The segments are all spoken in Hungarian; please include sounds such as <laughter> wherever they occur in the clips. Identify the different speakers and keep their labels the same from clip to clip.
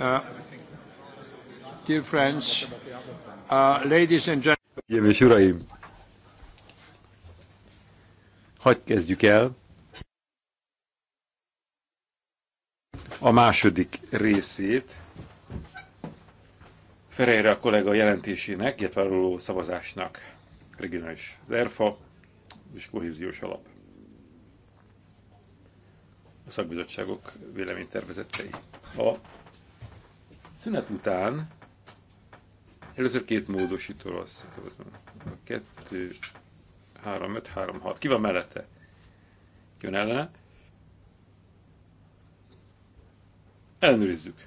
Speaker 1: Uh, dear friends, uh, ladies and gentlemen. és uraim, hagyd kezdjük el a második részét Ferejre a kollega jelentésének, illetve arról szavazásnak, regionális az ERFA és kohéziós alap a szakbizottságok véleménytervezetei. A Szünet után először két módosító lesz. A kettő, három, öt, három, hat. Ki van mellette? Ki van ellene? Ellenőrizzük.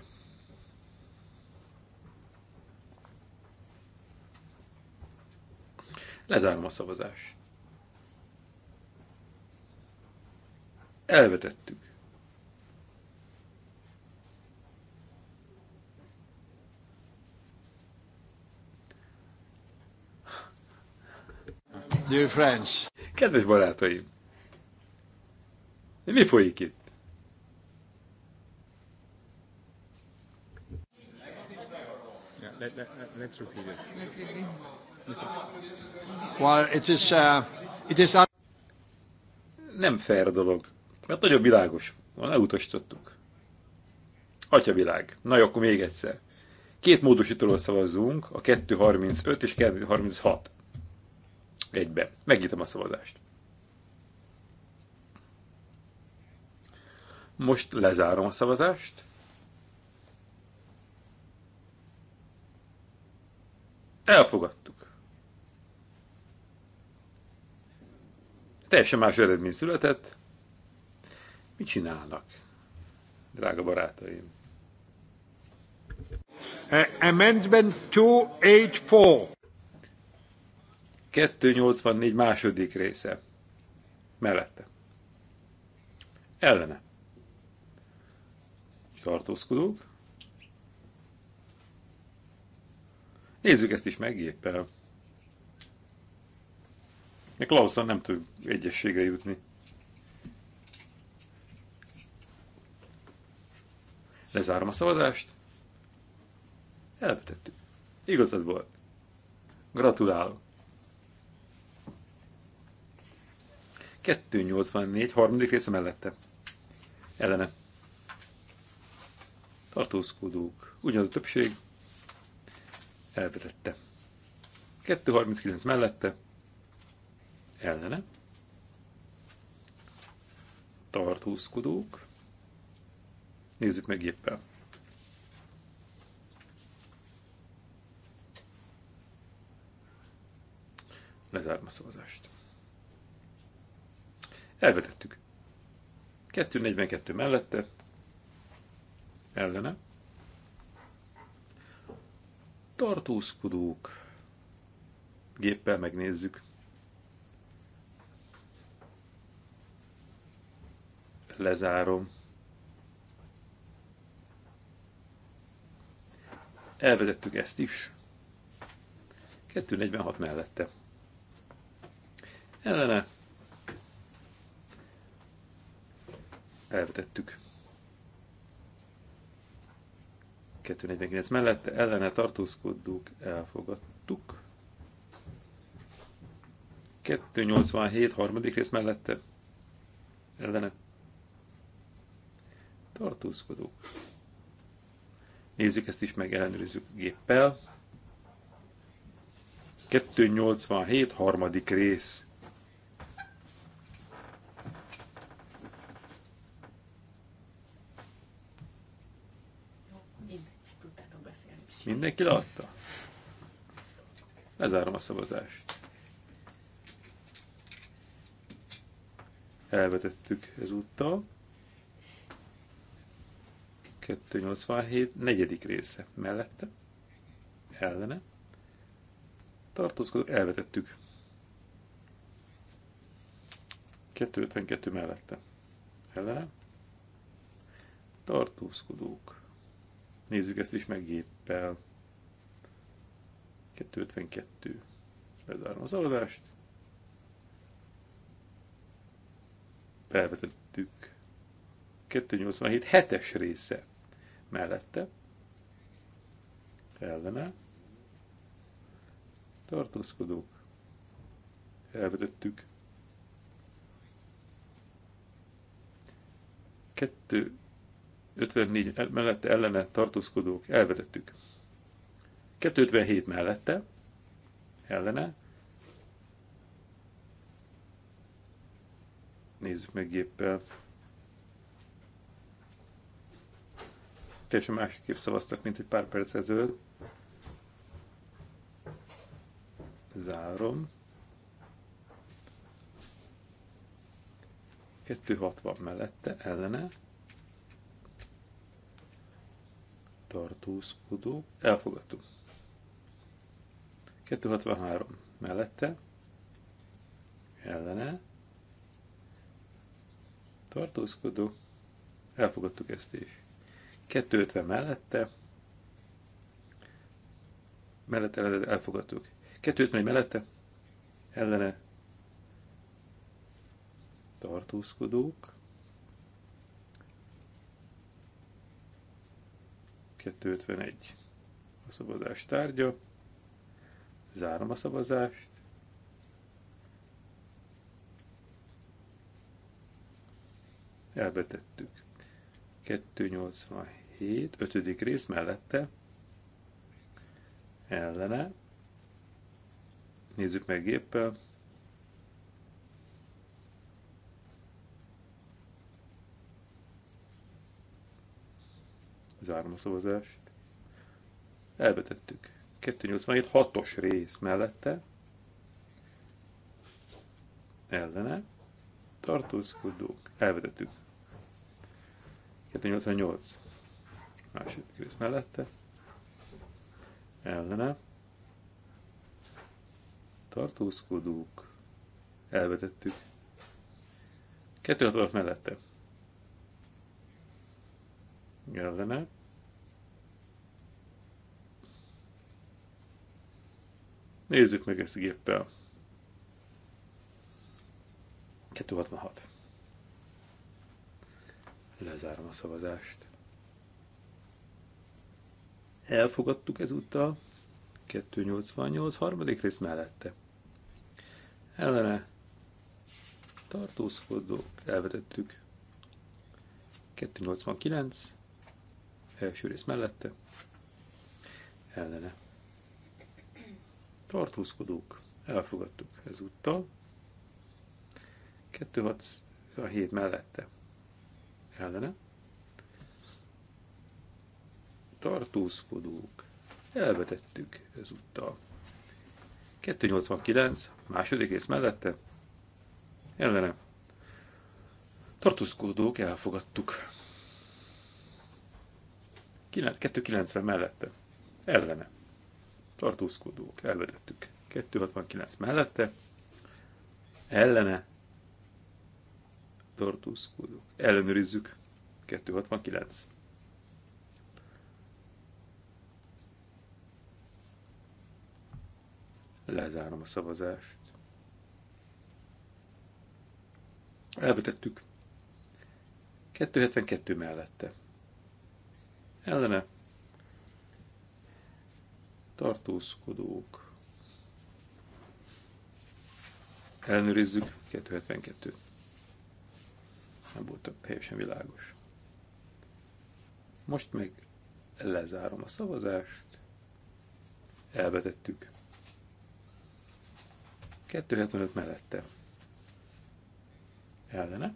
Speaker 1: Lezárom a szavazást. Elvetettük. Dear friends. Kedves barátaim! Mi folyik itt? Nem fair dolog, mert nagyon világos van, elutasítottuk. Atya világ. Na jó, akkor még egyszer. Két módosítóról szavazunk, a 235 és 236 egybe. Megnyitom a szavazást. Most lezárom a szavazást. Elfogadtuk. Teljesen más eredmény született. Mit csinálnak, drága barátaim? Eh, amendment 284. 284 második része. Mellette. Ellene. Tartózkodók. Nézzük ezt is meg éppen. Még Klauson nem tud egyességre jutni. Lezárom a szavazást. Elvetettük. Igazad volt. Gratulálok. 284, harmadik része mellette. Ellene. Tartózkodók. Ugyanaz a többség. Elvetette. 239 mellette. Ellene. Tartózkodók. Nézzük meg éppen. Lezárom a szavazást. Elvetettük. 242 mellette, ellene. Tartózkodók. Géppel megnézzük. Lezárom. Elvetettük ezt is. 246 mellette. Ellene elvetettük. 249 mellette ellene tartózkodók elfogadtuk. 287 harmadik rész mellette ellene tartózkodók. Nézzük ezt is meg, ellenőrizzük géppel. 287 harmadik rész Mindenki leadta? Lezárom a szavazást. Elvetettük ezúttal. 287. negyedik része mellette. Ellene. Tartózkodó. Elvetettük. 252 mellette. Ellene. Tartózkodók Nézzük ezt is meg géppel. 252. Lezárom az adást. Felvetettük 287 hetes része mellette. Ellene. Tartózkodók. Elvetettük. 2 54 mellette ellene tartózkodók elvetettük. 257 mellette ellene. Nézzük meg géppel. Teljesen másképp szavaztak, mint egy pár perc ezelőtt. Zárom. 260 mellette ellene. tartózkodó. elfogadtuk. 263 mellette, ellene, tartózkodó, elfogadtuk ezt is. 250 mellette, mellette elfogadtuk. 251 mellette, ellene, tartózkodók, 251 a szavazás tárgya. Zárom a szavazást. Elvetettük. 287, ötödik rész mellette. Ellene. Nézzük meg éppen. Zárom a szavazást. Elvetettük. 287 hatos rész mellette. Ellene. Tartózkodók. Elvetettük. 288 második rész mellette. Ellene. Tartózkodók. Elvetettük. 286 mellette. Ellene. Nézzük meg ezt géppel. 266. Lezárom a szavazást. Elfogadtuk ezúttal. 288. harmadik rész mellette. Ellene tartózkodók elvetettük. 289. Első rész mellette. Ellene tartózkodók, elfogadtuk ezúttal. 267 mellette ellene. Tartózkodók, elvetettük ezúttal. 289, második rész mellette, ellene. Tartózkodók, elfogadtuk. 290 mellette, ellene tartózkodók, elvetettük. 269 mellette, ellene, tartózkodók, ellenőrizzük. 269. Lezárom a szavazást. Elvetettük. 272 mellette. Ellene tartózkodók. Ellenőrizzük, 272. Nem volt teljesen világos. Most meg lezárom a szavazást, elvetettük. 275 mellette. Ellene.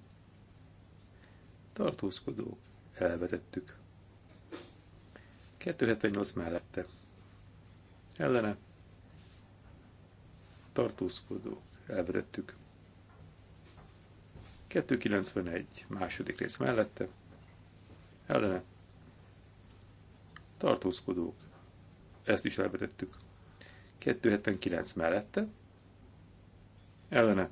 Speaker 1: Tartózkodók. Elvetettük. 278 mellette ellene tartózkodók elvedettük. 291 második rész mellette ellene tartózkodók ezt is elvetettük. 279 mellette ellene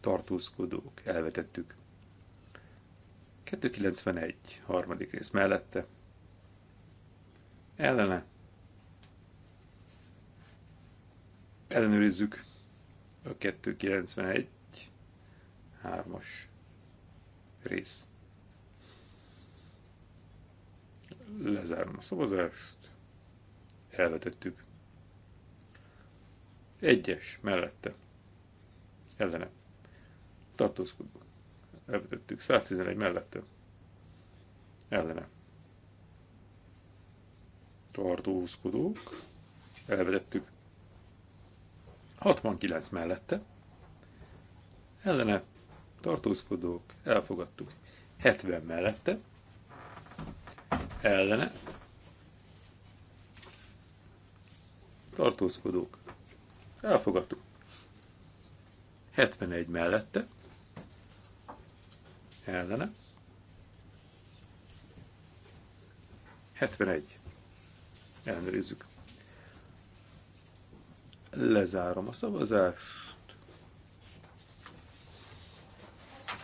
Speaker 1: tartózkodók elvetettük. 291 harmadik rész mellette ellene. Ellenőrizzük a 291 3-as rész. Lezárom a szavazást, elvetettük. Egyes mellette, ellene, tartózkodva, elvetettük. 111 mellette, ellene tartózkodók, elvetettük. 69 mellette, ellene tartózkodók, elfogadtuk. 70 mellette, ellene tartózkodók, elfogadtuk. 71 mellette, ellene, 71 ellenőrizzük. Lezárom a szavazást.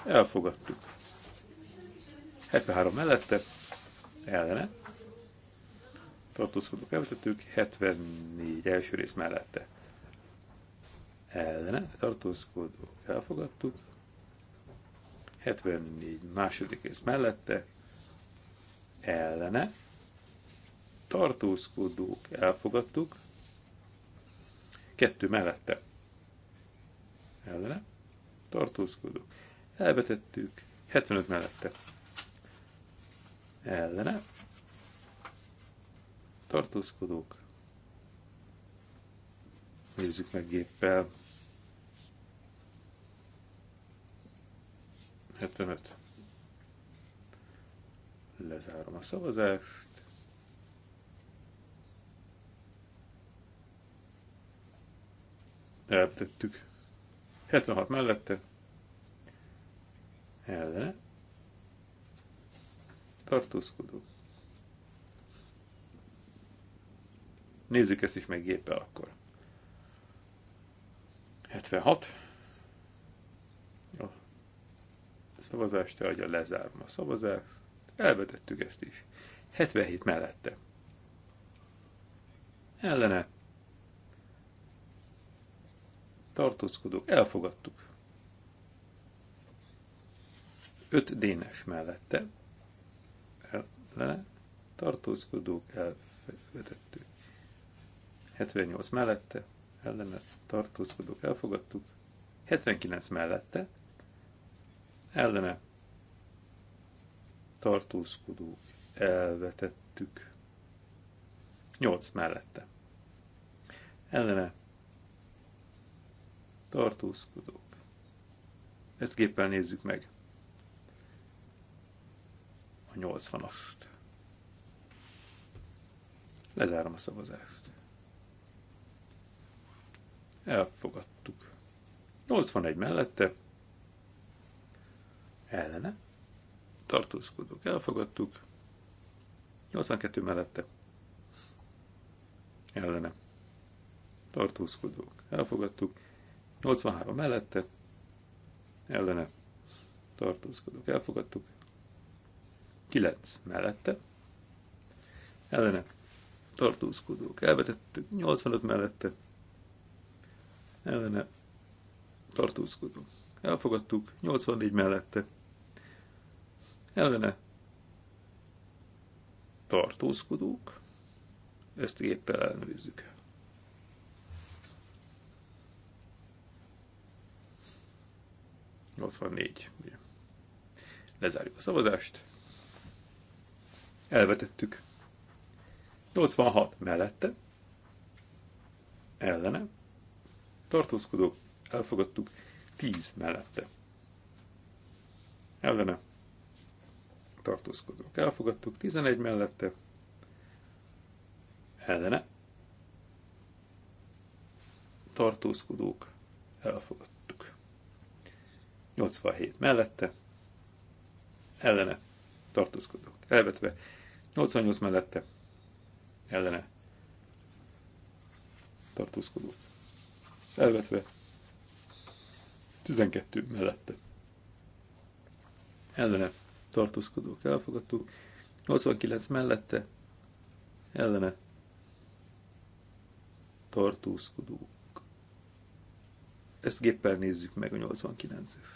Speaker 1: Elfogadtuk. 73 mellette, ellene. Tartózkodók elvetettük, 74 első rész mellette. Ellene, tartózkodók elfogadtuk. 74 második rész mellette, ellene, tartózkodók elfogadtuk, kettő mellette ellene, tartózkodók elvetettük, 75 mellette ellene, tartózkodók nézzük meg géppel, 75 lezárom a szavazást, elvetettük. 76 mellette, ellene, tartózkodó. Nézzük ezt is meg géppel akkor. 76. A szavazást adja, lezárom a szavazást. Elvetettük ezt is. 77 mellette. Ellene tartózkodók, elfogadtuk. 5 dénes mellette ellene tartózkodók elvetettük. 78 mellette ellene tartózkodók elfogadtuk. 79 mellette ellene tartózkodók elvetettük. 8 mellette ellene tartózkodók. Ezt géppel nézzük meg. A 80-ast. Lezárom a szavazást. Elfogadtuk. 81 mellette. Ellene. Tartózkodók. Elfogadtuk. 82 mellette. Ellene. Tartózkodók. Elfogadtuk. 83 mellette, ellene tartózkodók elfogadtuk, 9 mellette, ellene tartózkodók elvetettük, 85 mellette, ellene tartózkodók elfogadtuk, 84 mellette, ellene tartózkodók, ezt éppen ellenőrizzük 84. Lezárjuk a szavazást. Elvetettük. 86 mellette. Ellene. Tartózkodó. Elfogadtuk. 10 mellette. Ellene. Tartózkodók. Elfogadtuk. 11 mellette. Ellene. Tartózkodók. Elfogadtuk. 87 mellette, ellene tartózkodók elvetve, 88 mellette, ellene tartózkodók elvetve, 12 mellette, ellene tartózkodók elfogadtuk, 89 mellette, ellene tartózkodók. Ezt géppel nézzük meg a 89-et.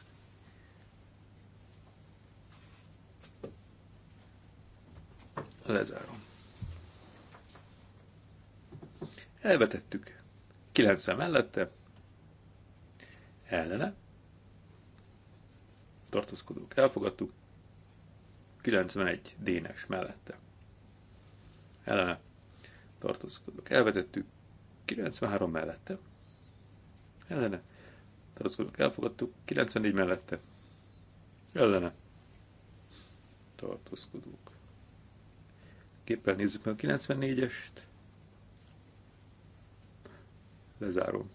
Speaker 1: Lezárom. Elvetettük. 90 mellette. Ellene. Tartózkodók. Elfogadtuk. 91 dénes mellette. Ellene. Tartózkodók. Elvetettük. 93 mellette. Ellene. Tartózkodók. Elfogadtuk. 94 mellette. Ellene. Tartózkodók Képpel nézzük meg a 94-est. Lezárom.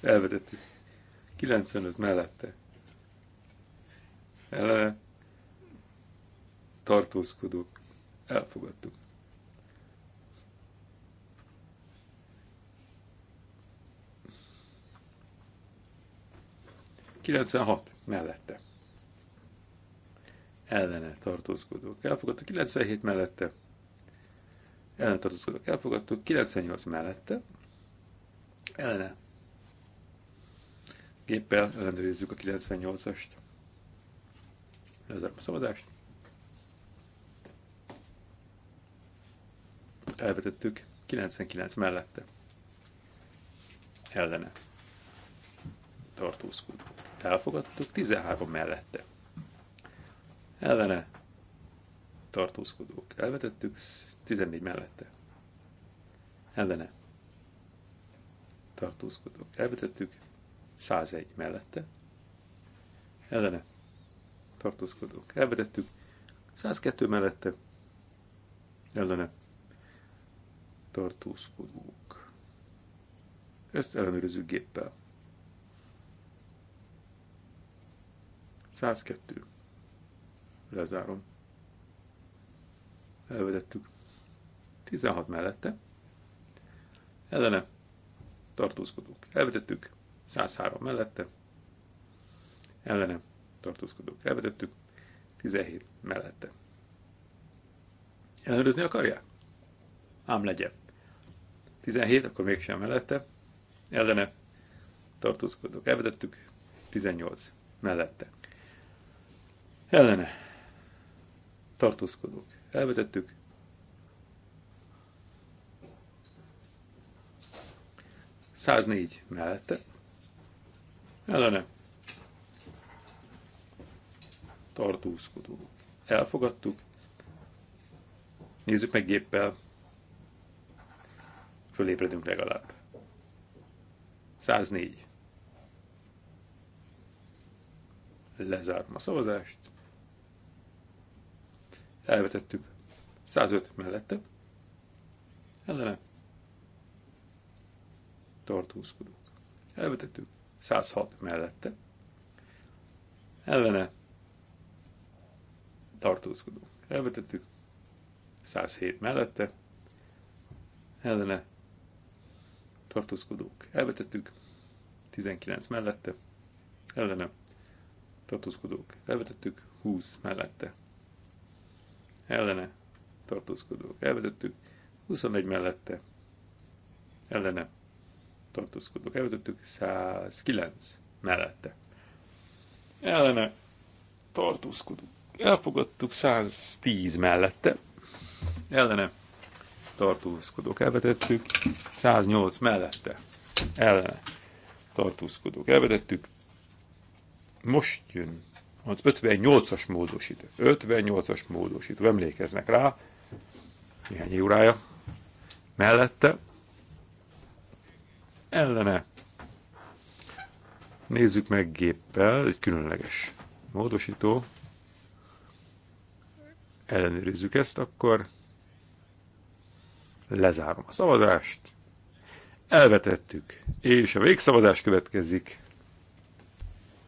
Speaker 1: Elvetettük. 95 mellette. Ele tartózkodó. Elfogadtuk. Kilencvenhat mellette ellene tartózkodók elfogadtak, 97 mellette ellene tartózkodók elfogadtak, 98 mellette ellene. Géppel ellenőrizzük a 98-ast. Lezárom a szabadást. Elvetettük 99 mellette. Ellene. tartózkodók Elfogadtuk 13 mellette ellene tartózkodók elvetettük, 14 mellette ellene tartózkodók elvetettük, 101 mellette ellene tartózkodók elvetettük, 102 mellette ellene tartózkodók. Ezt ellenőrizzük géppel. 102. Lezárom. Elvedettük. 16 mellette. Ellene. Tartózkodók. Elvetettük. 103 mellette. Ellene. Tartózkodók. Elvetettük. 17 mellette. Ellenőrizni akarják? Ám legyen. 17, akkor mégsem mellette. Ellene. Tartózkodók. Elvetettük. 18 mellette. Ellene tartózkodók. Elvetettük. Száznégy mellette. Ellene. Tartózkodók. Elfogadtuk. Nézzük meg géppel. Fölébredünk legalább. 104. Lezárom a szavazást elvetettük. 105 mellette, ellene tartózkodunk. Elvetettük 106 mellette, ellene tartózkodunk. Elvetettük 107 mellette, ellene Tartózkodunk. Elvetettük 19 mellette, ellene tartózkodók. Elvetettük 20 mellette, ellene tartózkodók elvetettük, 21 mellette ellene tartózkodók elvetettük, 109 mellette ellene tartózkodók elfogadtuk, 110 mellette ellene tartózkodók elvetettük, 108 mellette ellene tartózkodók elvetettük, most jön az 58-as módosít. 58-as módosít. emlékeznek rá, néhány órája mellette, ellene. Nézzük meg géppel, egy különleges módosító. Ellenőrizzük ezt akkor. Lezárom a szavazást. Elvetettük, és a végszavazás következik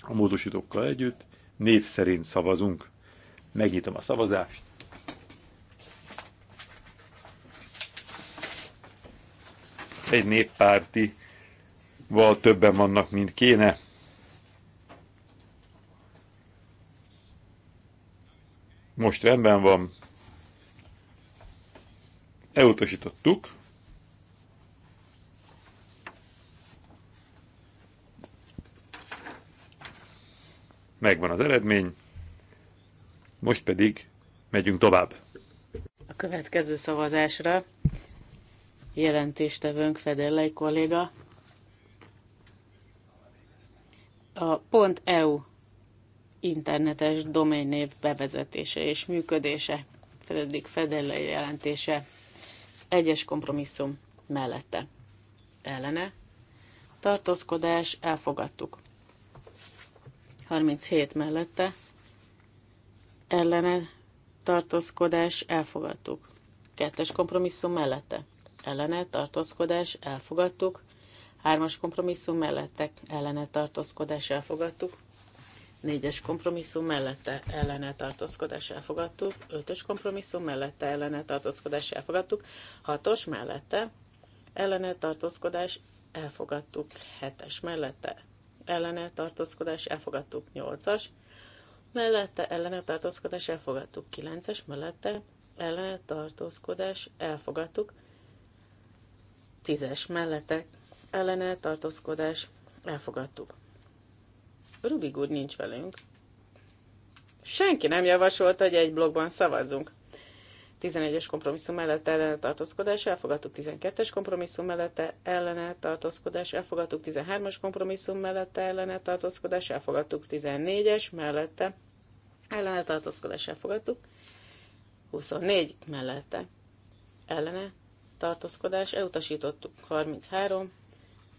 Speaker 1: a módosítókkal együtt. Név szerint szavazunk. Megnyitom a szavazást. Egy néppárti val többen vannak, mint kéne. Most rendben van. Elutasítottuk. Megvan az eredmény, most pedig megyünk tovább.
Speaker 2: A következő szavazásra jelentéstevőnk Fedellei kolléga a .eu internetes doménynév bevezetése és működése, Federik Fedellei jelentése, egyes kompromisszum mellette. Ellene tartózkodás elfogadtuk. 37 mellette ellene tartózkodás elfogadtuk. Kettes kompromisszum mellette ellene tartózkodás elfogadtuk. Hármas kompromisszum mellette ellene tartózkodás elfogadtuk. Négyes kompromisszum mellette ellene tartózkodás elfogadtuk. Ötös kompromisszum mellette ellene tartózkodás elfogadtuk. Hatos mellette ellene tartózkodás elfogadtuk. Hetes mellette ellene tartózkodás elfogadtuk 8-as, mellette ellene tartózkodás elfogadtuk 9-es, mellette ellene tartózkodás elfogadtuk 10-es, mellette ellene tartózkodás elfogadtuk. Rubig úr nincs velünk. Senki nem javasolta, hogy egy blogban szavazzunk. 11-es kompromisszum mellett ellene tartózkodás, elfogadtuk 12-es kompromisszum mellett ellene tartózkodás, elfogadtuk 13-as kompromisszum mellett ellene tartózkodás, elfogadtuk 14-es mellette ellene tartózkodás, elfogadtuk 24 mellette ellene tartózkodás, elutasítottuk 33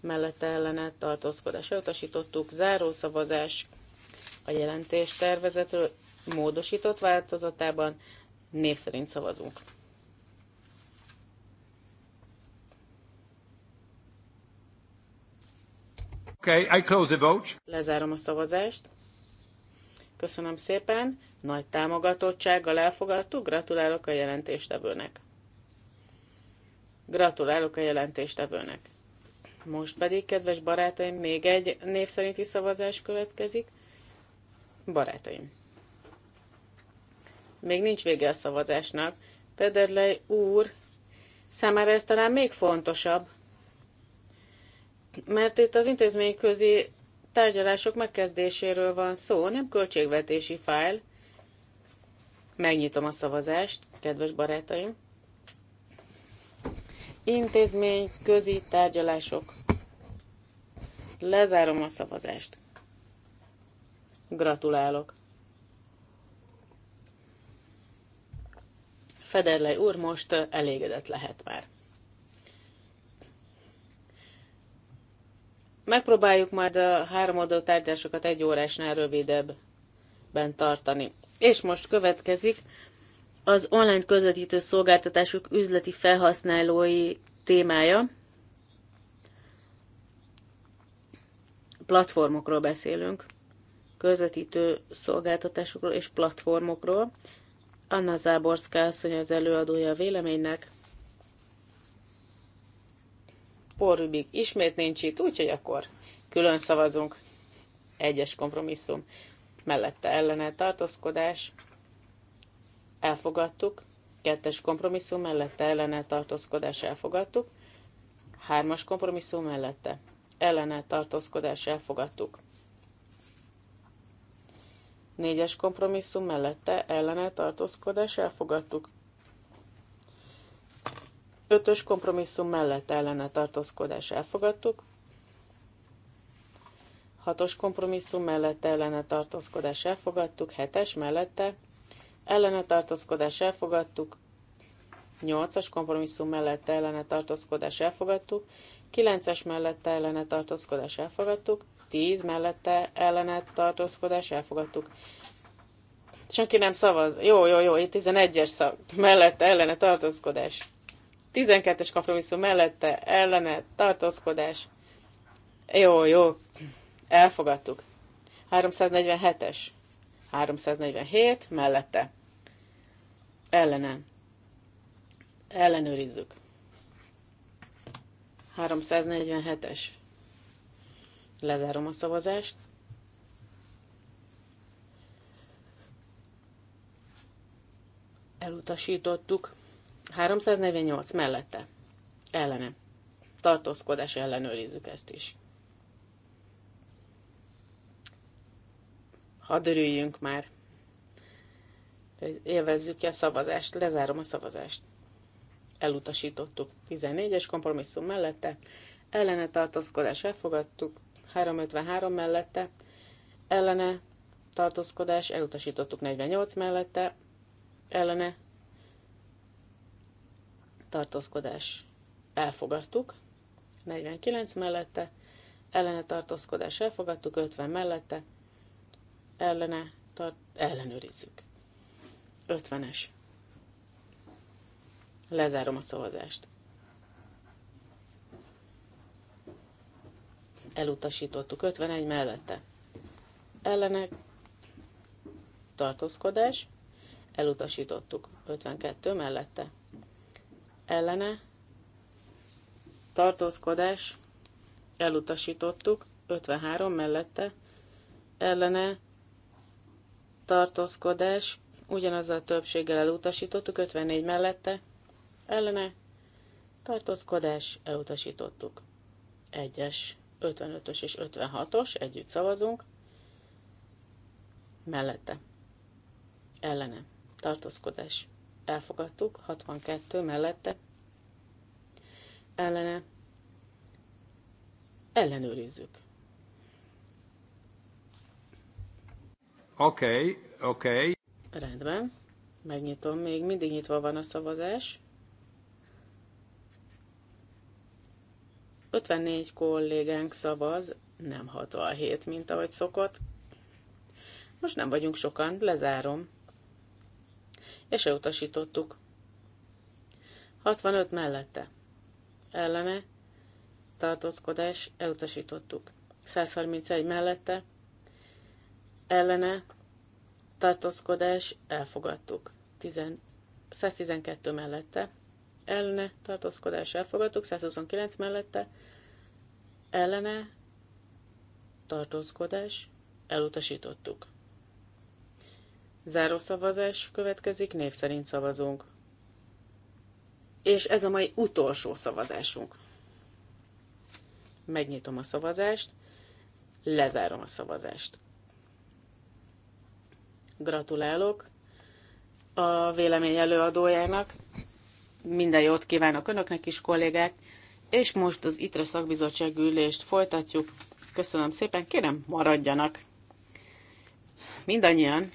Speaker 2: mellette ellene tartózkodás, elutasítottuk záró szavazás a jelentés tervezetről módosított változatában Név szerint szavazunk. Okay, I close the vote. Lezárom a szavazást. Köszönöm szépen, nagy támogatottsággal elfogadtuk, gratulálok a jelentéstevőnek. Gratulálok a jelentéstevőnek. Most pedig, kedves barátaim, még egy név szerinti szavazás következik. Barátaim, még nincs vége a szavazásnak. Pederlej úr, számára ez talán még fontosabb, mert itt az intézményközi tárgyalások megkezdéséről van szó, nem költségvetési fájl. Megnyitom a szavazást, kedves barátaim. Intézmény közi tárgyalások. Lezárom a szavazást. Gratulálok! Federlej úr most elégedett lehet már. Megpróbáljuk majd a háromadó tárgyásokat egy órásnál rövidebben tartani. És most következik az online közvetítő szolgáltatások üzleti felhasználói témája. Platformokról beszélünk, közvetítő szolgáltatásokról és platformokról. Anna Záborszka asszony az előadója a véleménynek. Porrubik ismét nincs itt, úgyhogy akkor külön szavazunk. Egyes kompromisszum. Mellette ellene tartózkodás. Elfogadtuk. Kettes kompromisszum mellette ellene tartózkodás elfogadtuk. Hármas kompromisszum mellette ellene tartózkodás elfogadtuk. Négyes kompromisszum mellette ellene tartózkodás elfogadtuk. Ötös kompromisszum mellett ellene tartózkodás elfogadtuk. Hatos kompromisszum mellette ellene tartózkodás elfogadtuk. Hetes mellette ellene tartózkodás elfogadtuk. Nyolcas kompromisszum mellette ellene tartózkodás elfogadtuk. Kilences mellette ellene tartózkodás elfogadtuk. 10 mellette ellenet tartózkodás elfogadtuk. Senki nem szavaz. Jó, jó, jó, itt 11-es szav mellette ellene tartózkodás. 12-es kompromisszum mellette ellene tartózkodás. Jó, jó, elfogadtuk. 347-es. 347 mellette. Ellene. Ellenőrizzük. 347-es. Lezárom a szavazást. Elutasítottuk. 348 mellette. Ellene. Tartózkodás ellenőrizzük ezt is. Hadd örüljünk már. Élvezzük ki a szavazást. Lezárom a szavazást. Elutasítottuk. 14-es kompromisszum mellette. Ellene tartózkodás elfogadtuk. 353 mellette, ellene tartózkodás, elutasítottuk 48 mellette, ellene tartózkodás, elfogadtuk 49 mellette, ellene tartózkodás, elfogadtuk 50 mellette, ellene tart, ellenőrizzük. 50-es. Lezárom a szavazást. elutasítottuk 51 mellette. Ellene tartózkodás, elutasítottuk 52 mellette. Ellene tartózkodás, elutasítottuk 53 mellette. Ellene tartózkodás, ugyanazzal a többséggel elutasítottuk 54 mellette. Ellene tartózkodás, elutasítottuk. Egyes 55-ös és 56-os, együtt szavazunk, mellette, ellene, tartózkodás, elfogadtuk, 62 mellette, ellene, ellenőrizzük.
Speaker 1: Oké, okay, oké. Okay.
Speaker 2: Rendben, megnyitom, még mindig nyitva van a szavazás. 54 kollégánk szavaz, nem 67, mint ahogy szokott. Most nem vagyunk sokan, lezárom. És elutasítottuk. 65 mellette. Ellene, tartózkodás, elutasítottuk. 131 mellette, ellene, tartózkodás, elfogadtuk. 10, 112 mellette, ellene tartózkodás elfogadtuk, 129 mellette ellene tartózkodás elutasítottuk. Záró szavazás következik, név szerint szavazunk. És ez a mai utolsó szavazásunk. Megnyitom a szavazást, lezárom a szavazást. Gratulálok a vélemény előadójának. Minden jót kívánok önöknek is, kollégák, és most az ITRE szakbizottság ülést folytatjuk. Köszönöm szépen, kérem maradjanak. Mindannyian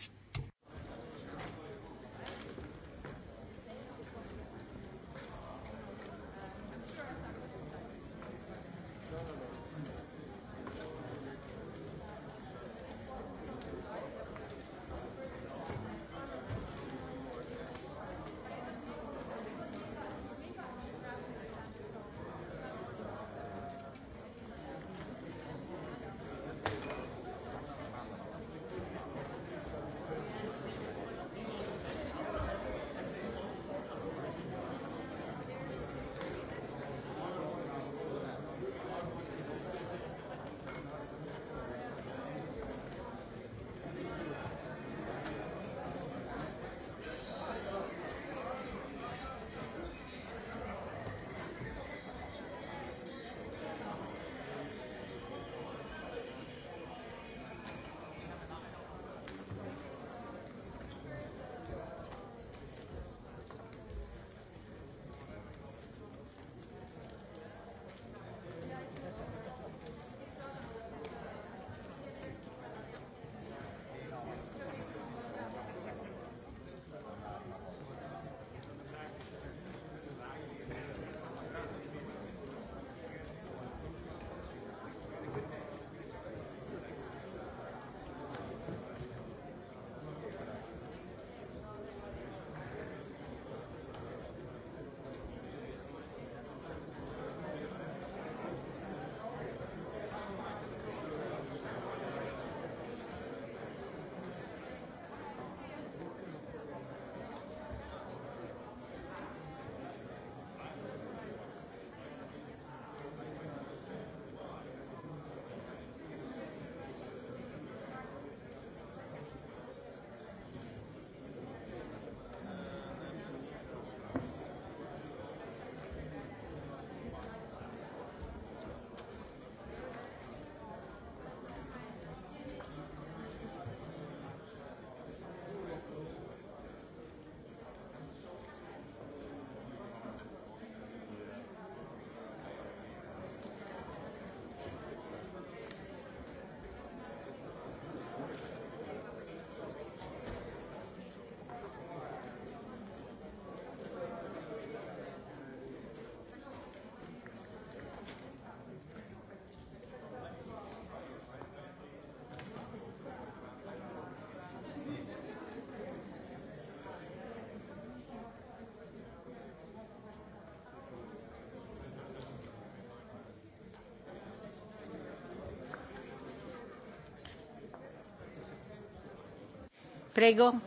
Speaker 2: Prego.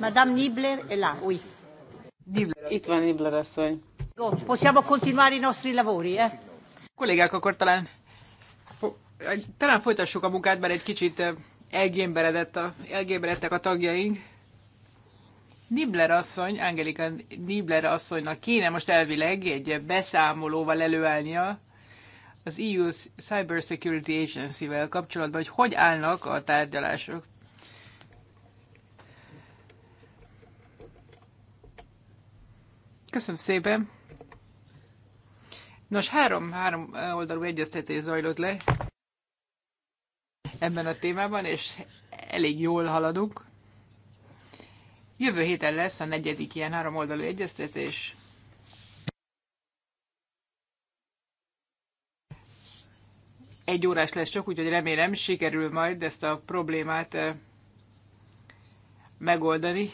Speaker 2: Madame
Speaker 3: Nibler è là, oui.
Speaker 2: Itt van Nibler asszony. possiamo
Speaker 3: continuare i nostri lavori, eh? Kollégák, akkor talán, talán folytassuk
Speaker 4: a munkát, mert egy kicsit eh, elgémberedett a, elgémberedtek a tagjaink. Nibler asszony, Angelika Nibler asszonynak kéne most elvileg egy beszámolóval előállnia, az EU Cyber Security Agency-vel kapcsolatban, hogy hogy állnak a tárgyalások. Köszönöm szépen! Nos, három, három oldalú egyeztetés zajlott le ebben a témában, és elég jól haladunk. Jövő héten lesz a negyedik ilyen három oldalú egyeztetés. egy órás lesz csak, úgyhogy remélem sikerül majd ezt a problémát eh, megoldani.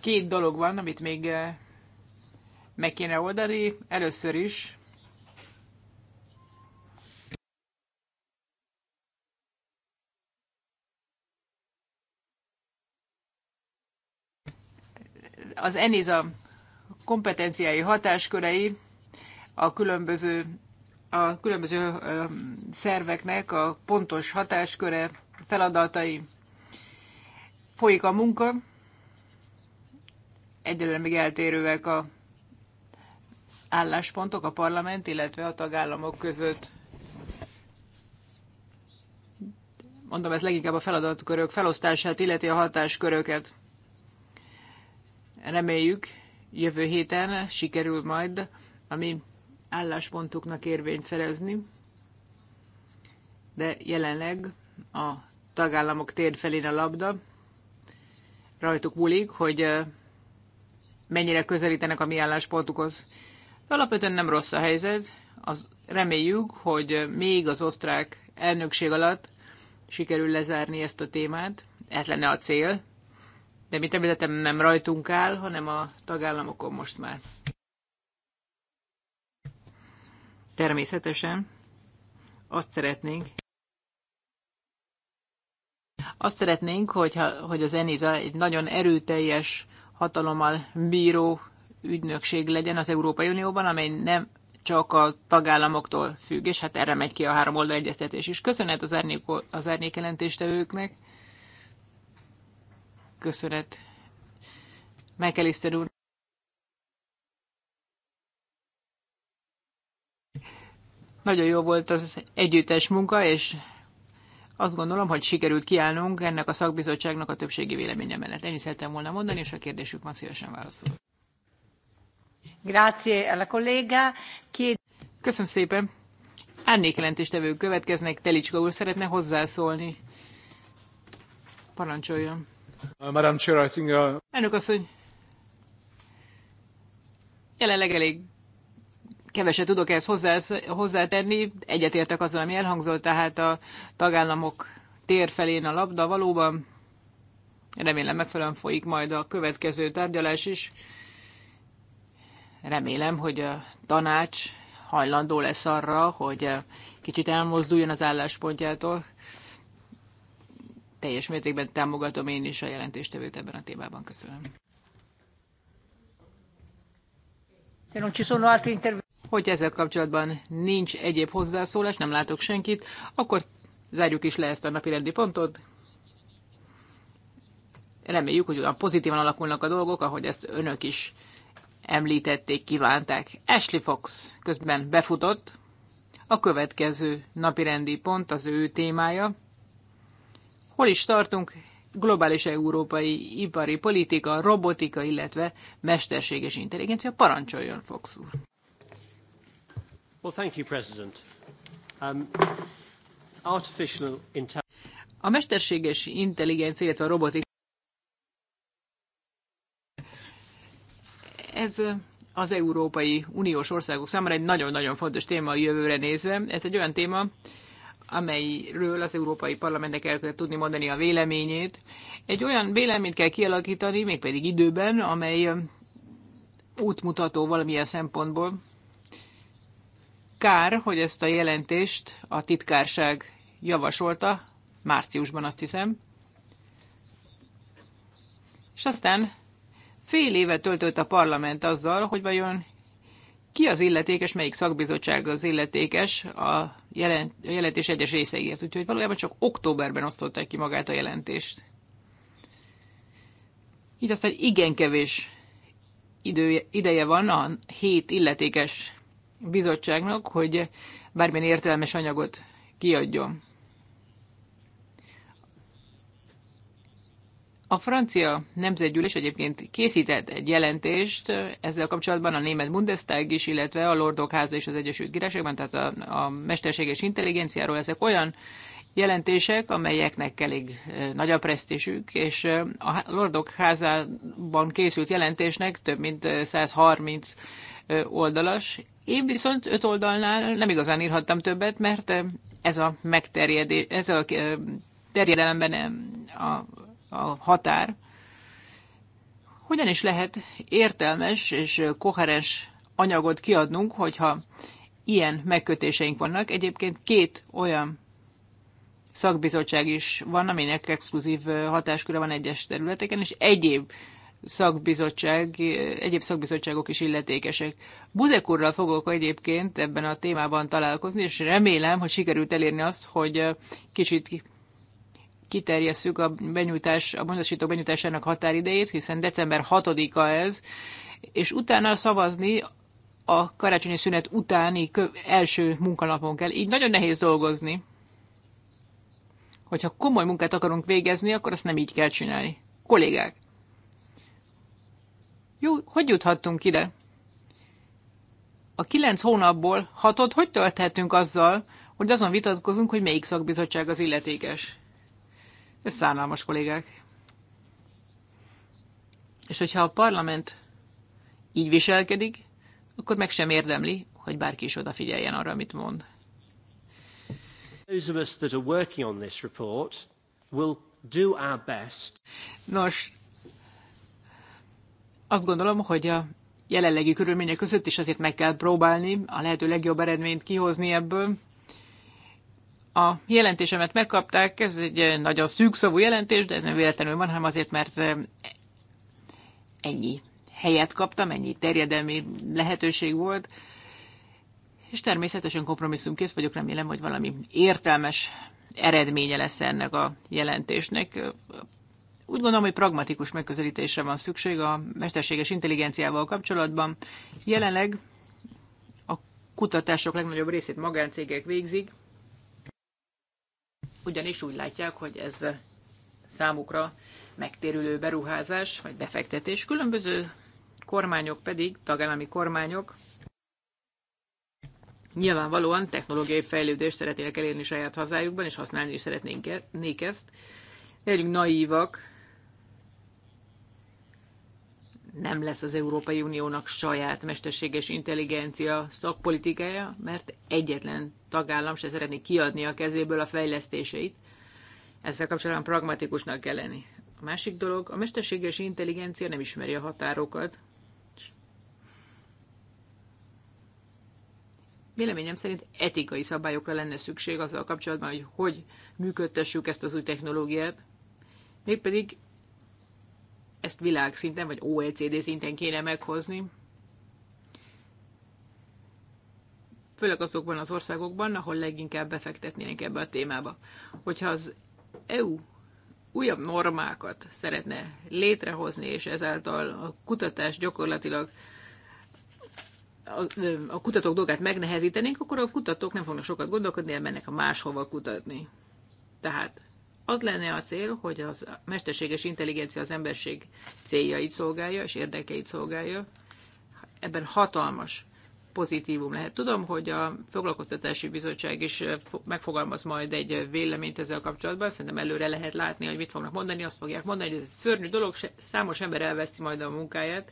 Speaker 4: Két dolog van, amit még eh, meg kéne oldani. Először is az ENISA kompetenciái hatáskörei a különböző, a különböző szerveknek a pontos hatásköre, feladatai. Folyik a munka, egyelőre még eltérőek a álláspontok a parlament, illetve a tagállamok között. Mondom, ez leginkább a feladatkörök felosztását, illeti a hatásköröket. Reméljük, jövő héten sikerül majd a mi álláspontoknak érvényt szerezni, de jelenleg a tagállamok térd felén a labda, rajtuk múlik, hogy mennyire közelítenek a mi álláspontukhoz. Alapvetően nem rossz a helyzet, az reméljük, hogy még az osztrák elnökség alatt sikerül lezárni ezt a témát, ez lenne a cél, de mint említettem, nem rajtunk áll, hanem a tagállamokon most már. Természetesen azt szeretnénk, azt szeretnénk, hogyha, hogy az ENISA egy nagyon erőteljes hatalommal bíró ügynökség legyen az Európai Unióban, amely nem csak a tagállamoktól függ, és hát erre megy ki a három oldal egyeztetés is. Köszönet az, árnyék, az árnyékjelentéstevőknek. Köszönet Michael úr. Nagyon jó volt az együttes munka, és azt gondolom, hogy sikerült kiállnunk ennek a szakbizottságnak a többségi véleménye mellett. Ennyi szerettem volna mondani, és a kérdésük van szívesen válaszol. Grazie alla collega. Kéd... Köszönöm szépen. jelentéstevő következnek. Telicska úr szeretne hozzászólni. Parancsoljon.
Speaker 1: Uh, Madam Chair, I think... Uh...
Speaker 4: Elnök asszony, jelenleg elég keveset tudok ehhez hozzá, hozzátenni, egyetértek azzal, ami elhangzott, tehát a tagállamok tér felén a labda valóban. Remélem megfelelően folyik majd a következő tárgyalás is. Remélem, hogy a tanács hajlandó lesz arra, hogy kicsit elmozduljon az álláspontjától. Teljes mértékben támogatom én is a jelentéstevőt ebben a témában. Köszönöm. Hogyha ezzel kapcsolatban nincs egyéb hozzászólás, nem látok senkit, akkor zárjuk is le ezt a napi rendi pontot. Reméljük, hogy olyan pozitívan alakulnak a dolgok, ahogy ezt önök is említették, kívánták. Ashley Fox közben befutott. A következő napirendi pont az ő témája. Hol is tartunk? Globális európai ipari politika, robotika, illetve mesterséges intelligencia. Parancsoljon, Fox úr!
Speaker 3: Well, thank you, President.
Speaker 4: Um, artificial a mesterséges intelligencia, illetve a robotik. Ez az Európai Uniós országok számára egy nagyon-nagyon fontos téma a jövőre nézve. Ez egy olyan téma, amelyről az Európai Parlamentnek el kell tudni mondani a véleményét. Egy olyan véleményt kell kialakítani, mégpedig időben, amely útmutató valamilyen szempontból. Kár, hogy ezt a jelentést a titkárság javasolta, márciusban azt hiszem. És aztán fél évet töltött a parlament azzal, hogy vajon ki az illetékes, melyik szakbizottság az illetékes a, jelent, a jelentés egyes részeiért. Úgyhogy valójában csak októberben osztották ki magát a jelentést. Így aztán igen kevés idő, ideje van a hét illetékes bizottságnak, hogy bármilyen értelmes anyagot kiadjon. A francia nemzetgyűlés egyébként készített egy jelentést ezzel kapcsolatban a német Bundestag is, illetve a Lordok Háza és az Egyesült Királyságban, tehát a, a mesterséges intelligenciáról ezek olyan jelentések, amelyeknek elég nagy a presztésük, és a Lordok Házában készült jelentésnek több mint 130 oldalas. Én viszont öt oldalnál nem igazán írhattam többet, mert ez a megterjedés, ez a terjedelemben a, a határ. Hogyan is lehet értelmes és koherens anyagot kiadnunk, hogyha ilyen megkötéseink vannak. Egyébként két olyan szakbizottság is van, aminek exkluzív hatásköre van egyes területeken, és egyéb szakbizottság, egyéb szakbizottságok is illetékesek. Buzek úrral fogok egyébként ebben a témában találkozni, és remélem, hogy sikerült elérni azt, hogy kicsit kiterjesszük a benyújtás, a módosító benyújtásának határidejét, hiszen december 6-a ez, és utána szavazni a karácsonyi szünet utáni első munkanapon kell. Így nagyon nehéz dolgozni. Hogyha komoly munkát akarunk végezni, akkor azt nem így kell csinálni. Kollégák, jó, hogy juthattunk ide? A kilenc hónapból hatot hogy tölthetünk azzal, hogy azon vitatkozunk, hogy melyik szakbizottság az illetékes? Ez szánalmas kollégák. És hogyha a parlament így viselkedik, akkor meg sem érdemli, hogy bárki is odafigyeljen arra, amit mond. Nos, azt gondolom, hogy a jelenlegi körülmények között is azért meg kell próbálni a lehető legjobb eredményt kihozni ebből. A jelentésemet megkapták, ez egy nagyon szűkszavú jelentés, de ez nem véletlenül van, hanem azért, mert eh, ennyi helyet kaptam, ennyi terjedelmi lehetőség volt, és természetesen kompromisszumkész vagyok, remélem, hogy valami értelmes eredménye lesz ennek a jelentésnek. Úgy gondolom, hogy pragmatikus megközelítésre van szükség a mesterséges intelligenciával kapcsolatban. Jelenleg a kutatások legnagyobb részét magáncégek végzik, ugyanis úgy látják, hogy ez számukra megtérülő beruházás vagy befektetés. Különböző kormányok pedig, tagállami kormányok nyilvánvalóan technológiai fejlődést szeretnének elérni saját hazájukban, és használni is szeretnénk e- ezt. Legyünk naívak, nem lesz az Európai Uniónak saját mesterséges intelligencia szakpolitikája, mert egyetlen tagállam se szeretné kiadni a kezéből a fejlesztéseit. Ezzel kapcsolatban pragmatikusnak kell lenni. A másik dolog, a mesterséges intelligencia nem ismeri a határokat. Véleményem szerint etikai szabályokra lenne szükség azzal kapcsolatban, hogy hogy működtessük ezt az új technológiát, mégpedig ezt világszinten, vagy OECD szinten kéne meghozni. Főleg azokban az országokban, ahol leginkább befektetnének ebbe a témába. Hogyha az EU újabb normákat szeretne létrehozni, és ezáltal a kutatás gyakorlatilag a, a kutatók dolgát megnehezítenénk, akkor a kutatók nem fognak sokat gondolkodni, elmennek a máshova kutatni. Tehát az lenne a cél, hogy a mesterséges intelligencia az emberség céljait szolgálja és érdekeit szolgálja. Ebben hatalmas pozitívum lehet. Tudom, hogy a foglalkoztatási bizottság is eh, megfogalmaz majd egy véleményt ezzel kapcsolatban, szerintem előre lehet látni, hogy mit fognak mondani, azt fogják mondani, hogy ez egy szörnyű dolog, számos ember elveszti majd a munkáját.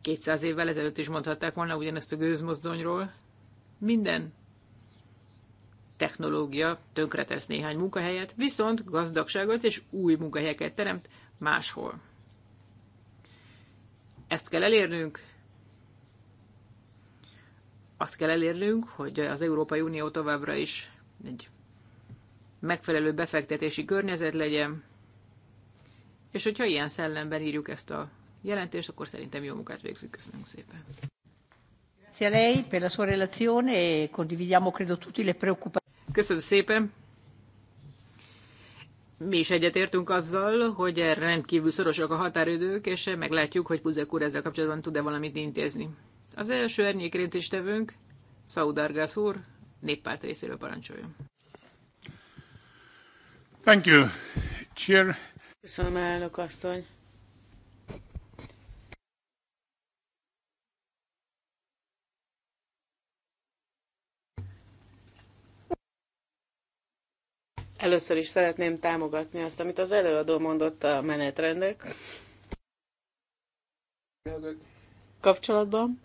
Speaker 4: 200 évvel ezelőtt is mondhatták volna ugyanezt a gőzmozdonyról. Minden technológia tönkretesz néhány munkahelyet, viszont gazdagságot és új munkahelyeket teremt máshol. Ezt kell elérnünk. Azt kell elérnünk, hogy az Európai Unió továbbra is egy megfelelő befektetési környezet legyen, és hogyha ilyen szellemben írjuk ezt a jelentést, akkor szerintem jó munkát végzünk. Köszönöm szépen.
Speaker 3: Grazie a lei per la sua relazione e condividiamo credo tutti le preoccupazioni. Köszönöm szépen! Mi is egyetértünk
Speaker 4: azzal, hogy rendkívül szorosak a határidők, és meglátjuk, hogy Puzek úr ezzel kapcsolatban tud-e valamit intézni. Az első tevünk, Szaudargász úr, néppárt
Speaker 2: részéről parancsoljon. Thank you. Cheer. Köszönöm, elnök asszony. Először is szeretném támogatni azt, amit az előadó mondott a menetrendek kapcsolatban.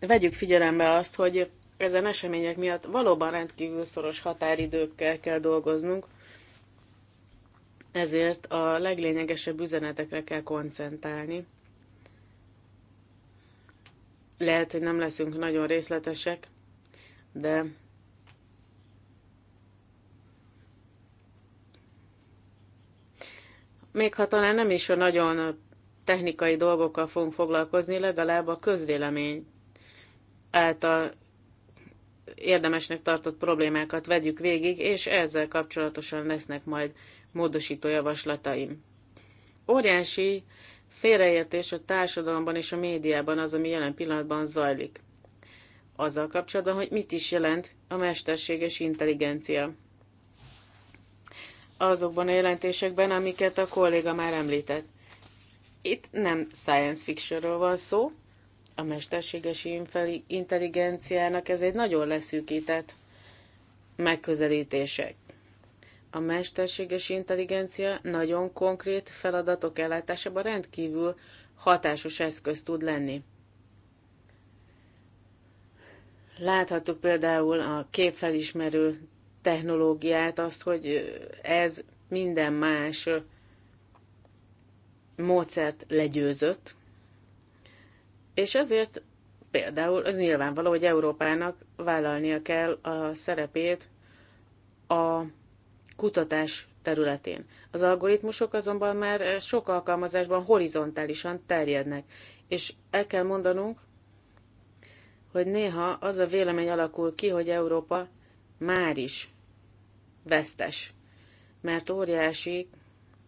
Speaker 2: Vegyük figyelembe azt, hogy ezen események miatt valóban rendkívül szoros határidőkkel kell dolgoznunk, ezért a leglényegesebb üzenetekre kell koncentrálni lehet, hogy nem leszünk nagyon részletesek, de még ha talán nem is a nagyon technikai dolgokkal fogunk foglalkozni, legalább a közvélemény által érdemesnek tartott problémákat vegyük végig, és ezzel kapcsolatosan lesznek majd módosító javaslataim. Óriási félreértés a társadalomban és a médiában az, ami jelen pillanatban zajlik. Azzal kapcsolatban, hogy mit is jelent a mesterséges intelligencia. Azokban a jelentésekben, amiket a kolléga már említett. Itt nem science fictionről van szó, a mesterséges intelligenciának ez egy nagyon leszűkített megközelítések a mesterséges intelligencia nagyon konkrét feladatok ellátásában rendkívül hatásos eszköz tud lenni. Láthattuk például a képfelismerő technológiát, azt, hogy ez minden más módszert legyőzött, és ezért például az nyilvánvaló, hogy Európának vállalnia kell a szerepét a kutatás területén. Az algoritmusok azonban már sok alkalmazásban horizontálisan terjednek, és el kell mondanunk, hogy néha az a vélemény alakul ki, hogy Európa már is vesztes, mert óriási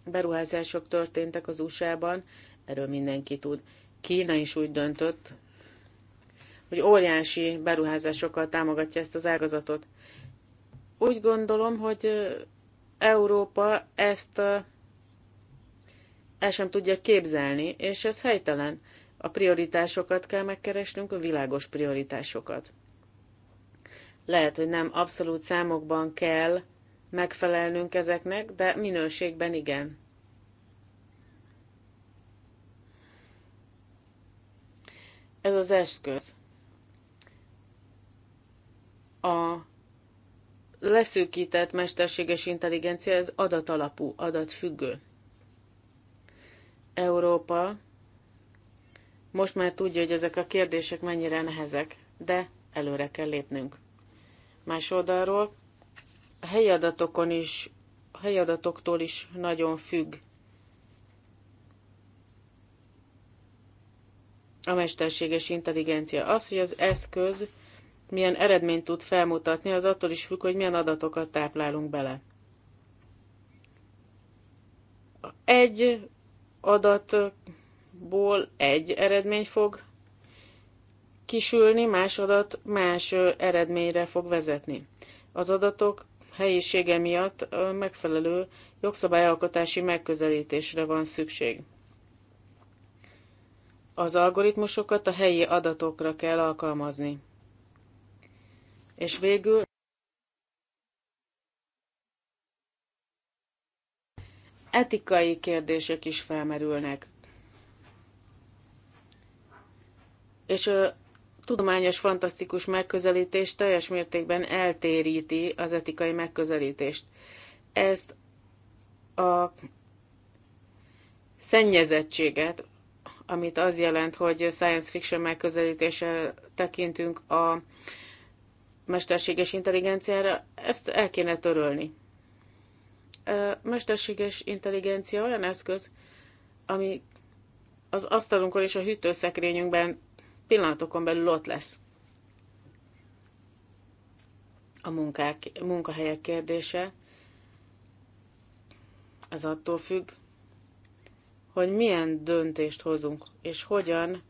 Speaker 2: beruházások történtek az USA-ban, erről mindenki tud. Kína is úgy döntött, hogy óriási beruházásokkal támogatja ezt az ágazatot. Úgy gondolom, hogy Európa ezt el sem tudja képzelni, és ez helytelen. A prioritásokat kell megkeresnünk, a világos prioritásokat. Lehet, hogy nem abszolút számokban kell megfelelnünk ezeknek, de minőségben igen. Ez az eszköz. A leszűkített mesterséges intelligencia, ez adatalapú, adatfüggő. Európa most már tudja, hogy ezek a kérdések mennyire nehezek, de előre kell lépnünk. Más oldalról a helyi adatokon is, a helyi adatoktól is nagyon függ a mesterséges intelligencia. Az, hogy az eszköz milyen eredményt tud felmutatni, az attól is függ, hogy milyen adatokat táplálunk bele. Egy adatból egy eredmény fog kisülni, más adat más eredményre fog vezetni. Az adatok helyisége miatt megfelelő jogszabályalkotási megközelítésre van szükség. Az algoritmusokat a helyi adatokra kell alkalmazni. És végül etikai kérdések is felmerülnek. És a tudományos, fantasztikus megközelítés teljes mértékben eltéríti az etikai megközelítést. Ezt a szennyezettséget, amit az jelent, hogy science fiction megközelítéssel tekintünk a mesterséges intelligenciára, ezt el kéne törölni. A mesterséges intelligencia olyan eszköz, ami az asztalunkon és a hűtőszekrényünkben pillanatokon belül ott lesz. A munkák, munkahelyek kérdése, ez attól függ, hogy milyen döntést hozunk, és hogyan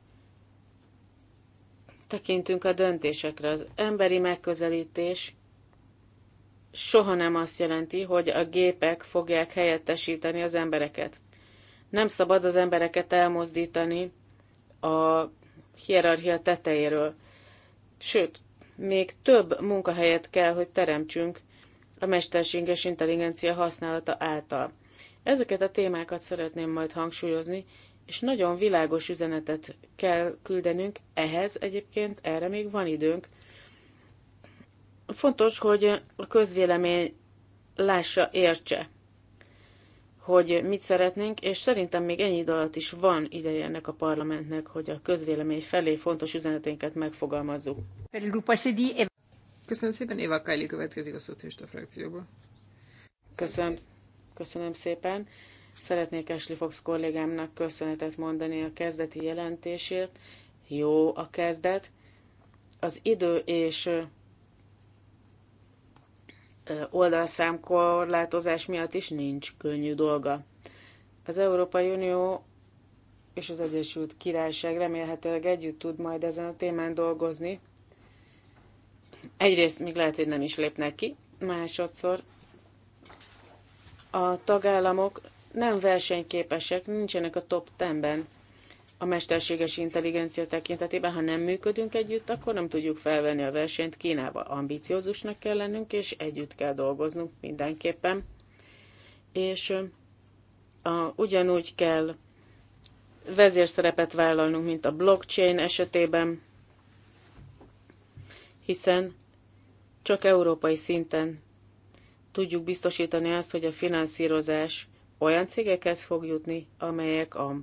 Speaker 2: tekintünk a döntésekre. Az emberi megközelítés soha nem azt jelenti, hogy a gépek fogják helyettesíteni az embereket. Nem szabad az embereket elmozdítani a hierarchia tetejéről. Sőt, még több munkahelyet kell, hogy teremtsünk a mesterséges intelligencia használata által. Ezeket a témákat szeretném majd hangsúlyozni, és nagyon világos üzenetet kell küldenünk, ehhez egyébként erre még van időnk. Fontos, hogy a közvélemény lássa, értse, hogy mit szeretnénk, és szerintem még ennyi idő alatt is van ideje ennek a parlamentnek, hogy a közvélemény felé fontos üzeneténket megfogalmazzuk. E köszönöm szépen, Éva Kajli következik a szocialista frakcióba. Köszönöm, köszönöm szépen. Szeretnék Ashley Fox kollégámnak köszönetet mondani a kezdeti jelentésért. Jó a kezdet. Az idő és oldalszámkorlátozás miatt is nincs könnyű dolga. Az Európai Unió és az Egyesült Királyság remélhetőleg együtt tud majd ezen a témán dolgozni. Egyrészt még lehet, hogy nem is lépnek ki, másodszor a tagállamok nem versenyképesek, nincsenek a top 10-ben a mesterséges intelligencia tekintetében, ha nem működünk együtt, akkor nem tudjuk felvenni a versenyt Kínával. Ambiciózusnak kell lennünk, és együtt kell dolgoznunk mindenképpen. És a, ugyanúgy kell vezérszerepet vállalnunk, mint a blockchain esetében, hiszen csak európai szinten tudjuk biztosítani azt, hogy a finanszírozás olyan cégekhez fog jutni, amelyek a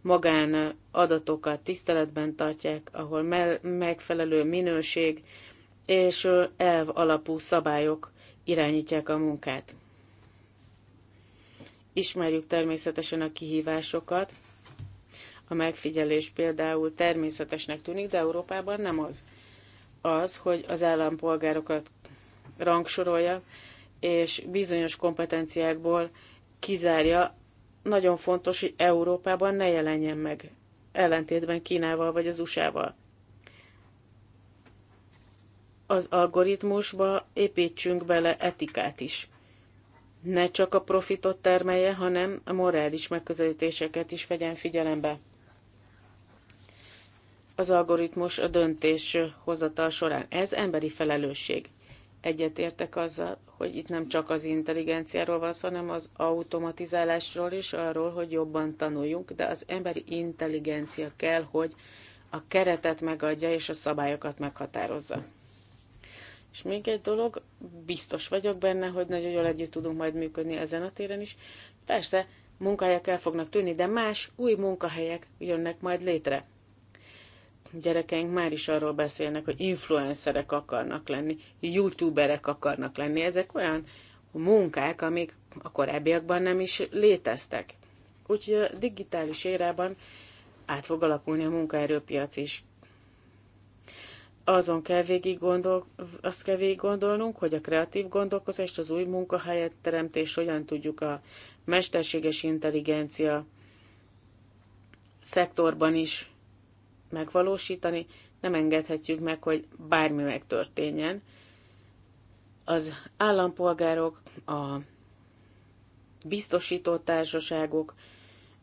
Speaker 2: magán adatokat tiszteletben tartják, ahol me megfelelő minőség és elv alapú szabályok irányítják a munkát. Ismerjük természetesen a kihívásokat. A megfigyelés például természetesnek tűnik, de Európában nem az. Az, hogy az állampolgárokat rangsorolja, és bizonyos kompetenciákból kizárja, nagyon fontos, hogy Európában ne jelenjen meg, ellentétben Kínával vagy az USA-val. Az algoritmusba építsünk bele etikát is. Ne csak a profitot termelje, hanem a morális megközelítéseket is vegyen figyelembe. Az algoritmus a döntés hozatal során. Ez emberi felelősség egyetértek azzal, hogy itt nem csak az intelligenciáról van szó, hanem az automatizálásról is, arról, hogy jobban tanuljunk, de az emberi intelligencia kell, hogy a keretet megadja és a szabályokat meghatározza. És még egy dolog, biztos vagyok benne, hogy nagyon jól együtt tudunk majd működni ezen a téren is. Persze, munkahelyek el fognak tűnni, de más új munkahelyek jönnek majd létre gyerekeink már is arról beszélnek, hogy influencerek akarnak lenni, youtuberek akarnak lenni. Ezek olyan munkák, amik a korábbiakban nem is léteztek. Úgyhogy a digitális érában át fog alakulni a munkaerőpiac is. Azon kell végig gondol, azt kell végig gondolnunk, hogy a kreatív gondolkozást, az új munkahelyet teremtés, hogyan tudjuk a mesterséges intelligencia szektorban is megvalósítani, nem engedhetjük meg, hogy bármi megtörténjen. Az állampolgárok, a biztosító társaságok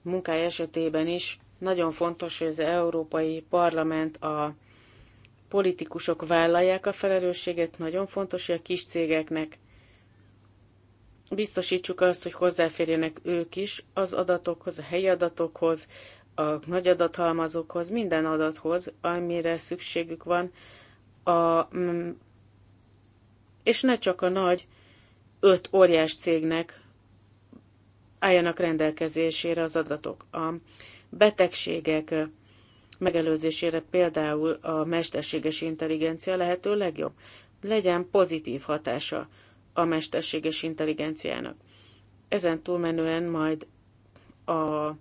Speaker 2: munkája esetében is nagyon fontos, hogy az Európai Parlament a politikusok vállalják a felelősséget, nagyon fontos, hogy a kis cégeknek biztosítsuk azt, hogy hozzáférjenek ők is az adatokhoz, a helyi adatokhoz, a nagy adathalmazokhoz, minden adathoz, amire szükségük van, a, mm, és ne csak a nagy öt óriás cégnek álljanak rendelkezésére az adatok. A betegségek megelőzésére például a mesterséges intelligencia lehető legjobb. Legyen pozitív hatása a mesterséges intelligenciának. Ezen túlmenően majd a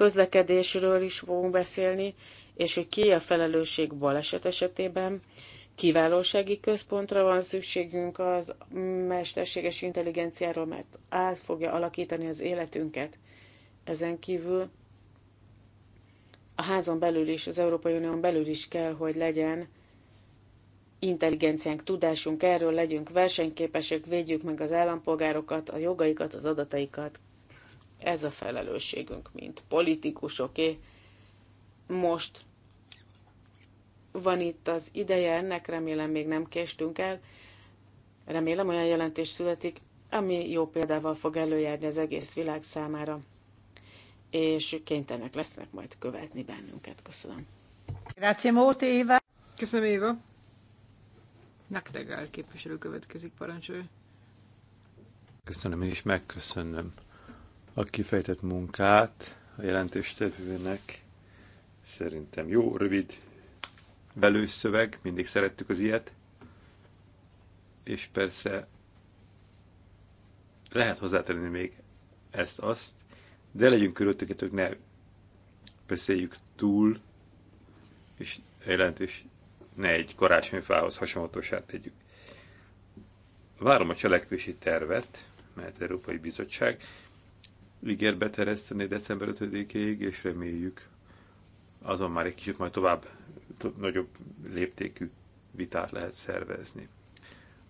Speaker 2: közlekedésről is fogunk beszélni, és hogy ki a felelősség baleset esetében. Kiválósági központra van szükségünk az mesterséges intelligenciáról, mert át fogja alakítani az életünket. Ezen kívül a házon belül is, az Európai Unión belül is kell, hogy legyen intelligenciánk, tudásunk erről, legyünk versenyképesek, védjük meg az állampolgárokat, a jogaikat, az adataikat. Ez a felelősségünk, mint politikusoké. Most van itt az ideje ennek, remélem még nem késtünk el. Remélem olyan jelentés születik, ami jó példával fog előjárni az egész világ számára, és kénytelenek lesznek majd követni bennünket. Köszönöm.
Speaker 3: Grazie molto, Éva. Köszönöm, Éva.
Speaker 4: Naktegál képviselő következik, parancsolja.
Speaker 1: Köszönöm, és megköszönöm a kifejtett munkát a jelentéstevőnek. Szerintem jó, rövid belőszöveg, mindig szerettük az ilyet. És persze lehet hozzátenni még ezt-azt, de legyünk körülöttük, hogy ne beszéljük túl, és jelentős ne egy karácsonyfához hasonlatosát tegyük. Várom a cselekvési tervet, mert Európai Bizottság ígérbe tereszteni december 5-ig, és reméljük azon már egy kicsit majd tovább nagyobb léptékű vitát lehet szervezni.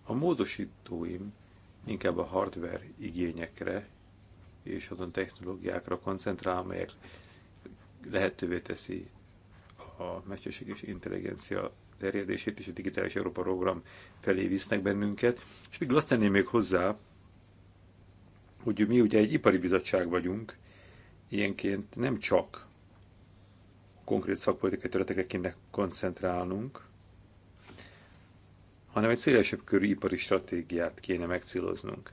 Speaker 1: A módosítóim inkább a hardware igényekre és azon technológiákra koncentrál, amelyek lehetővé teszi a mesterséges intelligencia terjedését és a digitális Európa program felé visznek bennünket. És végül azt tenném még hozzá, hogy mi ugye egy ipari bizottság vagyunk, ilyenként nem csak konkrét szakpolitikai területekre kéne koncentrálnunk, hanem egy szélesebb körű ipari stratégiát kéne megcíloznunk.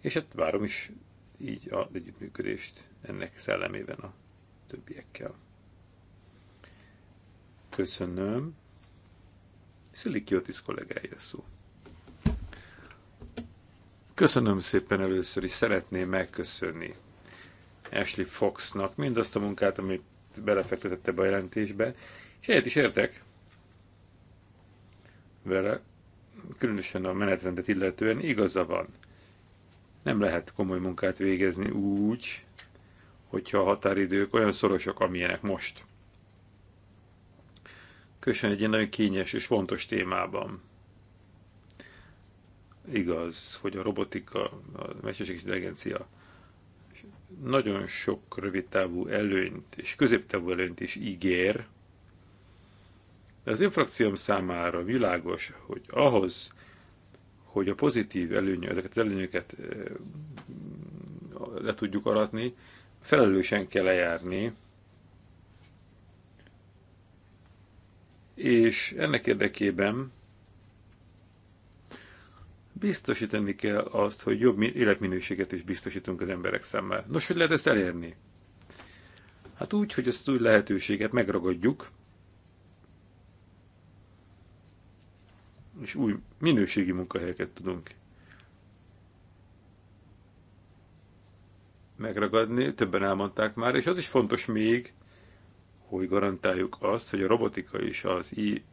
Speaker 1: És hát várom is így a együttműködést ennek szellemében a többiekkel. Köszönöm. Szilikiotis kollégája szó. Köszönöm szépen először is, szeretném megköszönni Ashley Foxnak mindazt a munkát, amit belefektetett ebbe a jelentésbe, és egyet is értek vele, különösen a menetrendet illetően igaza van. Nem lehet komoly munkát végezni úgy, hogyha a határidők olyan szorosak, amilyenek most. Köszönöm egy nagyon kényes és fontos témában igaz, hogy a robotika, a mesterséges intelligencia nagyon sok rövidtávú előnyt és középtávú előnyt is ígér, de az infrakcióm számára világos, hogy ahhoz, hogy a pozitív előny, ezeket az előnyöket le tudjuk aratni, felelősen kell lejárni, és ennek érdekében biztosítani kell azt, hogy jobb életminőséget is biztosítunk az emberek számára. Nos, hogy lehet ezt elérni? Hát úgy, hogy ezt úgy lehetőséget megragadjuk, és új minőségi munkahelyeket tudunk megragadni, többen elmondták már, és az is fontos még, hogy garantáljuk azt, hogy a robotika és az i,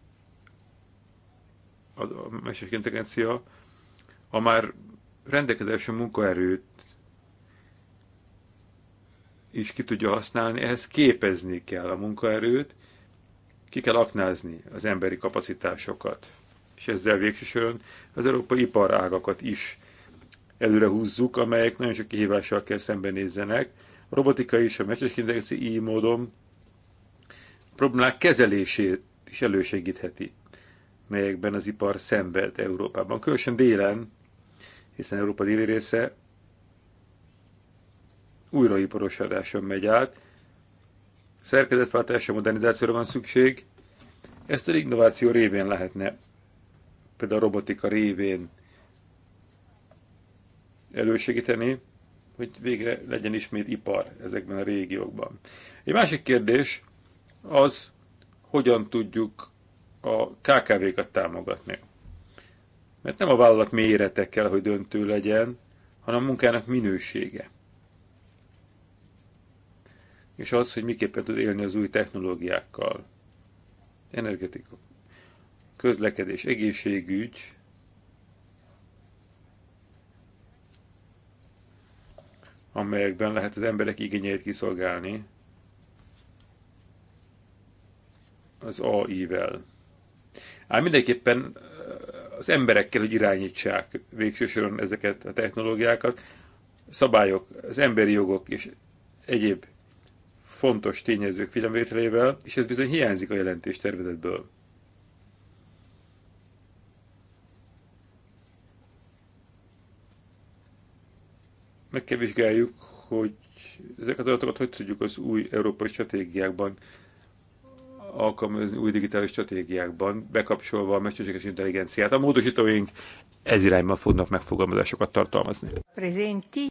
Speaker 1: az, a mesterséges intelligencia a már rendelkezésre munkaerőt is ki tudja használni, ehhez képezni kell a munkaerőt, ki kell aknázni az emberi kapacitásokat, és ezzel végsősorban az európai iparágakat is előre húzzuk, amelyek nagyon sok kihívással kell szembenézzenek. A robotika is a mesterséges így módon a problémák kezelését is elősegítheti, melyekben az ipar szenved Európában. Különösen délen hiszen Európa déli része újraiparosodáson megy át. Szerkezetváltásra, modernizációra van szükség, ezt az innováció révén lehetne, például a robotika révén elősegíteni, hogy végre legyen ismét ipar ezekben a régiókban. Egy másik kérdés az, hogyan tudjuk a KKV-kat támogatni mert nem a vállalat mérete kell, hogy döntő legyen, hanem a munkának minősége. És az, hogy miképpen tud élni az új technológiákkal. Energetika, közlekedés, egészségügy, amelyekben lehet az emberek igényeit kiszolgálni az AI-vel. Ám mindenképpen az emberekkel, hogy irányítsák végső soron ezeket a technológiákat. Szabályok, az emberi jogok és egyéb fontos tényezők figyelmvételével, és ez bizony hiányzik a jelentés tervezetből. Meg kell vizsgáljuk, hogy ezeket az adatokat hogy tudjuk az új európai stratégiákban alkalmazni új digitális stratégiákban, bekapcsolva a mesterséges intelligenciát. A módosítóink ez irányban fognak megfogalmazásokat tartalmazni.
Speaker 3: Prezenti.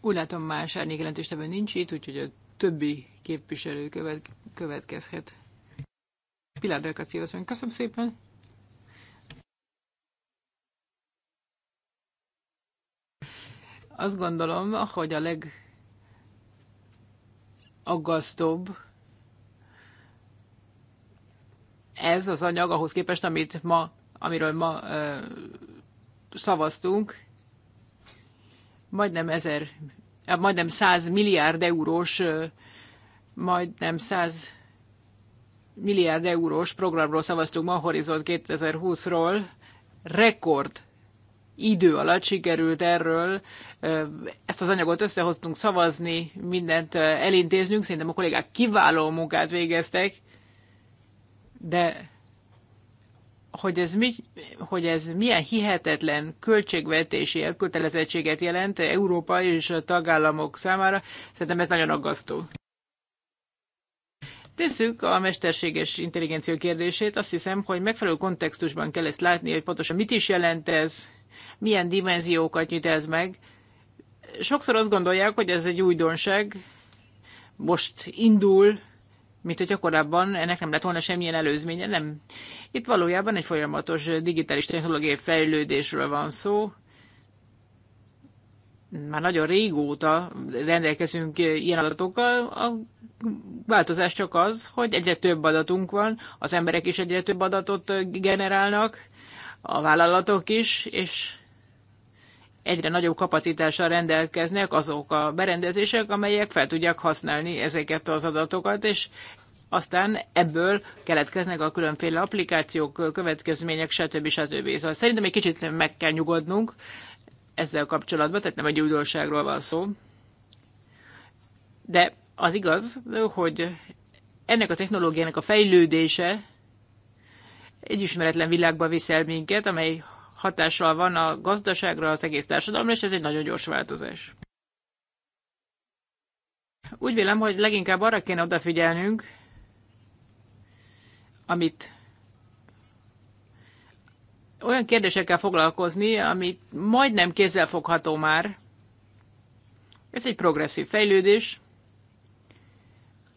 Speaker 4: Úgy látom, más árnyékjelentésteben nincs itt, úgyhogy a többi képviselő követ, következhet. Pilar del köszönöm szépen. Azt gondolom, hogy a legaggasztóbb ez az anyag ahhoz képest, amit ma, amiről ma ö, szavaztunk, majdnem ezer, majdnem 100 milliárd eurós, ö, majdnem 100 milliárd eurós programról szavaztunk ma Horizont 2020-ról, rekord idő alatt sikerült erről ezt az anyagot összehoztunk szavazni, mindent elintéznünk. Szerintem a kollégák kiváló munkát végeztek, de hogy ez, mi, hogy ez milyen hihetetlen költségvetési elkötelezettséget jelent Európa és a tagállamok számára, szerintem ez nagyon aggasztó. Tesszük a mesterséges intelligencia kérdését. Azt hiszem, hogy megfelelő kontextusban kell ezt látni, hogy pontosan mit is jelent ez, milyen dimenziókat nyit ez meg. Sokszor azt gondolják, hogy ez egy újdonság, most indul, mint hogy korábban ennek nem lett volna semmilyen előzménye, nem. Itt valójában egy folyamatos digitális technológiai fejlődésről van szó. Már nagyon régóta rendelkezünk ilyen adatokkal. A változás csak az, hogy egyre több adatunk van, az emberek is egyre több adatot generálnak, a vállalatok is, és egyre nagyobb kapacitással rendelkeznek azok a berendezések, amelyek fel tudják használni ezeket az adatokat, és aztán ebből keletkeznek a különféle applikációk, következmények, stb. stb. Szóval szerintem egy kicsit meg kell nyugodnunk ezzel kapcsolatban, tehát nem egy újdonságról van szó. De az igaz, hogy ennek a technológiának a fejlődése egy ismeretlen világba viszel minket, amely hatással van a gazdaságra, az egész társadalomra, és ez egy nagyon gyors változás. Úgy vélem, hogy leginkább arra kéne odafigyelnünk, amit olyan kérdésekkel foglalkozni, ami majdnem kézzelfogható már. Ez egy progresszív fejlődés.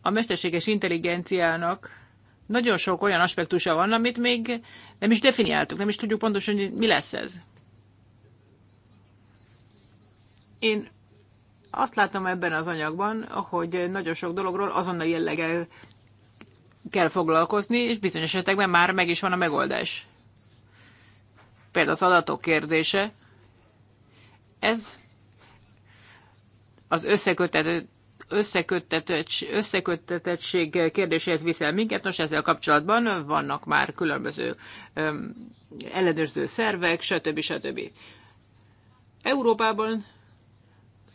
Speaker 4: A mesterséges intelligenciának nagyon sok olyan aspektusa van, amit még nem is definiáltuk, nem is tudjuk pontosan, hogy mi lesz ez. Én azt látom ebben az anyagban, hogy nagyon sok dologról azonnal jelleggel kell foglalkozni, és bizonyos esetekben már meg is van a megoldás. Például az adatok kérdése. Ez az összekötetett összeköttetettség kérdéséhez viszel minket. Nos, ezzel kapcsolatban vannak már különböző ellenőrző szervek, stb. stb. Európában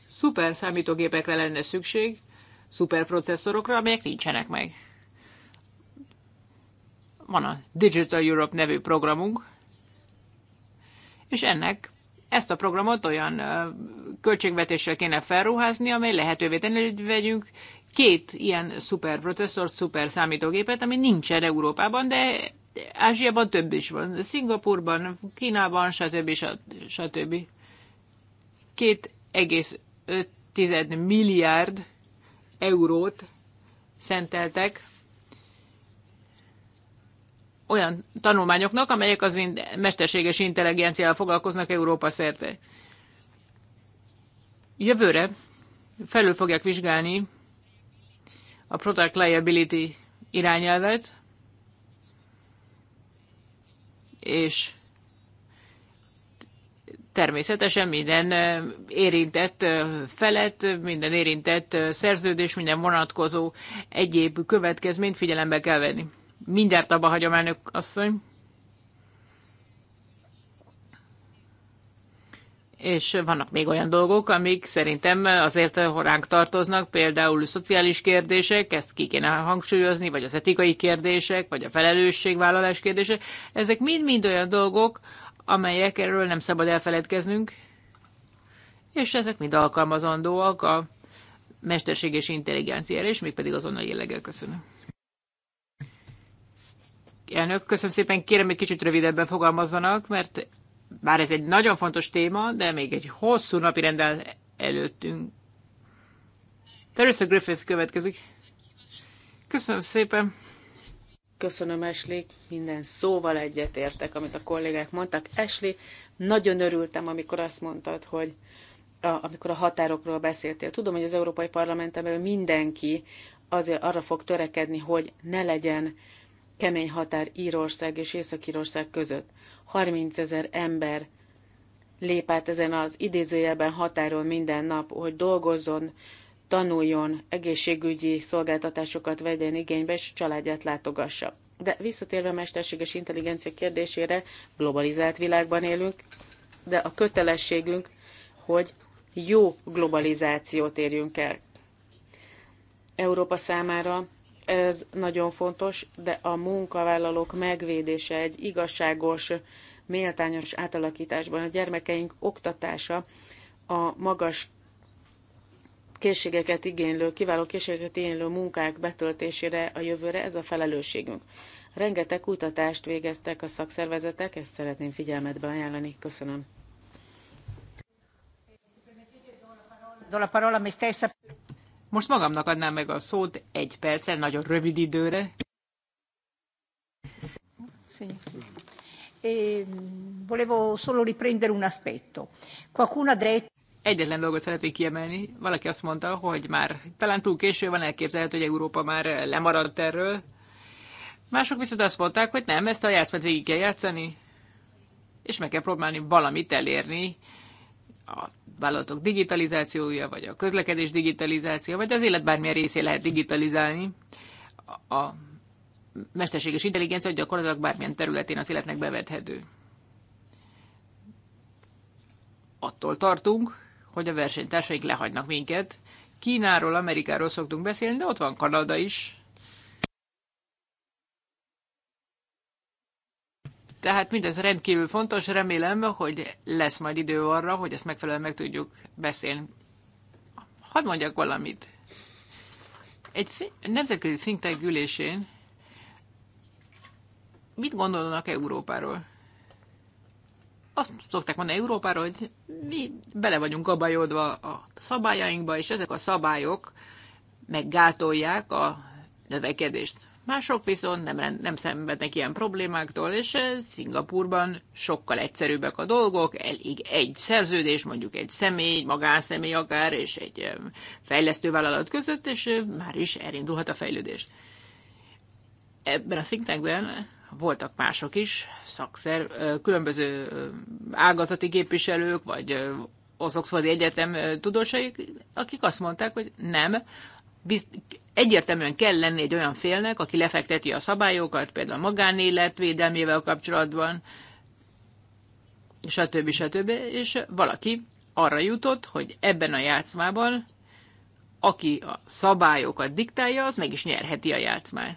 Speaker 4: szuper számítógépekre lenne szükség, szuper processzorokra, amelyek nincsenek meg. Van a Digital Europe nevű programunk, és ennek ezt a programot olyan költségvetéssel kéne felruházni, amely lehetővé tenni, hogy vegyünk két ilyen szuperprocesszort, szuper számítógépet, ami nincsen Európában, de Ázsiában több is van. Szingapurban, Kínában, stb. stb. 2,5 milliárd eurót szenteltek olyan tanulmányoknak, amelyek az in- mesterséges intelligenciával foglalkoznak Európa szerte. Jövőre felül fogják vizsgálni a Product Liability irányelvet, és természetesen minden érintett felett, minden érintett szerződés, minden vonatkozó egyéb következményt figyelembe kell venni mindjárt abba hagyom, elnök asszony. és vannak még olyan dolgok, amik szerintem azért ránk tartoznak, például szociális kérdések, ezt ki kéne hangsúlyozni, vagy az etikai kérdések, vagy a felelősségvállalás kérdése. Ezek mind-mind olyan dolgok, amelyek erről nem szabad elfeledkeznünk, és ezek mind alkalmazandóak a mesterség és intelligenciára, és mégpedig azonnal jelleggel köszönöm. Elnök, köszönöm szépen, kérem, egy kicsit rövidebben fogalmazzanak, mert bár ez egy nagyon fontos téma, de még egy hosszú napi rendel előttünk. Teresa Griffith következik. Köszönöm szépen.
Speaker 2: Köszönöm, Ashley. Minden szóval egyetértek, amit a kollégák mondtak. Ashley, nagyon örültem, amikor azt mondtad, hogy a, amikor a határokról beszéltél. Tudom, hogy az Európai Parlamenten belül mindenki azért arra fog törekedni, hogy ne legyen kemény határ Írország és Észak-Írország között. 30 ezer ember lép át ezen az idézőjelben határon minden nap, hogy dolgozzon, tanuljon, egészségügyi szolgáltatásokat vegyen igénybe, és családját látogassa. De visszatérve a mesterséges intelligencia kérdésére, globalizált világban élünk, de a kötelességünk, hogy jó globalizációt érjünk el. Európa számára ez nagyon fontos, de a munkavállalók megvédése egy igazságos, méltányos átalakításban, a gyermekeink oktatása, a magas készségeket igénylő, kiváló készségeket igénylő munkák betöltésére a jövőre, ez a felelősségünk. Rengeteg kutatást végeztek a szakszervezetek, ezt szeretném figyelmetbe ajánlani. Köszönöm. Most magamnak adnám meg a szót egy
Speaker 4: percen, nagyon rövid időre.
Speaker 3: Sì. E, volevo solo riprendere un aspetto. Qualcuno ha
Speaker 4: egyetlen dolgot szeretnék kiemelni. Valaki azt mondta, hogy már talán túl késő van, elképzelhető, hogy Európa már lemaradt erről. Mások viszont azt mondták, hogy nem, ezt a játszmát végig kell játszani, és meg kell próbálni valamit elérni a vállalatok digitalizációja, vagy a közlekedés digitalizációja, vagy az élet bármilyen részé lehet digitalizálni. A mesterséges intelligencia gyakorlatilag bármilyen területén az életnek bevethető. Attól tartunk, hogy a versenytársaik lehagynak minket. Kínáról, Amerikáról szoktunk beszélni, de ott van Kanada is, Tehát mindez rendkívül fontos, remélem, hogy lesz majd idő arra, hogy ezt megfelelően meg tudjuk beszélni. Hadd mondjak valamit. Egy nemzetközi think tank ülésén mit gondolnak Európáról? Azt szokták mondani Európáról, hogy mi bele vagyunk abajodva a szabályainkba, és ezek a szabályok meggátolják a növekedést. Mások viszont nem, nem szenvednek ilyen problémáktól, és eh, Szingapurban sokkal egyszerűbbek a dolgok, elég egy szerződés, mondjuk egy személy, magánszemély akár, és egy eh, fejlesztővállalat között, és eh, már is elindulhat a fejlődés. Ebben a think tankben voltak mások is, szakszer, különböző ágazati képviselők, vagy az Oxfordi Egyetem tudósai, akik azt mondták, hogy nem, egyértelműen kell lenni egy olyan félnek, aki lefekteti a szabályokat, például a magánélet védelmével kapcsolatban, stb. stb. És valaki arra jutott, hogy ebben a játszmában, aki a szabályokat diktálja, az meg is nyerheti a játszmát.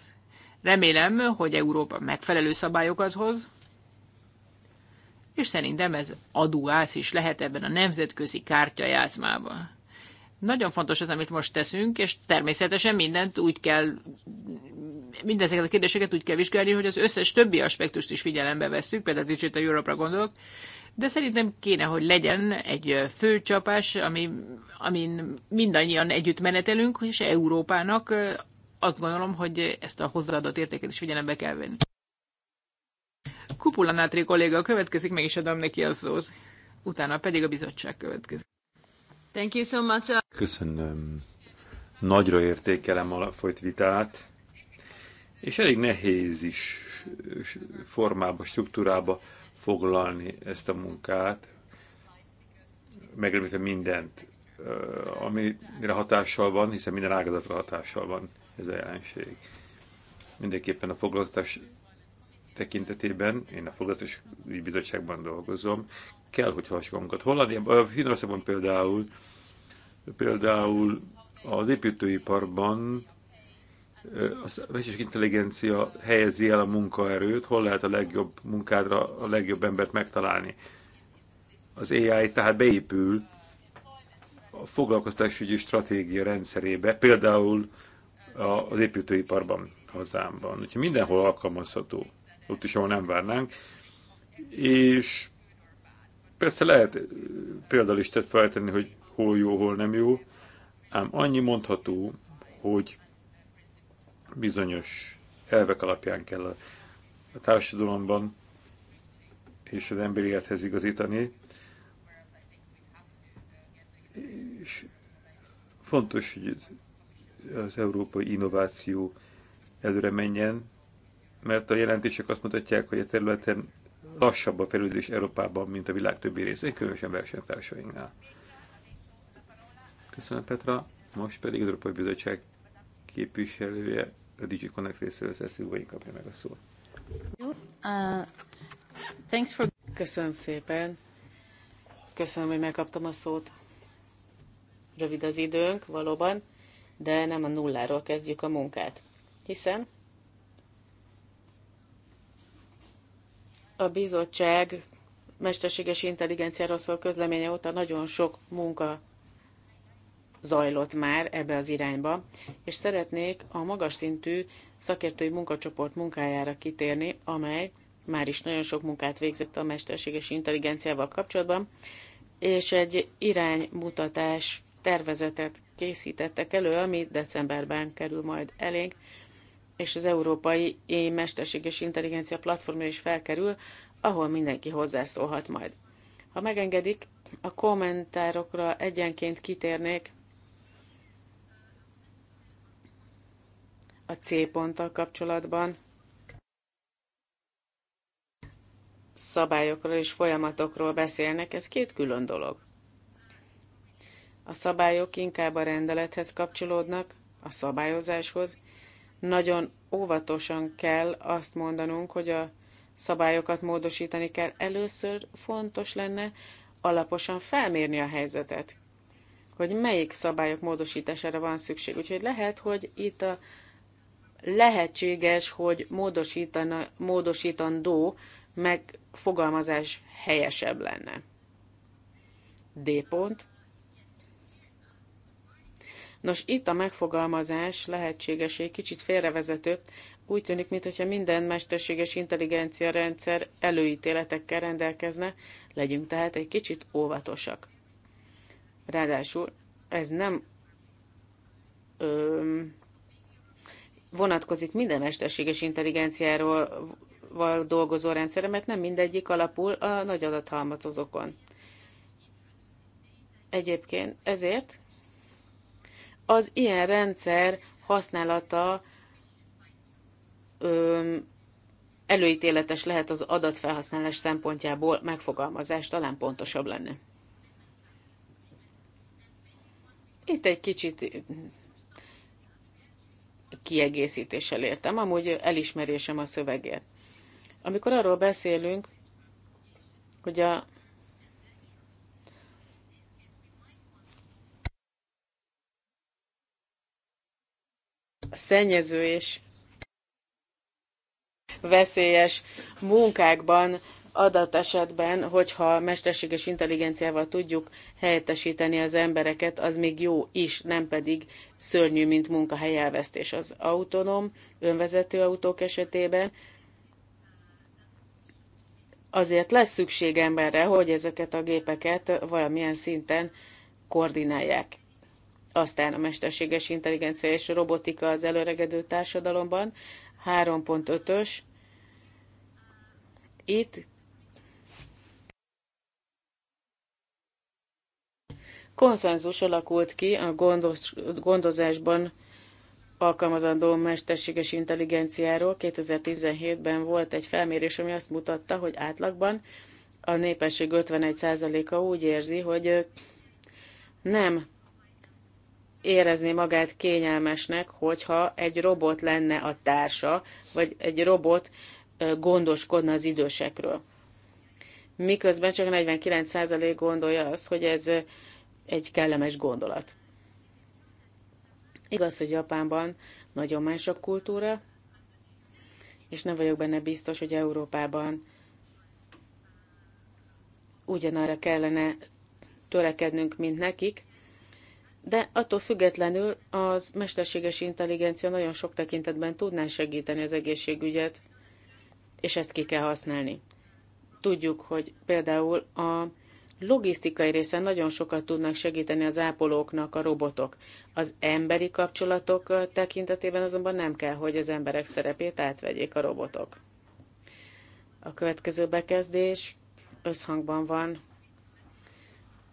Speaker 4: Remélem, hogy Európa megfelelő szabályokat hoz, és szerintem ez adóász is lehet ebben a nemzetközi kártyajátszmában. Nagyon fontos az, amit most teszünk, és természetesen mindent úgy kell, mindezeket a kérdéseket úgy kell vizsgálni, hogy az összes többi aspektust is figyelembe veszünk, például Digital Europe-ra gondolok, de szerintem kéne, hogy legyen egy főcsapás, ami, amin mindannyian együtt menetelünk, és Európának azt gondolom, hogy ezt a hozzáadott értéket is figyelembe kell venni. Kupula Nátri kolléga következik, meg is adom neki a szót. Utána pedig a bizottság következik.
Speaker 2: Thank you so much.
Speaker 1: Köszönöm. Nagyra értékelem a folyt vitát, és elég nehéz is formába, struktúrába foglalni ezt a munkát, megremlítve mindent, amire hatással van, hiszen minden ágazatra hatással van ez a jelenség. Mindenképpen a foglalkoztás tekintetében, én a Foglalkoztatási Bizottságban dolgozom, kell, hogy hasonlókat. Hollandiában, Finországban például, például az építőiparban a mesterséges intelligencia helyezi el a munkaerőt, hol lehet a legjobb munkádra a legjobb embert megtalálni. Az AI tehát beépül a foglalkoztatásügyi stratégia rendszerébe, például az építőiparban hazámban. Úgyhogy mindenhol alkalmazható ott is, ahol nem várnánk. És persze lehet példalistát feltenni, hogy hol jó, hol nem jó, ám annyi mondható, hogy bizonyos elvek alapján kell a, társadalomban és az emberi élethez igazítani. És fontos, hogy az európai innováció előre menjen, mert a jelentések azt mutatják, hogy a területen lassabb a fejlődés Európában, mint a világ többi részén, különösen versenytársainknál. Köszönöm Petra, most pedig az Európai Bizottság képviselője, a DG Connect részéről Cecil kapja meg a szót.
Speaker 2: Köszönöm szépen. Köszönöm, hogy megkaptam a szót. Rövid az időnk, valóban, de nem a nulláról kezdjük a munkát, hiszen A bizottság mesterséges intelligenciáról szól közleménye óta nagyon sok munka zajlott már ebbe az irányba, és szeretnék a magas szintű szakértői munkacsoport munkájára kitérni, amely már is nagyon sok munkát végzett a mesterséges intelligenciával kapcsolatban, és egy iránymutatás tervezetet készítettek elő, ami decemberben kerül majd elénk, és az Európai Mesterséges Intelligencia platformja is felkerül, ahol mindenki hozzászólhat majd. Ha megengedik, a kommentárokra egyenként kitérnék a C ponttal kapcsolatban, szabályokról és folyamatokról beszélnek, ez két külön dolog. A szabályok inkább a rendelethez kapcsolódnak, a szabályozáshoz, nagyon óvatosan kell azt mondanunk, hogy a szabályokat módosítani kell. Először fontos lenne alaposan felmérni a helyzetet, hogy melyik szabályok módosítására van szükség. Úgyhogy lehet, hogy itt a lehetséges, hogy módosítana, módosítandó megfogalmazás helyesebb lenne. D pont. Nos, itt a megfogalmazás lehetséges egy kicsit félrevezető. Úgy tűnik, mintha minden mesterséges intelligencia rendszer előítéletekkel rendelkezne, legyünk tehát egy kicsit óvatosak. Ráadásul ez nem ö, vonatkozik minden mesterséges intelligenciáról dolgozó rendszere, mert nem mindegyik alapul a nagy adathalmatozókon. Egyébként ezért az ilyen rendszer használata öm, előítéletes lehet az adatfelhasználás szempontjából, megfogalmazás talán pontosabb lenne. Itt egy kicsit kiegészítéssel értem, amúgy elismerésem a szövegért. Amikor arról beszélünk, hogy a szennyező és veszélyes munkákban adat esetben, hogyha mesterséges intelligenciával tudjuk helyettesíteni az embereket, az még jó is, nem pedig szörnyű, mint munkahely elvesztés az autonóm, önvezető autók esetében. Azért lesz szükség emberre, hogy ezeket a gépeket valamilyen szinten koordinálják. Aztán a mesterséges intelligencia és robotika az előregedő társadalomban, 3.5-ös. Itt konszenzus alakult ki a gondos, gondozásban alkalmazandó mesterséges intelligenciáról. 2017-ben volt egy felmérés, ami azt mutatta, hogy átlagban a népesség 51%-a úgy érzi, hogy nem érezné magát kényelmesnek, hogyha egy robot lenne a társa, vagy egy robot gondoskodna az idősekről. Miközben csak 49% gondolja azt, hogy ez egy kellemes gondolat. Igaz, hogy Japánban nagyon más a kultúra, és nem vagyok benne biztos, hogy Európában ugyanarra kellene törekednünk, mint nekik, de attól függetlenül az mesterséges intelligencia nagyon sok tekintetben tudná segíteni az egészségügyet, és ezt ki kell használni. Tudjuk, hogy például a logisztikai részen nagyon sokat tudnak segíteni az ápolóknak a robotok. Az emberi kapcsolatok tekintetében azonban nem kell, hogy az emberek szerepét átvegyék a robotok. A következő bekezdés összhangban van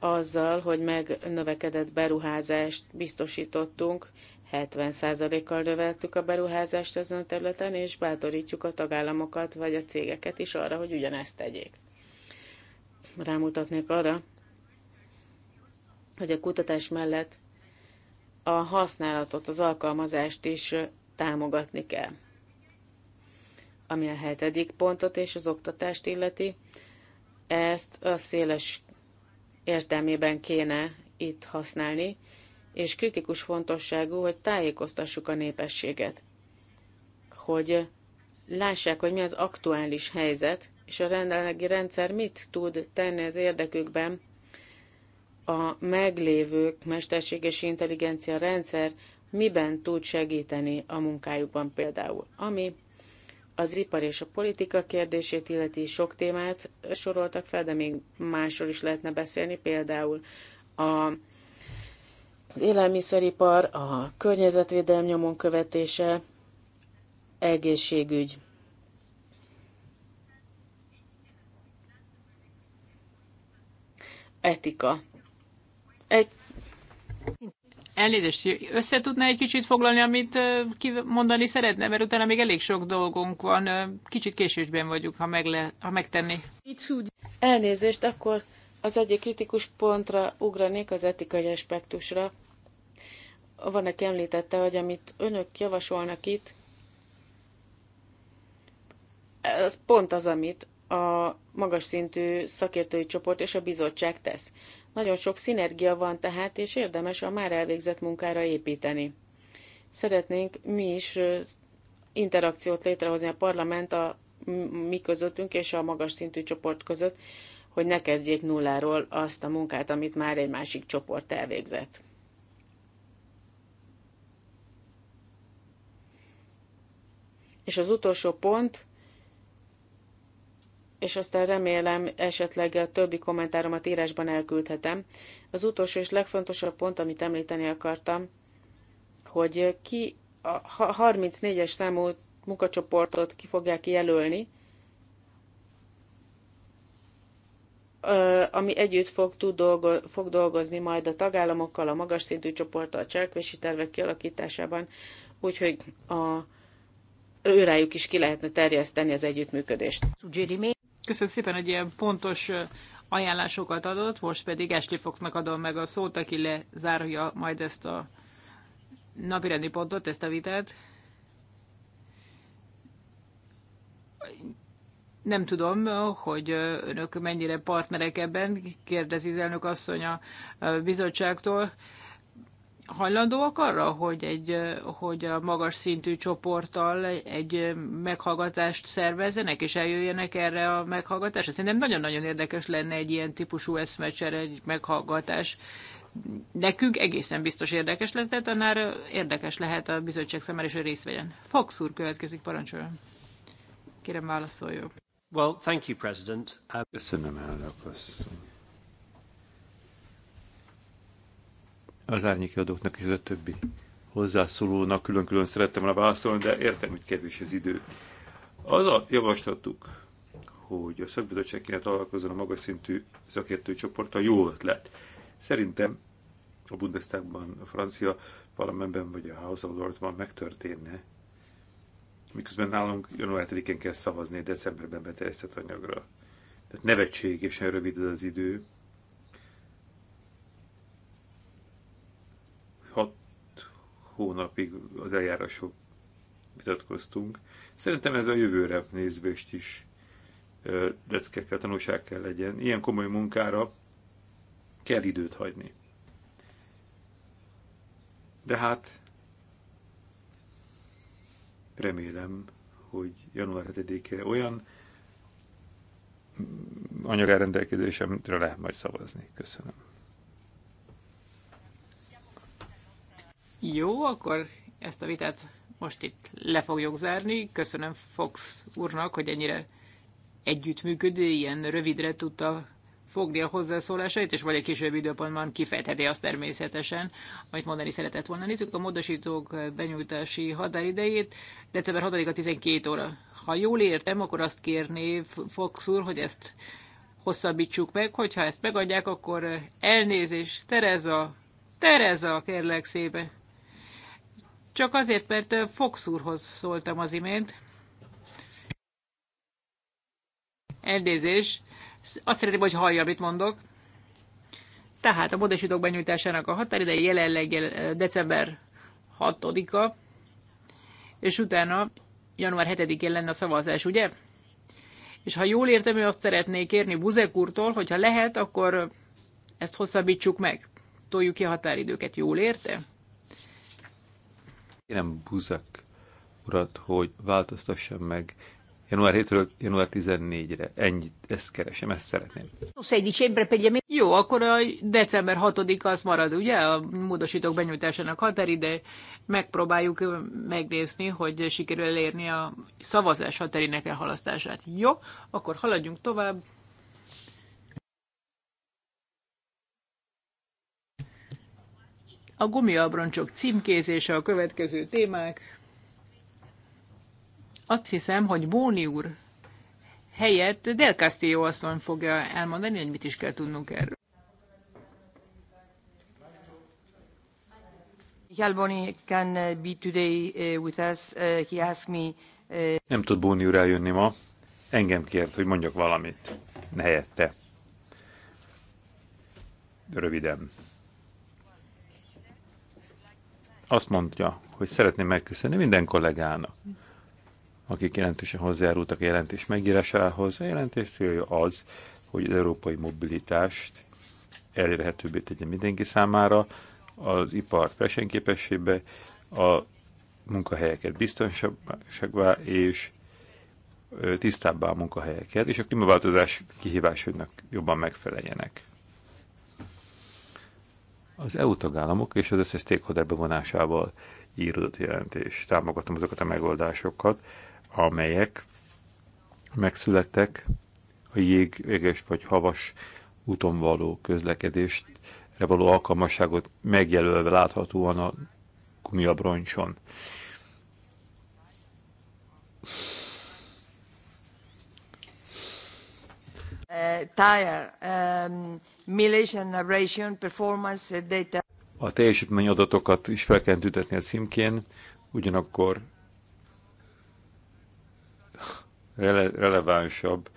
Speaker 2: azzal, hogy megnövekedett beruházást biztosítottunk, 70%-kal növeltük a beruházást ezen a területen, és bátorítjuk a tagállamokat vagy a cégeket is arra, hogy ugyanezt tegyék. Rámutatnék arra, hogy a kutatás mellett a használatot, az alkalmazást is támogatni kell. Ami a hetedik pontot és az oktatást illeti, ezt a széles értelmében kéne itt használni, és kritikus fontosságú, hogy tájékoztassuk a népességet, hogy lássák, hogy mi az aktuális helyzet, és a rendelegi rendszer mit tud tenni az érdekükben a meglévő mesterséges intelligencia rendszer miben tud segíteni a munkájukban például, ami az ipar és a politika kérdését illeti sok témát soroltak fel, de még másról is lehetne beszélni, például a, az élelmiszeripar, a környezetvédelem nyomon követése, egészségügy. Etika. Egy
Speaker 4: Elnézést, össze tudná egy kicsit foglalni, amit mondani szeretne, mert utána még elég sok dolgunk van, kicsit késésben vagyunk, ha, meg le, ha megtenni.
Speaker 2: Elnézést, akkor az egyik kritikus pontra ugranék az etikai aspektusra. aki említette, hogy amit önök javasolnak itt, ez pont az, amit a magas szintű szakértői csoport és a bizottság tesz. Nagyon sok szinergia van tehát, és érdemes a már elvégzett munkára építeni. Szeretnénk mi is interakciót létrehozni a parlament a mi közöttünk és a magas szintű csoport között, hogy ne kezdjék nulláról azt a munkát, amit már egy másik csoport elvégzett. És az utolsó pont, és aztán remélem esetleg a többi kommentáromat írásban elküldhetem. Az utolsó és legfontosabb pont, amit említeni akartam, hogy ki a 34-es számú munkacsoportot ki fogják jelölni, ami együtt fog, tud dolgo, fog dolgozni majd a tagállamokkal, a magas szintű csoporttal, a cselekvési tervek kialakításában, úgyhogy a, őrájuk is ki lehetne terjeszteni az együttműködést.
Speaker 4: Köszönöm szépen, hogy ilyen pontos ajánlásokat adott, most pedig Ashley Foxnak adom meg a szót, aki lezárja majd ezt a napirendi pontot, ezt a vitát. Nem tudom, hogy önök mennyire partnerek ebben, kérdezi az elnök asszony a bizottságtól hajlandóak arra, hogy, egy, hogy a magas szintű csoporttal egy meghallgatást szervezzenek, és eljöjjenek erre a meghallgatásra? Szerintem nagyon-nagyon érdekes lenne egy ilyen típusú eszmecsere, egy meghallgatás. Nekünk egészen biztos érdekes lesz, de tanár érdekes lehet a bizottság számára, és ő részt vegyen. Fox úr következik, parancsoljon. Kérem, válaszoljon.
Speaker 3: Well, thank you, President.
Speaker 1: Um, Köszönöm, elnök asszony az árnyéki adóknak és a többi hozzászólónak külön-külön szerettem volna válaszolni, de értem, hogy kevés az idő. Az a javaslatuk, hogy a szakbizottság kéne találkozzon a magas szintű szakértői szakértőcsoporttal, jó ötlet. Szerintem a Bundestagban, a francia parlamentben vagy a House of Lordsban megtörténne, miközben nálunk január 7-én kell szavazni decemberben beterjesztett anyagra. Tehát nevetségesen rövid az idő, hat hónapig az eljárások vitatkoztunk. Szerintem ez a jövőre nézvést is leckekkel, tanulság kell legyen. Ilyen komoly munkára kell időt hagyni. De hát remélem, hogy január 7-e olyan anyag lehet majd szavazni. Köszönöm.
Speaker 4: Jó, akkor ezt a vitát most itt le fogjuk zárni. Köszönöm Fox úrnak, hogy ennyire együttműködő, ilyen rövidre tudta fogni a hozzászólásait, és vagy egy később időpontban kifejtheti azt természetesen, amit mondani szeretett volna. Nézzük a módosítók benyújtási határidejét. December 6-a 12 óra. Ha jól értem, akkor azt kérné Fox úr, hogy ezt hosszabbítsuk meg, hogyha ezt megadják, akkor elnézés, Tereza, Tereza, kérlek szépen. Csak azért, mert Fox úrhoz szóltam az imént. Elnézés. Azt szeretném, hogy hallja, mit mondok. Tehát a módosítók benyújtásának a határideje jelenleg december 6-a, és utána január 7-én lenne a szavazás, ugye? És ha jól értem, ő azt szeretné kérni Buzek úrtól, hogyha lehet, akkor ezt hosszabbítsuk meg. Toljuk ki a határidőket, jól érte?
Speaker 1: Kérem Buzak urat, hogy változtassam meg január 7 január 14-re. Ennyit, ezt keresem, ezt
Speaker 4: szeretném. Jó, akkor a december 6 az marad, ugye? A módosítók benyújtásának határide. Megpróbáljuk megnézni, hogy sikerül elérni a szavazás határinek elhalasztását. Jó, akkor haladjunk tovább. A gumiabroncsok címkézése a következő témák. Azt hiszem, hogy Bóni úr helyett Del Castillo asszony fogja elmondani, hogy mit is kell tudnunk erről.
Speaker 3: Uh, uh, uh,
Speaker 1: Nem tud Bóni úr eljönni ma. Engem kért, hogy mondjak valamit. Ne Helyette. Röviden azt mondja, hogy szeretném megköszönni minden kollégának, akik jelentősen hozzájárultak a jelentés megírásához. A jelentés célja az, hogy az európai mobilitást elérhetőbbé tegye mindenki számára, az ipar versenyképessébe, a munkahelyeket biztonságba és tisztábbá a munkahelyeket, és a klímaváltozás kihívásainak jobban megfeleljenek az EU tagállamok és az összes stakeholder bevonásával írodott jelentés. Támogatom azokat a megoldásokat, amelyek megszülettek a jéges vagy havas úton való közlekedést való alkalmasságot megjelölve láthatóan a gumiabroncson.
Speaker 3: Uh, tire, um, Uh,
Speaker 1: a teljesítmény adatokat is fel kell tüntetni a címkén, ugyanakkor rele relevánsabb,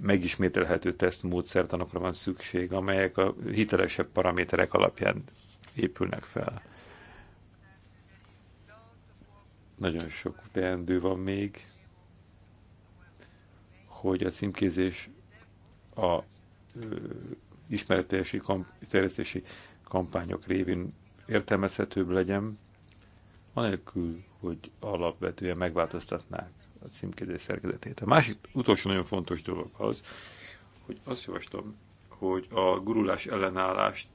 Speaker 1: megismételhető tesztmódszertanokra van szükség, amelyek a hitelesebb paraméterek alapján épülnek fel. Nagyon sok teendő van még, hogy a címkézés a ismeretési kamp, kampányok révén értelmezhetőbb legyen, anélkül, hogy alapvetően megváltoztatnák a címkézés szerkezetét. A másik utolsó nagyon fontos dolog az, hogy azt javaslom, hogy a gurulás ellenállást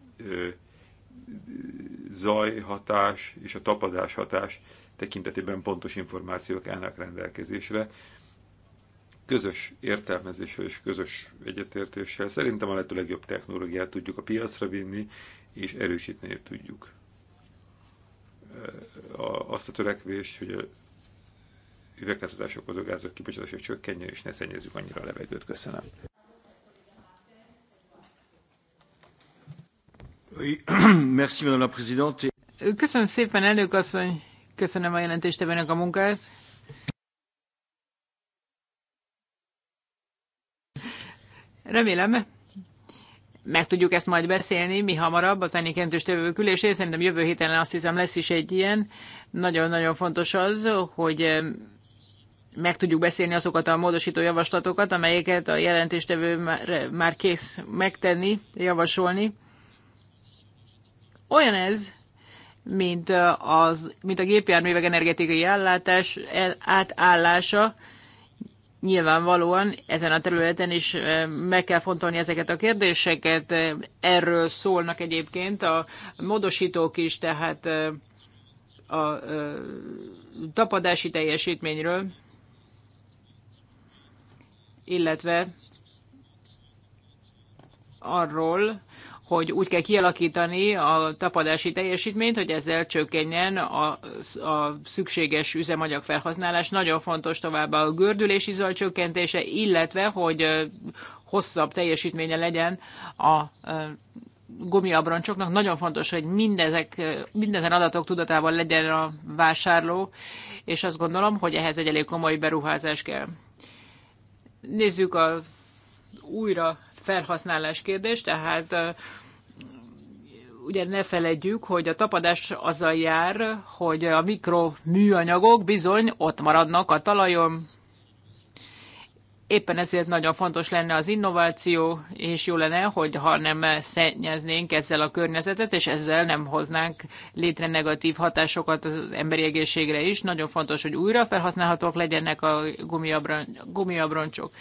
Speaker 1: zaj hatás és a tapadás hatás tekintetében pontos információk állnak rendelkezésre, közös értelmezéssel és közös egyetértéssel szerintem a lehető legjobb technológiát tudjuk a piacra vinni, és erősíteni tudjuk azt a törekvést, hogy a üvegházatások okozó gázok kibocsátása csökkenjen, és ne szennyezzük annyira a levegőt. Köszönöm.
Speaker 3: <clears throat>
Speaker 4: Köszönöm szépen, elnök asszony, köszönöm a jelentéstevőnek a munkát. Remélem, meg tudjuk ezt majd beszélni, mi hamarabb, a ennél kentős tevőkülésén, szerintem jövő héten azt hiszem lesz is egy ilyen. Nagyon-nagyon fontos az, hogy eh, meg tudjuk beszélni azokat a módosító javaslatokat, amelyeket a jelentéstevő már kész megtenni, javasolni. Olyan ez, mint, eh, az, mint a gépjárművek energetikai ellátás, el, átállása, Nyilvánvalóan ezen a területen is meg kell fontolni ezeket a kérdéseket. Erről szólnak egyébként a módosítók is, tehát a tapadási teljesítményről, illetve arról, hogy úgy kell kialakítani a tapadási teljesítményt, hogy ezzel csökkenjen a, a szükséges üzemanyag felhasználás. Nagyon fontos továbbá a gördülési zaj csökkentése, illetve hogy hosszabb teljesítménye legyen a gumiabroncsoknak. Nagyon fontos, hogy mindezek, mindezen adatok tudatában legyen a vásárló, és azt gondolom, hogy ehhez egy elég komoly beruházás kell. Nézzük a újra felhasználás kérdés, tehát ugye ne feledjük, hogy a tapadás azzal jár, hogy a mikroműanyagok bizony ott maradnak a talajon. Éppen ezért nagyon fontos lenne az innováció, és jó lenne, hogy ha nem szennyeznénk ezzel a környezetet, és ezzel nem hoznánk létre negatív hatásokat az emberi egészségre is. Nagyon fontos, hogy újra felhasználhatók legyenek a gumiabroncsok.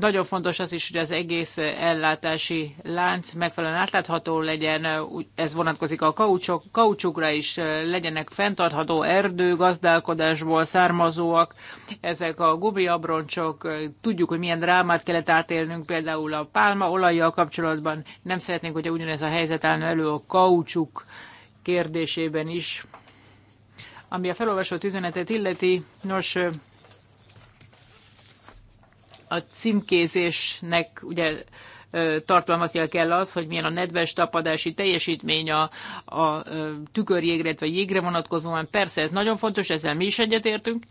Speaker 4: Nagyon fontos az is, hogy az egész eh, ellátási lánc megfelelően átlátható legyen, eh, ez vonatkozik a kaucsok, kaucsukra is, eh, legyenek fenntartható erdőgazdálkodásból származóak, ezek a gubiabroncsok. tudjuk, hogy milyen drámát kellett átélnünk például a olajjal kapcsolatban, nem szeretnénk, hogy ugyanez a helyzet állna elő a kaucsuk kérdésében is. Ami a felolvasott üzenetet illeti, nos, a címkézésnek ugye tartalmaznia kell az, hogy milyen a nedves tapadási teljesítmény a, a tükörjégre, vagy jégre vonatkozóan. Persze ez nagyon fontos, ezzel mi is egyetértünk.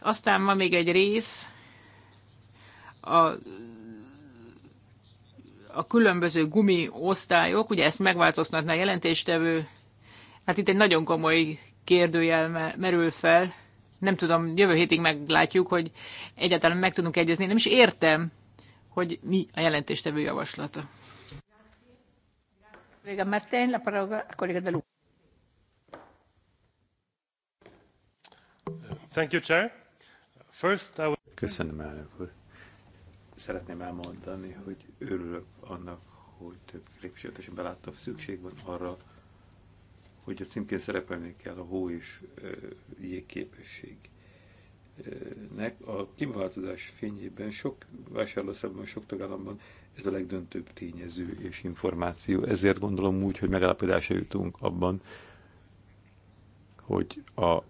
Speaker 4: Aztán van még egy rész, a, a különböző gumi osztályok, ugye ezt megváltoztatná a jelentéstevő. Hát itt egy nagyon komoly kérdőjel merül fel, nem tudom, jövő hétig meglátjuk, hogy egyáltalán meg tudunk egyezni. Nem is értem, hogy mi a jelentéstevő javaslata.
Speaker 1: Thank you, Chair. First, I will... Köszönöm, elnök úr. Szeretném elmondani, hogy örülök annak, hogy több képviselőt belátom, szükség van arra, hogy a címkén szerepelni kell a hó és jégképességnek. A klímaváltozás fényében sok vásárlószabban, sok tagállamban ez a legdöntőbb tényező és információ. Ezért gondolom úgy, hogy megállapodásra jutunk abban, hogy a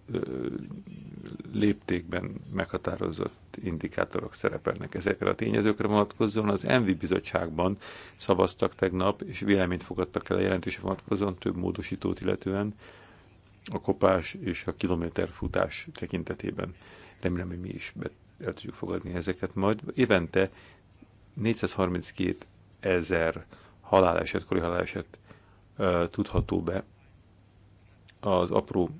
Speaker 1: léptékben meghatározott indikátorok szerepelnek ezekre a tényezőkre vonatkozóan. Az ENVI bizottságban szavaztak tegnap, és véleményt fogadtak el a jelentése vonatkozóan több módosítót illetően a kopás és a kilométerfutás tekintetében. Remélem, hogy mi is be, el tudjuk fogadni ezeket majd. Évente 432 ezer haláleset, kori haláleset uh, tudható be az apró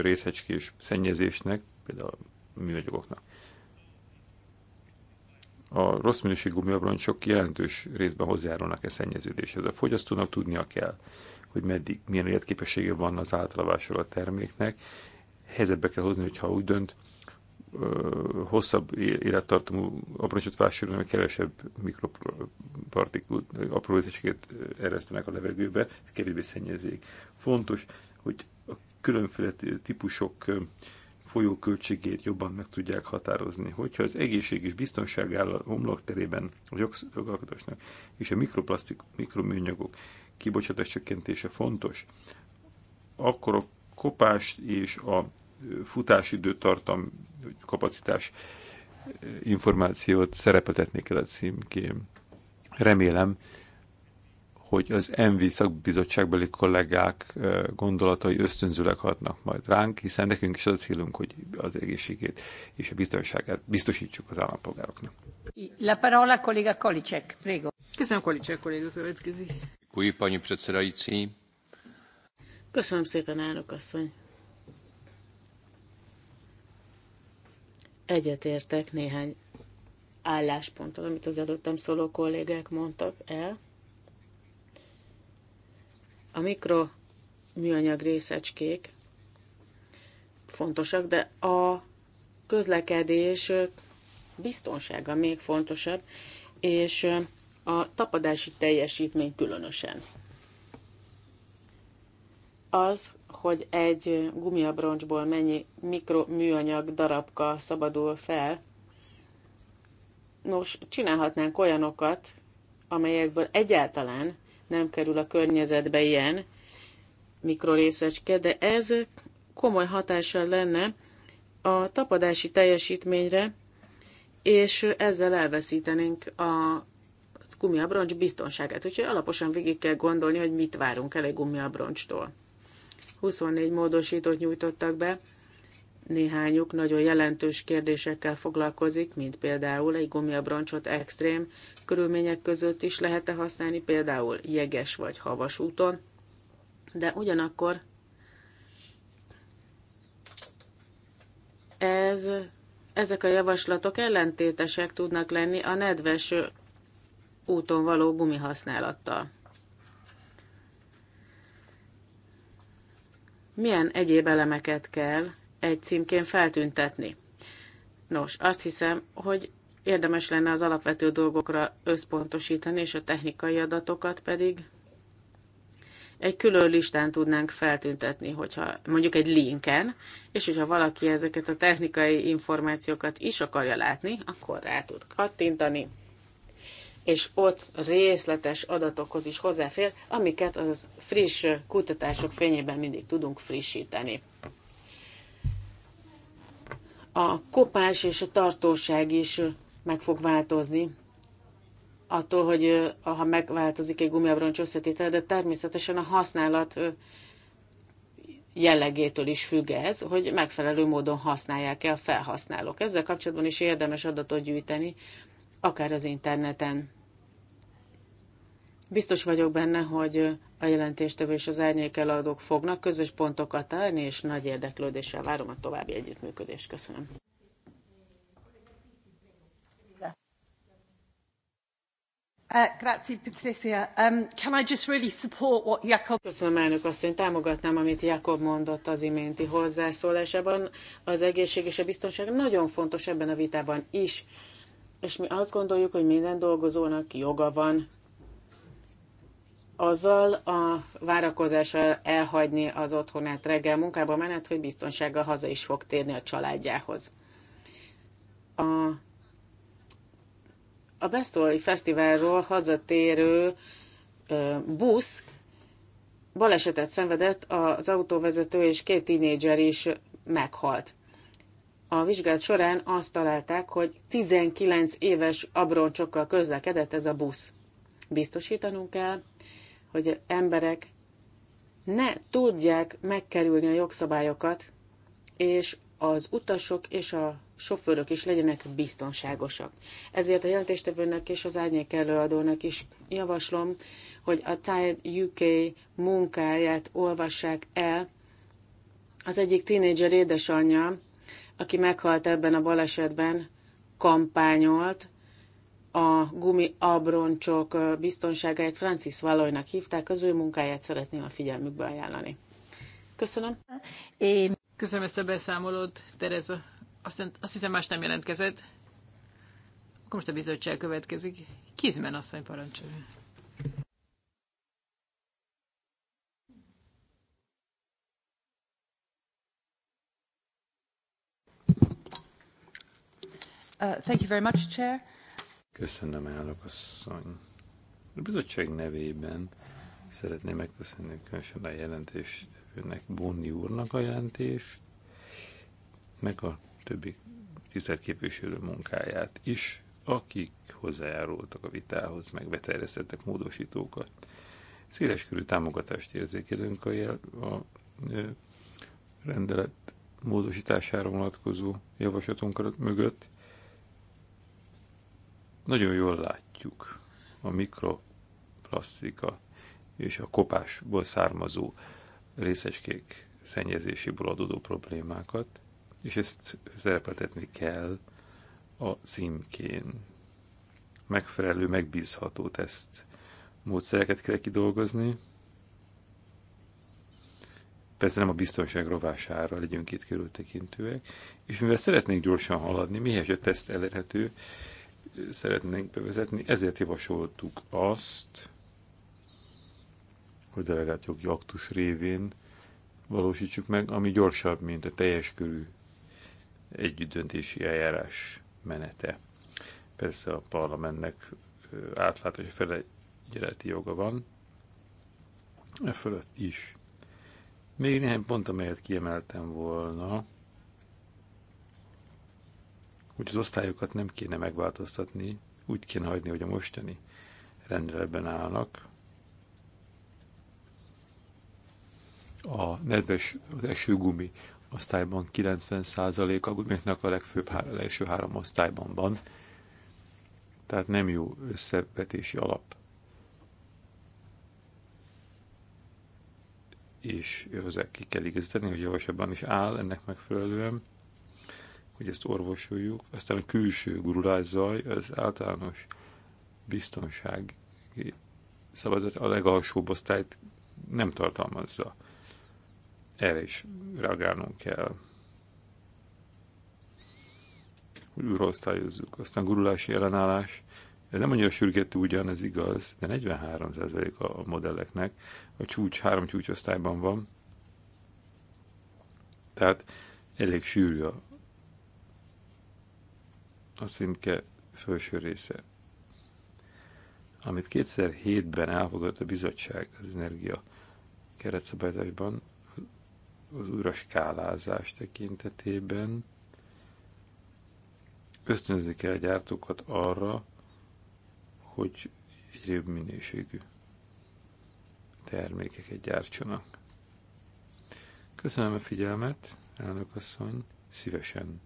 Speaker 1: részecskés szennyezésnek, például a műanyagoknak. A rossz minőségű gumiabroncsok jelentős részben hozzájárulnak e szennyeződéshez. A fogyasztónak tudnia kell, hogy meddig, milyen életképessége van az általa a terméknek. Helyzetbe kell hozni, hogyha úgy dönt, hosszabb élettartamú abroncsot vásárolni, mert kevesebb mikropartikút, apró részecskét eresztenek a levegőbe, kevésbé szennyezik. Fontos, hogy különféle típusok folyóköltségét jobban meg tudják határozni. Hogyha az egészség és biztonság áll a homlokterében a jogalkotásnak, és a mikroplasztik, mikroműanyagok kibocsátás csökkentése fontos, akkor a kopás és a futás időtartam, kapacitás információt szerepetetnék el a címkén. Remélem, hogy az MV szakbizottságbeli kollégák gondolatai ösztönzőleg hatnak majd ránk, hiszen nekünk is az a célunk, hogy az egészségét és a biztonságát biztosítsuk az állampolgároknak.
Speaker 3: La parola kolléga Kolicek, prego. Köszönöm, Kolicek kolléga következik.
Speaker 1: Kui, pani predsedajci.
Speaker 2: Köszönöm szépen, elnök asszony. Egyetértek néhány állásponttal, amit az előttem szóló kollégák mondtak el a mikro műanyag részecskék fontosak, de a közlekedés biztonsága még fontosabb, és a tapadási teljesítmény különösen. Az, hogy egy gumiabroncsból mennyi mikroműanyag darabka szabadul fel, nos, csinálhatnánk olyanokat, amelyekből egyáltalán nem kerül a környezetbe ilyen mikrorészecske, de ez komoly hatással lenne a tapadási teljesítményre, és ezzel elveszítenénk a gumiabroncs biztonságát. Úgyhogy alaposan végig kell gondolni, hogy mit várunk el egy gumiabroncstól. 24 módosítót nyújtottak be, Néhányuk nagyon jelentős kérdésekkel foglalkozik, mint például egy gumiabroncsot extrém körülmények között is lehet-e használni, például jeges vagy havas úton, de ugyanakkor ez, ezek a javaslatok ellentétesek tudnak lenni a nedves úton való gumihasználattal. Milyen egyéb elemeket kell egy címkén feltüntetni. Nos, azt hiszem, hogy érdemes lenne az alapvető dolgokra összpontosítani, és a technikai adatokat pedig egy külön listán tudnánk feltüntetni, hogyha mondjuk egy linken, és hogyha valaki ezeket a technikai információkat is akarja látni, akkor rá tud kattintani, és ott részletes adatokhoz is hozzáfér, amiket az friss kutatások fényében mindig tudunk frissíteni a kopás és a tartóság is meg fog változni, attól, hogy ha megváltozik egy gumiabroncs összetétel, de természetesen a használat jellegétől is függ ez, hogy megfelelő módon használják e a felhasználók. Ezzel kapcsolatban is érdemes adatot gyűjteni, akár az interneten. Biztos vagyok benne, hogy a jelentéstevő és az árnyékeladók fognak közös pontokat találni, és nagy érdeklődéssel várom a további együttműködést. Köszönöm. Köszönöm, elnök asszony. Támogatnám, amit Jakob mondott az iménti hozzászólásában. Az egészség és a biztonság nagyon fontos ebben a vitában is. És mi azt gondoljuk, hogy minden dolgozónak joga van azzal a várakozással elhagyni az otthonát reggel munkába menet, hogy biztonsággal haza is fog térni a családjához. A, a Bestoli Fesztiválról hazatérő ö, busz balesetet szenvedett, az autóvezető és két tínédzser is meghalt. A vizsgálat során azt találták, hogy 19 éves abroncsokkal közlekedett ez a busz. Biztosítanunk kell, hogy emberek ne tudják megkerülni a jogszabályokat, és az utasok és a sofőrök is legyenek biztonságosak. Ezért a jelentéstevőnek és az árnyék előadónak is javaslom, hogy a Tide UK munkáját olvassák el. Az egyik tínédzser édesanyja, aki meghalt ebben a balesetben, kampányolt a abroncsok biztonságáért Francis Valoynak hívták, az ő munkáját szeretném a figyelmükbe ajánlani.
Speaker 4: Köszönöm. Én... Köszönöm ezt a beszámolót, Tereza. Azt, azt hiszem más nem jelentkezett. Akkor most a bizottság következik. Kizmen asszony parancsolja. Uh, thank you very much, Chair.
Speaker 1: Köszönöm, elnök asszony. A bizottság nevében szeretném megköszönni különösen a jelentést önnek, Bonni úrnak a jelentést, meg a többi tisztelt képviselő munkáját is, akik hozzájárultak a vitához, meg beterjesztettek módosítókat. Széleskörű támogatást érzékelünk a, jel, a ö, rendelet módosítására vonatkozó javaslatunk mögött, nagyon jól látjuk a mikroplasztika és a kopásból származó részecskék szennyezéséből adódó problémákat, és ezt szerepeltetni kell a címkén. Megfelelő, megbízható teszt módszereket kell kidolgozni. Persze nem a biztonság rovására legyünk itt körültekintőek, és mivel szeretnénk gyorsan haladni, mihez a teszt elérhető, szeretnénk bevezetni, ezért javasoltuk azt, hogy delegált jogi aktus révén valósítsuk meg, ami gyorsabb, mint a teljes körű együttdöntési eljárás menete. Persze a parlamentnek átlátási felegyeleti joga van, e fölött is. Még néhány pont, amelyet kiemeltem volna, hogy az osztályokat nem kéne megváltoztatni, úgy kéne hagyni, hogy a mostani rendeletben állnak. A nedves, az esőgumi osztályban 90% a gumiknak a legfőbb a első három osztályban van, tehát nem jó összevetési alap. És ezek ki kell igazítani, hogy javasabban is áll ennek megfelelően, hogy ezt orvosoljuk, aztán a külső zaj, az általános biztonság szabadat a legalsóbb osztályt nem tartalmazza. Erre is reagálnunk kell. Hogy újraosztályozzuk. Aztán gurulási ellenállás. Ez nem annyira sürgető ugyan, ez igaz, de 43% a modelleknek. A csúcs három csúcsosztályban van. Tehát elég sűrű a a címke felső része, amit 2007-ben elfogadott a bizottság az energia keretszabályzásban, az újra skálázás tekintetében ösztönözni kell a gyártókat arra, hogy egy jobb minőségű termékeket gyártsanak. Köszönöm a figyelmet, elnök asszony, szívesen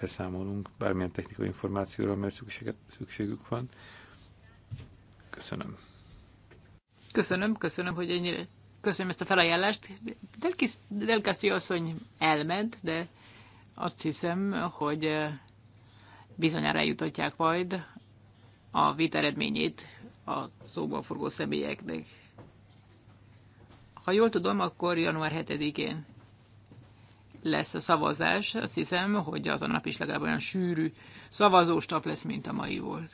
Speaker 1: beszámolunk bármilyen technikai információról, mert szükségük van. Köszönöm.
Speaker 4: Köszönöm, köszönöm, hogy ennyire köszönöm ezt a felajánlást. Del Castillo asszony elment, de azt hiszem, hogy bizonyára eljutatják majd a vita eredményét a szóban forgó személyeknek. Ha jól tudom, akkor január 7-én lesz a szavazás. Azt hiszem, hogy az a nap is legalább olyan sűrű szavazóstap lesz, mint a mai volt.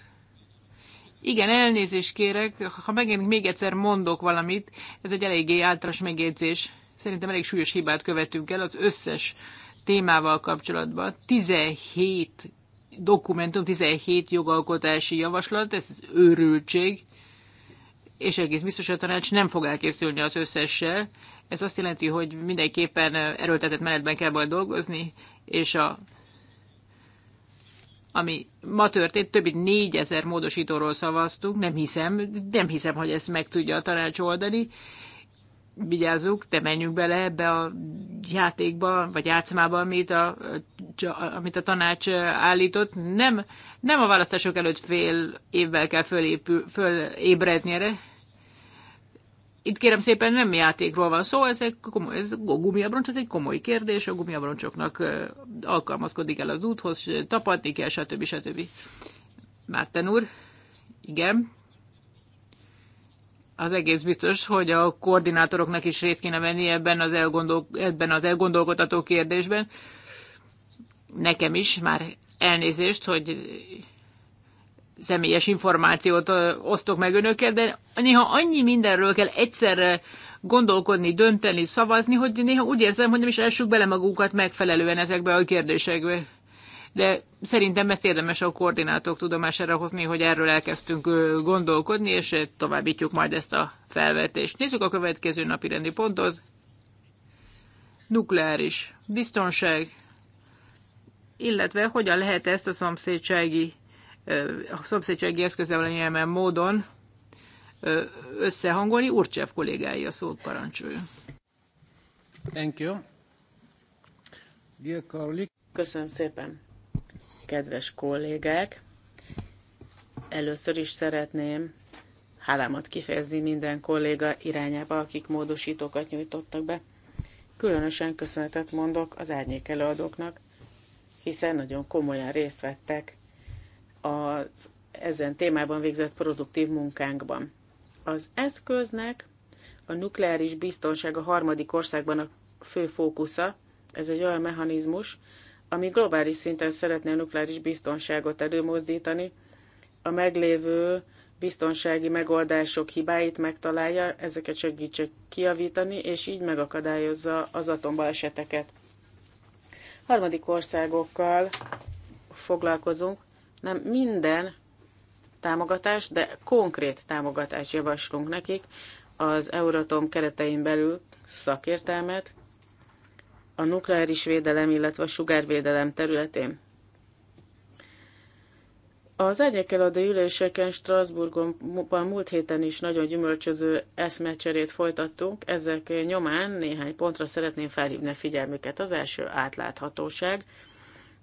Speaker 4: Igen, elnézést kérek, ha megint még egyszer mondok valamit, ez egy eléggé általános megjegyzés. Szerintem elég súlyos hibát követünk el az összes témával kapcsolatban. 17 dokumentum, 17 jogalkotási javaslat, ez az őrültség és egész biztos, hogy a tanács nem fog elkészülni az összessel. Ez azt jelenti, hogy mindenképpen erőltetett menetben kell majd dolgozni, és a, ami ma történt, több mint négyezer módosítóról szavaztunk, nem hiszem, nem hiszem, hogy ezt meg tudja a tanács oldani. Vigyázzuk, de menjünk bele ebbe a játékba, vagy játszmába, amit a, amit a tanács állított. Nem, nem a választások előtt fél évvel kell fölépül, fölébredni erre, itt kérem szépen nem játékról van szó, ez, egy komoly, ez a gumiabroncs, ez egy komoly kérdés, a gumiabroncsoknak alkalmazkodik el az úthoz, tapadni kell, stb. stb. Márten úr, igen. Az egész biztos, hogy a koordinátoroknak is részt kéne venni ebben az, elgondol, ebben az elgondolkodható kérdésben. Nekem is már elnézést, hogy személyes információt osztok meg önökkel, de néha annyi mindenről kell egyszerre gondolkodni, dönteni, szavazni, hogy néha úgy érzem, hogy nem is elsők bele magukat megfelelően ezekbe a kérdésekbe. De szerintem ezt érdemes a koordinátok tudomására hozni, hogy erről elkezdtünk gondolkodni, és továbbítjuk majd ezt a felvetést. Nézzük a következő napi rendi pontot. Nukleáris biztonság, illetve hogyan lehet ezt a szomszédsági a szomszédsági eszközzel módon összehangolni. Urcsev kollégái a szót parancsolja.
Speaker 2: Thank you. Köszönöm szépen, kedves kollégák! Először is szeretném hálámat kifejezni minden kolléga irányába, akik módosítókat nyújtottak be. Különösen köszönetet mondok az árnyék előadóknak, hiszen nagyon komolyan részt vettek az ezen témában végzett produktív munkánkban. Az eszköznek a nukleáris biztonság a harmadik országban a fő fókusza. Ez egy olyan mechanizmus, ami globális szinten szeretné a nukleáris biztonságot előmozdítani, a meglévő biztonsági megoldások hibáit megtalálja, ezeket segítse kiavítani, és így megakadályozza az atombaleseteket. Harmadik országokkal foglalkozunk, nem minden támogatás, de konkrét támogatást javaslunk nekik az Euratom keretein belül szakértelmet a nukleáris védelem, illetve a sugárvédelem területén. Az egyekeladó üléseken Strasbourgban múlt héten is nagyon gyümölcsöző eszmecserét folytattunk. Ezek nyomán néhány pontra szeretném felhívni a figyelmüket. Az első átláthatóság.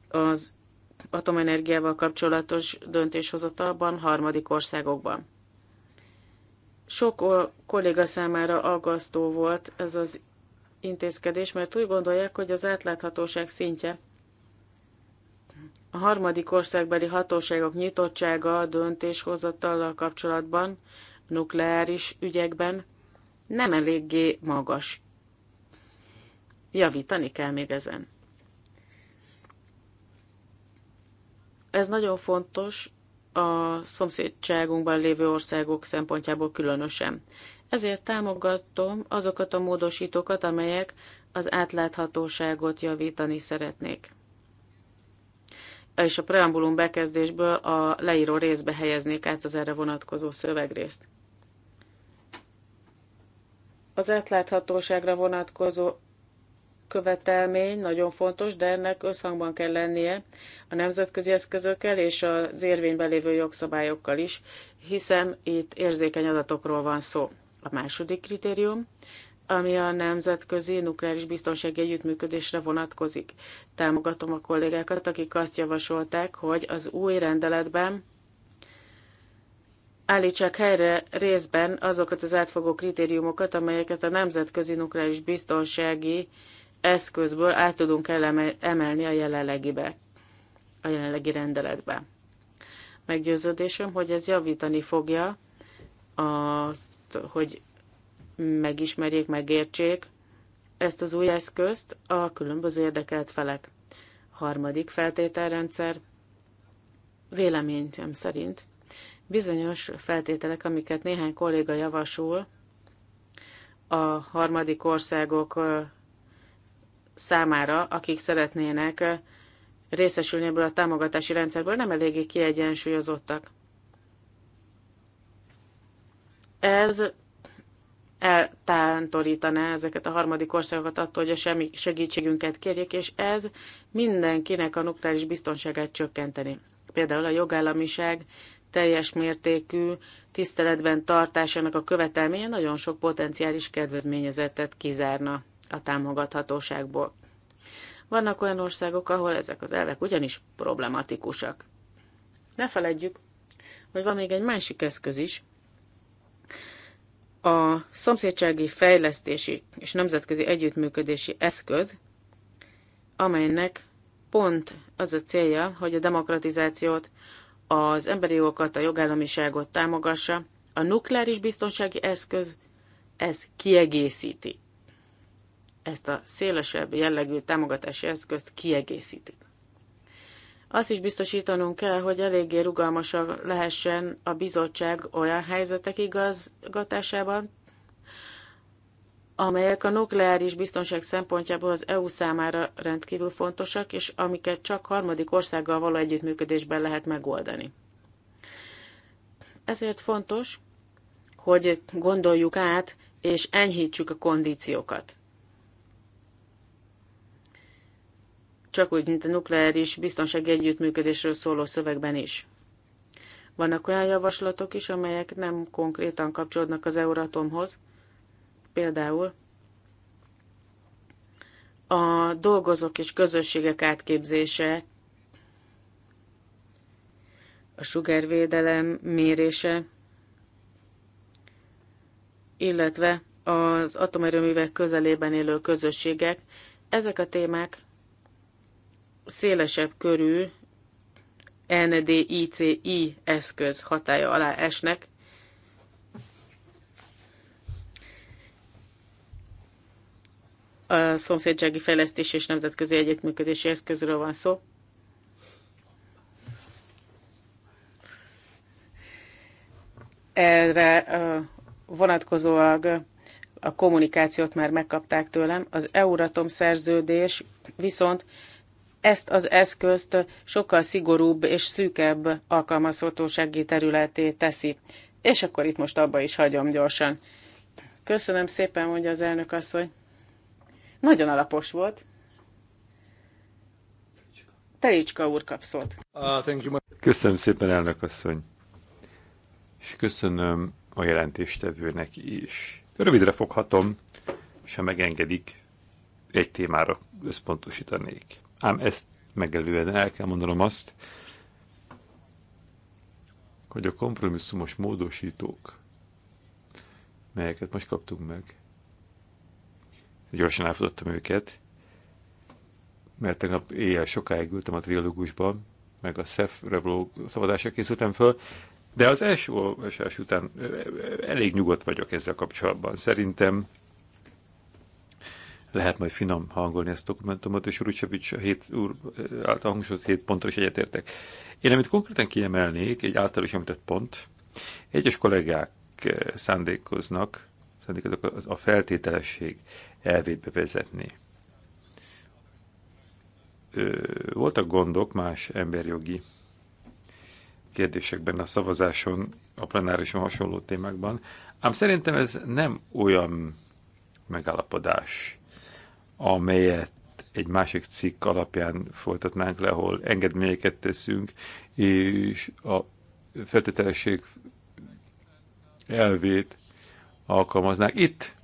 Speaker 2: Az atomenergiával kapcsolatos döntéshozatalban harmadik országokban. Sok kolléga számára aggasztó volt ez az intézkedés, mert úgy gondolják, hogy az átláthatóság szintje a harmadik országbeli hatóságok nyitottsága a döntéshozatallal kapcsolatban, nukleáris ügyekben nem eléggé magas. Javítani kell még ezen. Ez nagyon fontos a szomszédságunkban lévő országok szempontjából különösen. Ezért támogatom azokat a módosítókat, amelyek az átláthatóságot javítani szeretnék. És a preambulum bekezdésből a leíró részbe helyeznék át az erre vonatkozó szövegrészt. Az átláthatóságra vonatkozó követelmény, nagyon fontos, de ennek összhangban kell lennie a nemzetközi eszközökkel és az érvényben lévő jogszabályokkal is, hiszen itt érzékeny adatokról van szó. A második kritérium, ami a nemzetközi nukleáris biztonsági együttműködésre vonatkozik. Támogatom a kollégákat, akik azt javasolták, hogy az új rendeletben állítsák helyre részben azokat az átfogó kritériumokat, amelyeket a nemzetközi nukleáris biztonsági eszközből át tudunk emelni a jelenlegibe, a jelenlegi rendeletbe. Meggyőződésem, hogy ez javítani fogja azt, hogy megismerjék, megértsék ezt az új eszközt a különböző érdekelt felek. Harmadik feltételrendszer véleményem szerint bizonyos feltételek, amiket néhány kolléga javasol, a harmadik országok számára, akik szeretnének részesülni ebből a támogatási rendszerből, nem eléggé kiegyensúlyozottak. Ez eltántorítaná ezeket a harmadik országokat attól, hogy a semmi segítségünket kérjék, és ez mindenkinek a nukleáris biztonságát csökkenteni. Például a jogállamiság teljes mértékű tiszteletben tartásának a követelménye nagyon sok potenciális kedvezményezettet kizárna a támogathatóságból. Vannak olyan országok, ahol ezek az elvek ugyanis problematikusak. Ne feledjük, hogy van még egy másik eszköz is, a szomszédsági fejlesztési és nemzetközi együttműködési eszköz, amelynek pont az a célja, hogy a demokratizációt, az emberi jogokat, a jogállamiságot támogassa. A nukleáris biztonsági eszköz ezt kiegészíti ezt a szélesebb jellegű támogatási eszközt kiegészítik. Azt is biztosítanunk kell, hogy eléggé rugalmasak lehessen a bizottság olyan helyzetek igazgatásában, amelyek a nukleáris biztonság szempontjából az EU számára rendkívül fontosak, és amiket csak harmadik országgal való együttműködésben lehet megoldani. Ezért fontos, hogy gondoljuk át és enyhítsük a kondíciókat. csak úgy, mint a nukleáris biztonsági együttműködésről szóló szövegben is. Vannak olyan javaslatok is, amelyek nem konkrétan kapcsolódnak az Euratomhoz, például a dolgozók és közösségek átképzése, a sugárvédelem mérése, illetve az atomerőművek közelében élő közösségek. Ezek a témák szélesebb körű NDICI eszköz hatája alá esnek. A szomszédsági fejlesztés és nemzetközi együttműködési eszközről van szó. Erre vonatkozóan a kommunikációt már megkapták tőlem. Az Euratom szerződés viszont ezt az eszközt sokkal szigorúbb és szűkebb alkalmazhatósági területé teszi. És akkor itt most abba is hagyom gyorsan. Köszönöm szépen, mondja az elnök asszony. Nagyon alapos volt. Telicska úr kap szót.
Speaker 4: Uh,
Speaker 1: köszönöm szépen, elnök asszony. És köszönöm a jelentéstevőnek is. Rövidre foghatom, és ha megengedik, egy témára összpontosítanék. Ám ezt megelően el kell mondanom azt, hogy a kompromisszumos módosítók, melyeket most kaptunk meg, gyorsan elfutottam őket, mert tegnap éjjel sokáig ültem a trilógusban, meg a SEF Revlog szabadásra készültem föl, de az első olvasás után elég nyugodt vagyok ezzel kapcsolatban. Szerintem lehet majd finom hangolni ezt a dokumentumot, és Rucsevics úr által hangsúlyozott hét pontra is egyetértek. Én amit konkrétan kiemelnék, egy is említett pont, egyes kollégák szándékoznak, szándékoznak a feltételesség elvét bevezetni. Voltak gondok más emberjogi kérdésekben a szavazáson, a plenárison hasonló témákban, ám szerintem ez nem olyan megállapodás, amelyet egy másik cikk alapján folytatnánk le, ahol engedményeket teszünk, és a feltételesség elvét alkalmaznák. Itt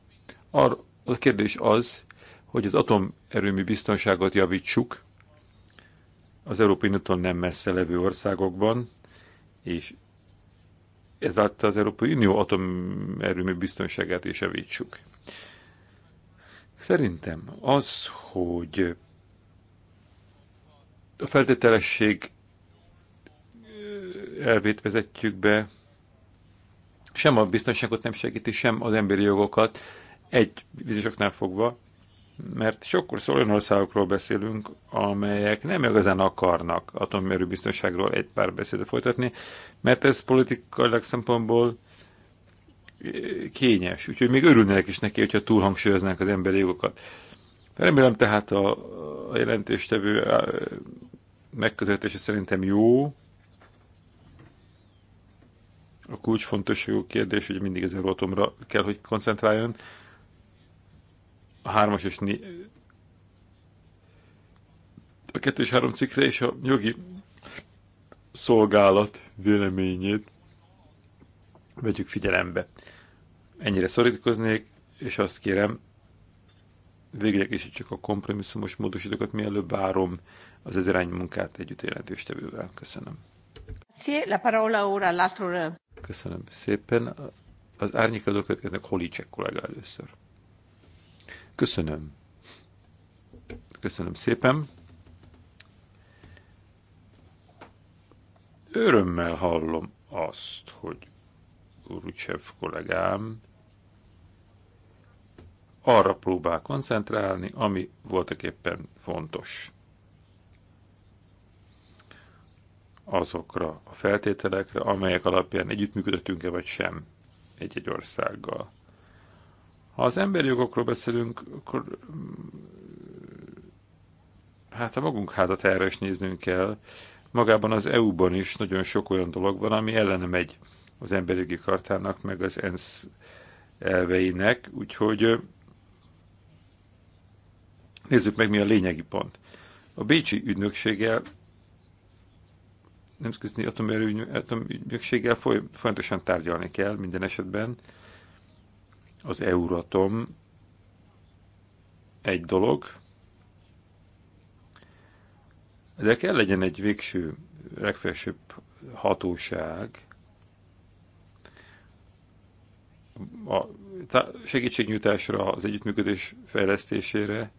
Speaker 1: a kérdés az, hogy az atomerőmű biztonságot javítsuk az Európai Unióton nem messze levő országokban, és ezáltal az Európai Unió atomerőmű biztonságát is javítsuk. Szerintem az, hogy a feltételesség elvét vezetjük be, sem a biztonságot nem segíti, sem az emberi jogokat, egy bizonyosoknál fogva, mert sokkor szól olyan országokról beszélünk, amelyek nem igazán akarnak atomerőbiztonságról biztonságról egy pár beszédet folytatni, mert ez politikai szempontból kényes, úgyhogy még örülnének is neki, hogyha túlhangsúlyoznánk az emberi jogokat. Remélem tehát a, a jelentéstevő megközelítése szerintem jó. A kulcsfontosságú kérdés, hogy mindig az Euróatomra kell, hogy koncentráljon. A hármas és né... a kettő és három cikre és a jogi szolgálat véleményét vegyük figyelembe ennyire szorítkoznék, és azt kérem, végleg is csak a kompromisszumos módosítókat mielőbb várom az ezerány munkát együtt jelentéstevővel. Köszönöm. Köszönöm szépen. Az árnyékadók következnek Holicek kollega először. Köszönöm. Köszönöm szépen. Örömmel hallom azt, hogy Urucsev kollégám arra próbál koncentrálni, ami voltak éppen fontos. Azokra a feltételekre, amelyek alapján együttműködöttünk-e vagy sem egy-egy országgal. Ha az emberi jogokról beszélünk, akkor mm, hát a magunk házat erre is néznünk kell. Magában az EU-ban is nagyon sok olyan dolog van, ami ellene megy az emberi jogi kartának, meg az ENSZ elveinek, úgyhogy Nézzük meg, mi a lényegi pont. A Bécsi ügynökséggel, nemzetközi atomügynökséggel folyamatosan tárgyalni kell minden esetben. Az Euratom egy dolog, de kell legyen egy végső, legfelsőbb hatóság, a segítségnyújtásra, az együttműködés fejlesztésére,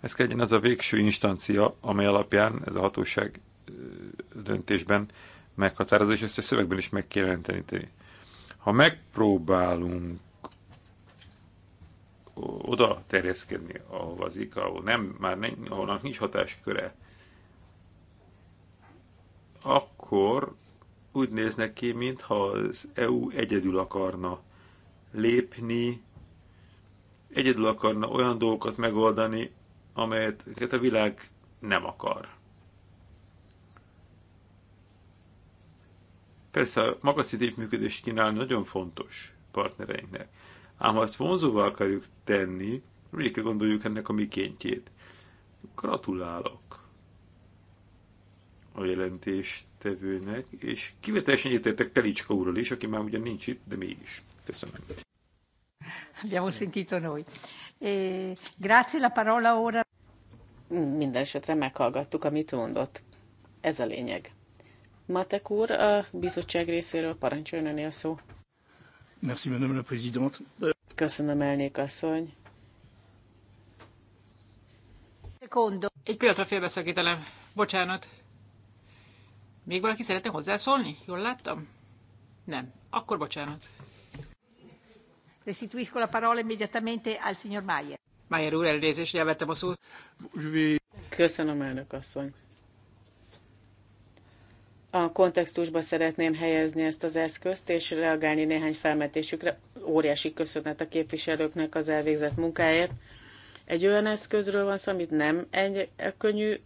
Speaker 1: ez kell legyen az a végső instancia, amely alapján ez a hatóság döntésben meghatározó, és ezt a szövegben is meg kell jelenteni. Ha megpróbálunk oda terjeszkedni, ahova az IKA, ahol nem, már nem, ahol nincs hatásköre, akkor úgy néznek ki, mintha az EU egyedül akarna lépni, egyedül akarna olyan dolgokat megoldani, amelyet hát a világ nem akar. Persze a magas szintű működést kínál nagyon fontos partnereinknek, ám ha ezt vonzóvá akarjuk tenni, végre gondoljuk ennek a mikéntjét. Gratulálok a jelentéstevőnek, és kivételesen értek Telicska úrral is, aki már ugyan nincs itt, de mégis. Köszönöm.
Speaker 3: Abbiamo sentito noi. Eh, grazie la parola ora
Speaker 2: minden esetre meghallgattuk, amit mondott. Ez a lényeg. Matek úr, a bizottság részéről parancsoljon öné a szó.
Speaker 3: Merci, madame la présidente.
Speaker 2: Köszönöm, elnék asszony.
Speaker 3: Egy pillanatra
Speaker 4: félbeszakítelem. Bocsánat. Még valaki szeretne hozzászólni? Jól láttam? Nem. Akkor bocsánat.
Speaker 3: Restituisco la parola immediatamente
Speaker 2: al signor Mayer. Májer úr, elnézést, elvettem a szót. Köszönöm, elnök asszony. A kontextusba szeretném helyezni ezt az eszközt, és reagálni néhány felmetésükre. Óriási köszönet a képviselőknek az elvégzett munkáért. Egy olyan eszközről van szó, amit nem ennyi, könnyű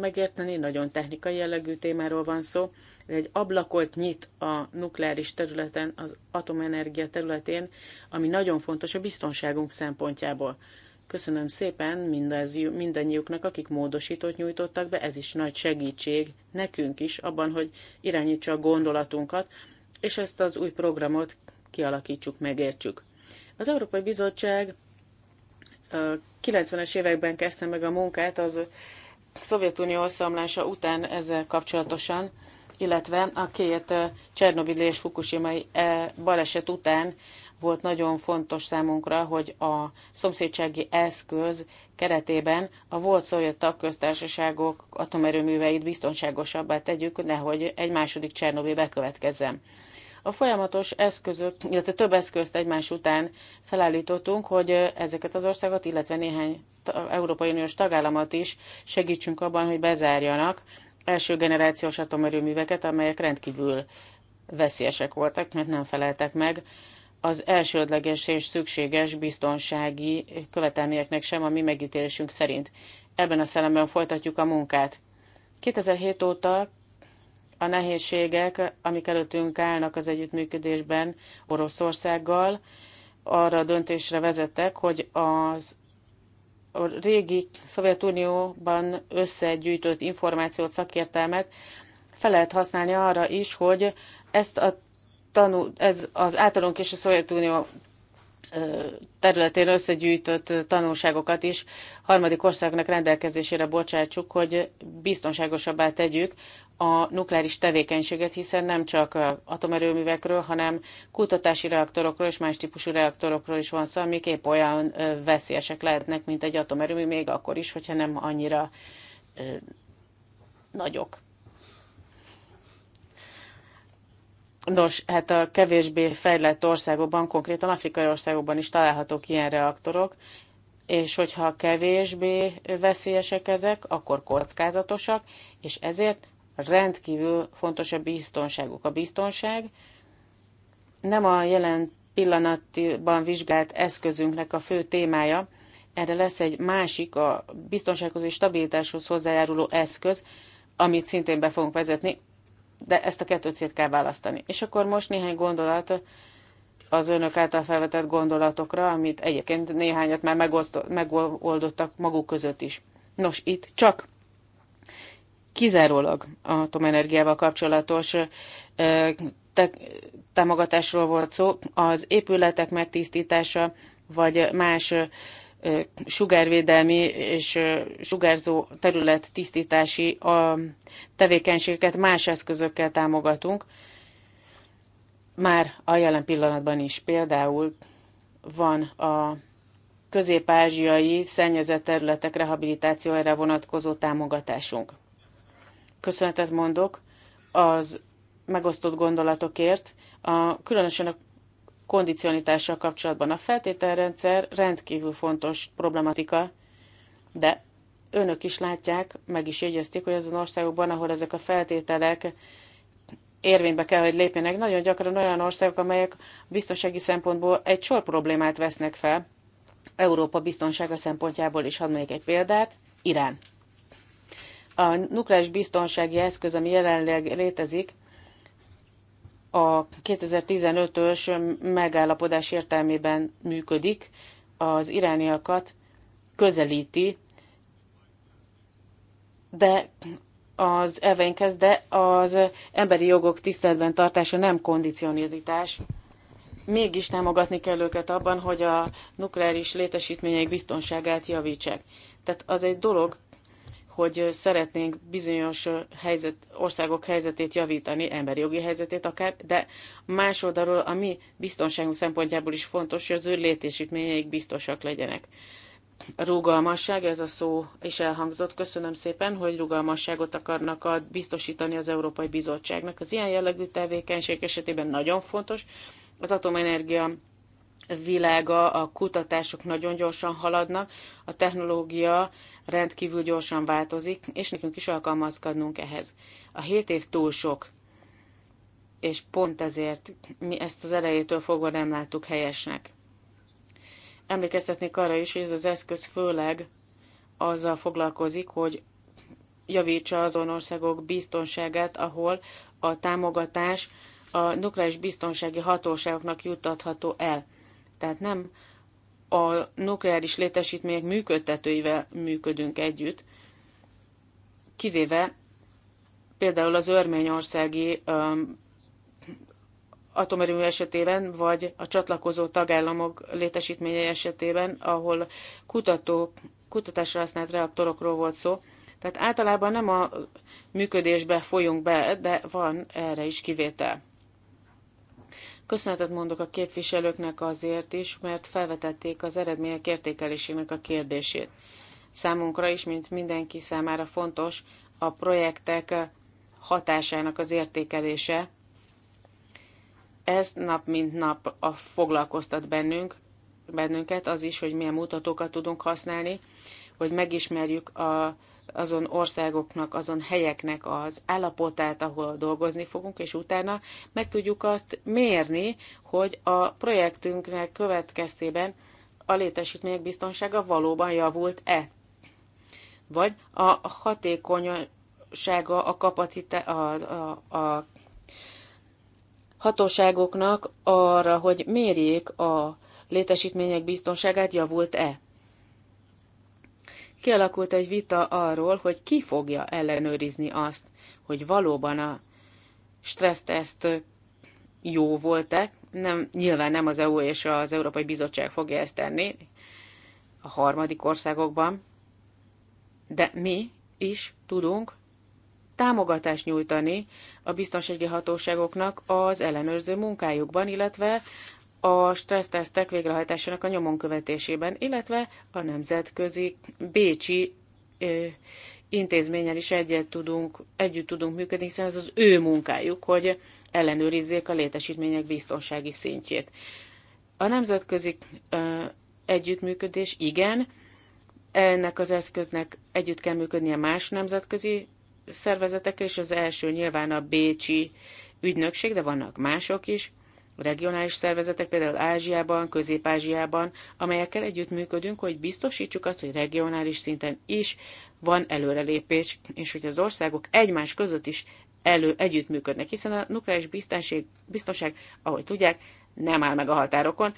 Speaker 2: megérteni, nagyon technikai jellegű témáról van szó. Ez egy ablakot nyit a nukleáris területen, az atomenergia területén, ami nagyon fontos a biztonságunk szempontjából. Köszönöm szépen mindannyiuknak, akik módosítót nyújtottak be, ez is nagy segítség nekünk is abban, hogy irányítsa a gondolatunkat, és ezt az új programot kialakítsuk, megértsük. Az Európai Bizottság 90-es években kezdte meg a munkát az Szovjetunió összeomlása után ezzel kapcsolatosan, illetve a két Csernobili és Fukushima baleset után volt nagyon fontos számunkra, hogy a szomszédsági eszköz keretében a volt szovjet tagköztársaságok atomerőműveit biztonságosabbá tegyük, nehogy egy második Csernobil bekövetkezzen. A folyamatos eszközök, illetve több eszközt egymás után felállítottunk, hogy ezeket az országot, illetve néhány Európai Uniós tagállamot is segítsünk abban, hogy bezárjanak első generációs atomerőműveket, amelyek rendkívül veszélyesek voltak, mert nem feleltek meg az elsődleges és szükséges biztonsági követelményeknek sem a mi megítélésünk szerint. Ebben a szellemben folytatjuk a munkát. 2007 óta a nehézségek, amik előttünk állnak az együttműködésben Oroszországgal, arra a döntésre vezettek, hogy az a régi Szovjetunióban összegyűjtött információt, szakértelmet fel lehet használni arra is, hogy ezt a tanul, ez az általunk és a Szovjetunió területén összegyűjtött tanulságokat is harmadik országnak rendelkezésére bocsátsuk, hogy biztonságosabbá tegyük a nukleáris tevékenységet, hiszen nem csak atomerőművekről, hanem kutatási reaktorokról és más típusú reaktorokról is van szó, amik épp olyan veszélyesek lehetnek, mint egy atomerőmű, még akkor is, hogyha nem annyira nagyok. Nos, hát a kevésbé fejlett országokban, konkrétan afrikai országokban is találhatók ilyen reaktorok, és hogyha kevésbé veszélyesek ezek, akkor kockázatosak, és ezért rendkívül fontos a biztonságuk. A biztonság nem a jelen pillanatban vizsgált eszközünknek a fő témája, erre lesz egy másik, a biztonsághoz és stabilitáshoz hozzájáruló eszköz, amit szintén be fogunk vezetni, de ezt a kettőt szét kell választani. És akkor most néhány gondolat az önök által felvetett gondolatokra, amit egyébként néhányat már megoldottak maguk között is. Nos, itt csak kizárólag atomenergiával kapcsolatos támogatásról volt szó, az épületek megtisztítása, vagy más sugárvédelmi és sugárzó terület tisztítási a tevékenységeket más eszközökkel támogatunk. Már a jelen pillanatban is például van a közép-ázsiai szennyezett területek rehabilitációjára vonatkozó támogatásunk. Köszönetet mondok az megosztott gondolatokért, a, különösen a kondicionitással kapcsolatban a feltételrendszer rendkívül fontos problematika, de önök is látják, meg is jegyezték, hogy azon országokban, ahol ezek a feltételek érvénybe kell, hogy lépjenek, nagyon gyakran olyan országok, amelyek biztonsági szempontból egy sor problémát vesznek fel, Európa biztonsága szempontjából is hadd még egy példát, Irán. A nukleáris biztonsági eszköz, ami jelenleg létezik, a 2015-ös megállapodás értelmében működik, az irániakat közelíti, de az elveinkhez, de az emberi jogok tiszteletben tartása nem kondicionalitás. Mégis támogatni kell őket abban, hogy a nukleáris létesítmények biztonságát javítsák. Tehát az egy dolog, hogy szeretnénk bizonyos helyzet, országok helyzetét javítani, emberi jogi helyzetét akár, de más oldalról a mi biztonságunk szempontjából is fontos, hogy az ő létésítményeik biztosak legyenek. Rugalmasság, ez a szó is elhangzott. Köszönöm szépen, hogy rugalmasságot akarnak ad, biztosítani az Európai Bizottságnak. Az ilyen jellegű tevékenység esetében nagyon fontos. Az atomenergia világa, a kutatások nagyon gyorsan haladnak, a technológia rendkívül gyorsan változik, és nekünk is alkalmazkodnunk ehhez. A hét év túl sok, és pont ezért mi ezt az elejétől fogva nem láttuk helyesnek. Emlékeztetnék arra is, hogy ez az eszköz főleg azzal foglalkozik, hogy javítsa azon országok biztonságát, ahol a támogatás a nukleáris biztonsági hatóságoknak juttatható el. Tehát nem a nukleáris létesítmények működtetőivel működünk együtt, kivéve például az örményországi um, atomerőmű esetében, vagy a csatlakozó tagállamok létesítményei esetében, ahol kutatók, kutatásra használt reaktorokról volt szó. Tehát általában nem a működésbe folyunk bele, de van erre is kivétel. Köszönetet mondok a képviselőknek azért is, mert felvetették az eredmények értékelésének a kérdését. Számunkra is, mint mindenki számára fontos a projektek hatásának az értékelése. Ez nap mint nap a foglalkoztat bennünk, bennünket, az is, hogy milyen mutatókat tudunk használni, hogy megismerjük a azon országoknak, azon helyeknek az állapotát, ahol dolgozni fogunk, és utána meg tudjuk azt mérni, hogy a projektünknek következtében a létesítmények biztonsága valóban javult-e. Vagy a hatékonysága a, kapacitá- a, a, a hatóságoknak arra, hogy mérjék a létesítmények biztonságát, javult-e kialakult egy vita arról, hogy ki fogja ellenőrizni azt, hogy valóban a stresszteszt jó volt-e. Nem, nyilván nem az EU és az Európai Bizottság fogja ezt tenni a harmadik országokban, de mi is tudunk támogatást nyújtani a biztonsági hatóságoknak az ellenőrző munkájukban, illetve a stressztesztek végrehajtásának a nyomon követésében, illetve a nemzetközi Bécsi ö, intézménnyel is egyet tudunk, együtt tudunk működni, hiszen ez az ő munkájuk, hogy ellenőrizzék a létesítmények biztonsági szintjét. A nemzetközi ö, együttműködés igen, ennek az eszköznek együtt kell működnie más nemzetközi szervezetekkel, és az első nyilván a Bécsi ügynökség, de vannak mások is, regionális szervezetek, például Ázsiában, Közép-Ázsiában, amelyekkel együttműködünk, hogy biztosítsuk azt, hogy regionális szinten is van előrelépés, és hogy az országok egymás között is elő együttműködnek, hiszen a nukleáris biztonság, biztonság, ahogy tudják, nem áll meg a határokon.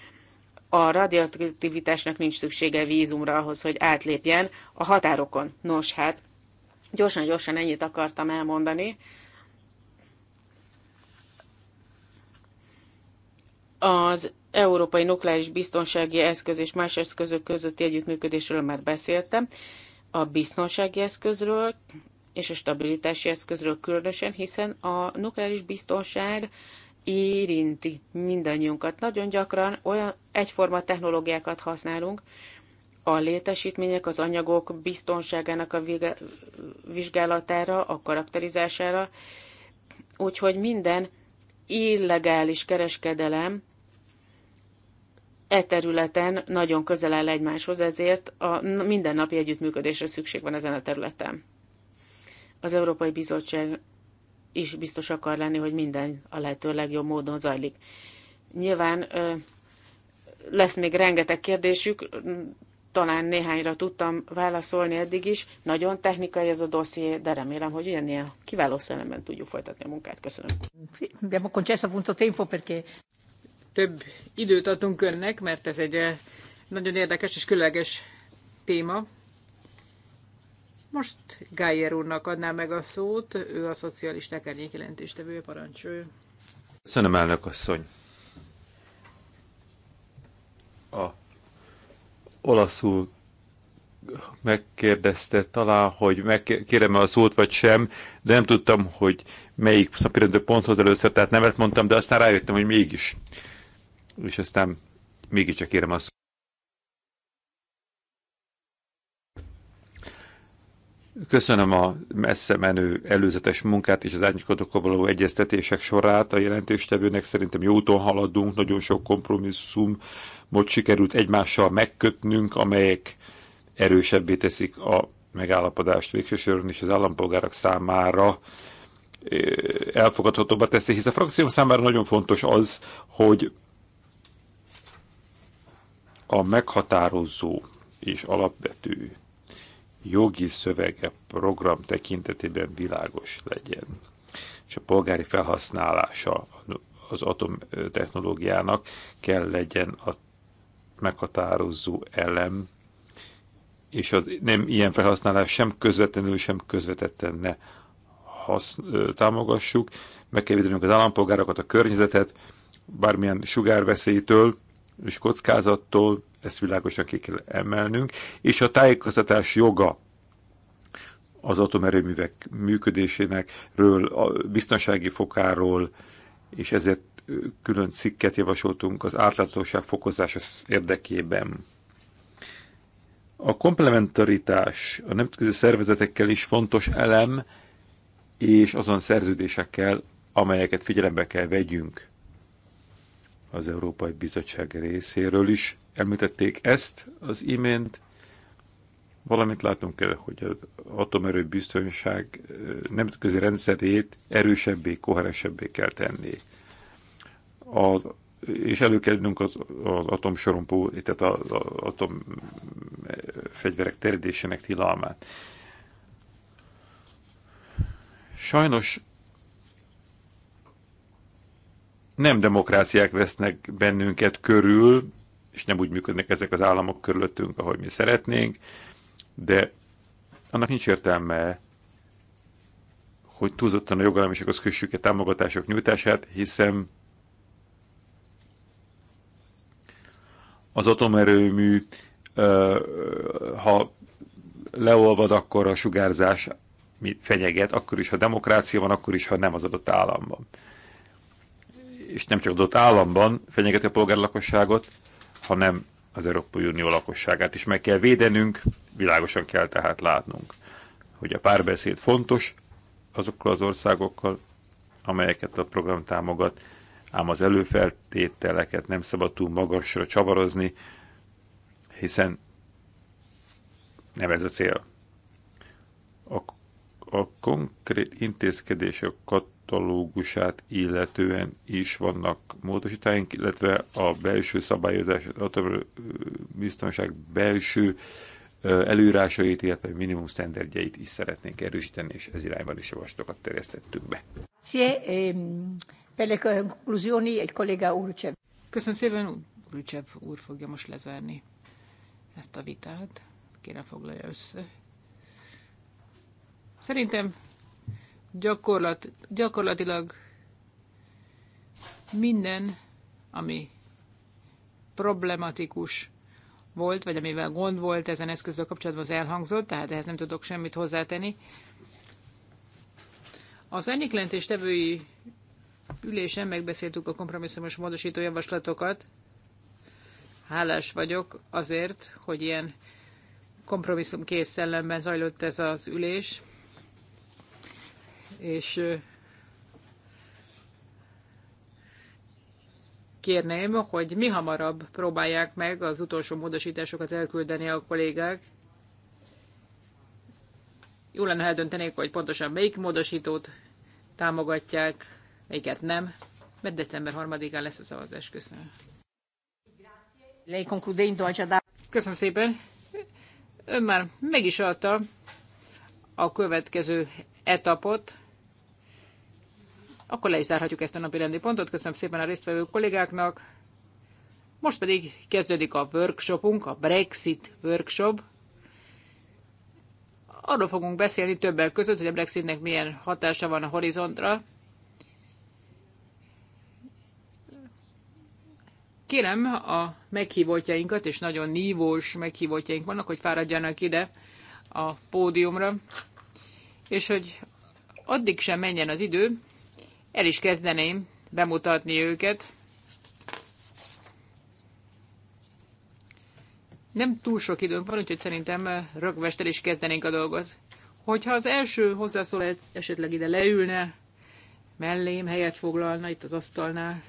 Speaker 2: A radioaktivitásnak nincs szüksége vízumra ahhoz, hogy átlépjen a határokon. Nos, hát gyorsan-gyorsan ennyit akartam elmondani. Az Európai Nukleáris Biztonsági Eszköz és más eszközök közötti együttműködésről már beszéltem, a biztonsági eszközről és a stabilitási eszközről különösen, hiszen a nukleáris biztonság érinti mindannyiunkat. Nagyon gyakran olyan egyforma technológiákat használunk, a létesítmények, az anyagok biztonságának a vizsgálatára, a karakterizására, úgyhogy minden illegális kereskedelem e területen nagyon közel áll egymáshoz, ezért a mindennapi együttműködésre szükség van ezen a területen. Az Európai Bizottság is biztos akar lenni, hogy minden a lehető legjobb módon zajlik. Nyilván lesz még rengeteg kérdésük, talán néhányra tudtam válaszolni eddig is. Nagyon technikai ez a dosszié, de remélem, hogy ugyanilyen kiváló szellemben tudjuk folytatni a munkát. Köszönöm. Abbiamo concesso appunto tempo perché
Speaker 4: több időt adtunk önnek, mert ez egy eh, nagyon érdekes és különleges téma. Most Gájer úrnak adná meg a szót, ő a szocialisták árnyék jelentéstevő parancső.
Speaker 1: Köszönöm, elnök asszony. A olaszul megkérdezte talán, hogy megkérem -e a szót vagy sem, de nem tudtam, hogy melyik napirendi ponthoz először, tehát nevet mondtam, de aztán rájöttem, hogy mégis és aztán mégiscsak kérem azt, Köszönöm a messze menő előzetes munkát és az árnyékodokkal való egyeztetések sorát a jelentéstevőnek. Szerintem jó úton haladunk, nagyon sok kompromisszum most sikerült egymással megkötnünk, amelyek erősebbé teszik a megállapodást végsősorban és az állampolgárok számára eh, elfogadhatóbbá teszi, hisz a frakcióm számára nagyon fontos az, hogy a meghatározó és alapvető jogi szövege program tekintetében világos legyen, és a polgári felhasználása az atomtechnológiának kell legyen a meghatározó elem, és az nem ilyen felhasználás sem közvetlenül, sem közvetetten ne támogassuk. Meg kell védenünk az állampolgárokat, a környezetet, bármilyen sugárveszélytől, és kockázattól, ezt világosan ki kell emelnünk, és a tájékoztatás joga az atomerőművek működésének, ről, a biztonsági fokáról, és ezért külön cikket javasoltunk az átláthatóság fokozása érdekében. A komplementaritás a nemzetközi szervezetekkel is fontos elem, és azon szerződésekkel, amelyeket figyelembe kell vegyünk az Európai Bizottság részéről is említették ezt az imént, valamint látunk kell, hogy az atomerő biztonság eh, nemzetközi rendszerét erősebbé, koherensebbé kell tenni.
Speaker 2: Az, és
Speaker 1: előkerülünk az, az atomsorompó, tehát az, az eh, fegyverek terjedésének tilalmát. Sajnos nem demokráciák vesznek bennünket körül, és nem úgy működnek ezek az államok körülöttünk, ahogy mi szeretnénk, de annak nincs értelme, hogy túlzottan a jogállamisághoz kössük a támogatások nyújtását, hiszen az atomerőmű, ha leolvad, akkor a sugárzás fenyeget, akkor is, ha demokrácia van, akkor is, ha nem az adott államban és nem csak ott államban fenyegeti a polgárlakosságot, hanem az Európai Unió lakosságát is meg kell védenünk, világosan kell tehát látnunk, hogy a párbeszéd fontos azokkal az országokkal, amelyeket a program támogat, ám az előfeltételeket nem szabad túl magasra csavarozni, hiszen nem ez a cél. A, a konkrét intézkedések a katalógusát illetően is vannak módosítáink, illetve a belső szabályozás, biztonság belső előírásait, illetve minimum standardjait is szeretnénk erősíteni, és ez irányban is javaslatokat terjesztettünk be.
Speaker 3: Ehm, Köszönöm szépen, Urcsev úr fogja most lezárni
Speaker 4: ezt a vitát. Kérem foglalja össze. Szerintem Gyakorlat, gyakorlatilag minden, ami problematikus volt, vagy amivel gond volt ezen eszközzel kapcsolatban, az elhangzott, tehát ehhez nem tudok semmit hozzátenni. Az enyiklentés tevői ülésen megbeszéltük a kompromisszumos módosító javaslatokat. Hálás vagyok azért, hogy ilyen kompromisszum kész szellemben zajlott ez az ülés és kérném, hogy mi hamarabb próbálják meg az utolsó módosításokat elküldeni a kollégák. Jó lenne, ha eldöntenék, hogy pontosan melyik módosítót támogatják, melyiket nem, mert december 3-án lesz a szavazás. Köszönöm. Köszönöm szépen. Ön már meg is adta a következő etapot, akkor le is zárhatjuk ezt a napi rendi pontot. Köszönöm szépen a résztvevő kollégáknak. Most pedig kezdődik a workshopunk, a Brexit workshop. Arról fogunk beszélni többek között, hogy a Brexitnek milyen hatása van a horizontra. Kérem a meghívótjainkat, és nagyon nívós meghívótjaink vannak, hogy fáradjanak ide a pódiumra, és hogy addig sem menjen az idő, el is kezdeném bemutatni őket. Nem túl sok időnk van, úgyhogy szerintem eh, rögvestel is kezdenénk a dolgot. Hogyha az első hozzászól esetleg ide leülne, mellém helyet foglalna itt az asztalnál.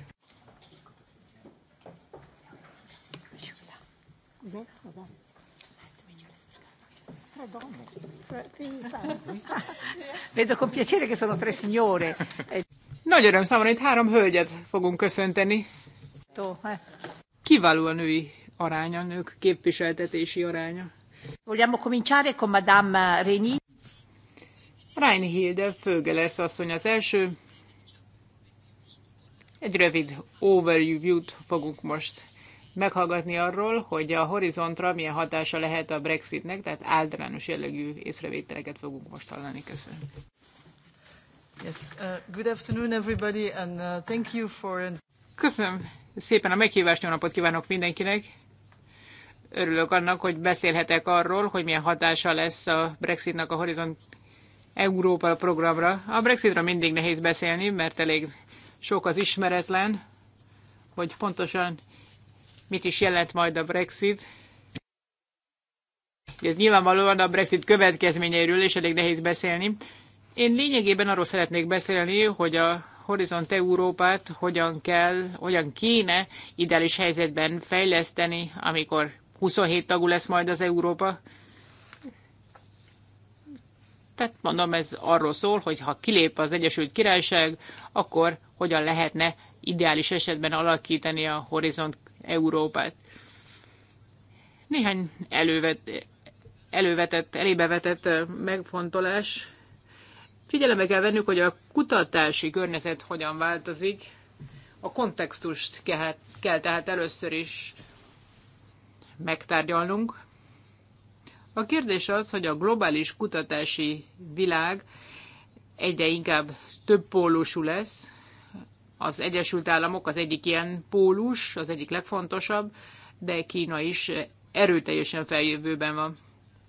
Speaker 4: Vedo con piacere che sono tre signore. Nagy öröm számomra, itt három hölgyet fogunk köszönteni. Hát. Kiváló a női aránya, a nők képviseltetési aránya.
Speaker 3: Vogliamo cominciare con Madame Reni.
Speaker 4: Reinhilde lesz asszony az első. Egy rövid overview-t fogunk most meghallgatni arról, hogy a horizontra milyen hatása lehet a Brexitnek, tehát általános jellegű észrevételeket fogunk most hallani. Köszönöm.
Speaker 3: Yes, uh, good afternoon everybody, and uh, thank you for...
Speaker 4: Köszönöm szépen a meghívást, jó napot kívánok mindenkinek. Örülök annak, hogy beszélhetek arról, hogy milyen hatása lesz a Brexitnak a Horizont Európa programra. A Brexitra mindig nehéz beszélni, mert elég sok az ismeretlen, hogy pontosan mit is jelent majd a Brexit. Ez nyilvánvalóan a Brexit következményeiről is elég nehéz beszélni. Én lényegében arról szeretnék beszélni, hogy a Horizont Európát hogyan kell, hogyan kéne ideális helyzetben fejleszteni, amikor 27 tagú lesz majd az Európa. Tehát mondom, ez arról szól, hogy ha kilép az Egyesült Királyság, akkor hogyan lehetne ideális esetben alakítani a Horizont Európát. Néhány elővet, elővetett, elébevetett eh, megfontolás Figyelembe kell vennünk, hogy a kutatási környezet hogyan változik, a kontextust kell, kell tehát először is megtárgyalnunk. A kérdés az, hogy a globális kutatási világ egyre inkább több pólusú lesz. Az Egyesült Államok az egyik ilyen pólus, az egyik legfontosabb, de Kína is erőteljesen feljövőben van.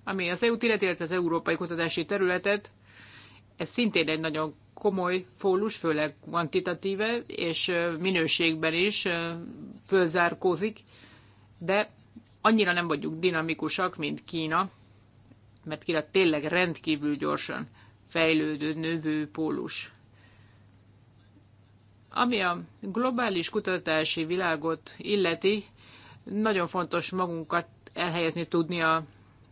Speaker 4: Ami az EU-t illeti, illetve az európai kutatási területet, ez szintén egy nagyon komoly fólus, főleg kvantitatíve, és minőségben is fölzárkózik, de annyira nem vagyunk dinamikusak, mint Kína, mert Kína tényleg rendkívül gyorsan fejlődő, növő pólus. Ami a globális kutatási világot illeti, nagyon fontos magunkat elhelyezni tudni a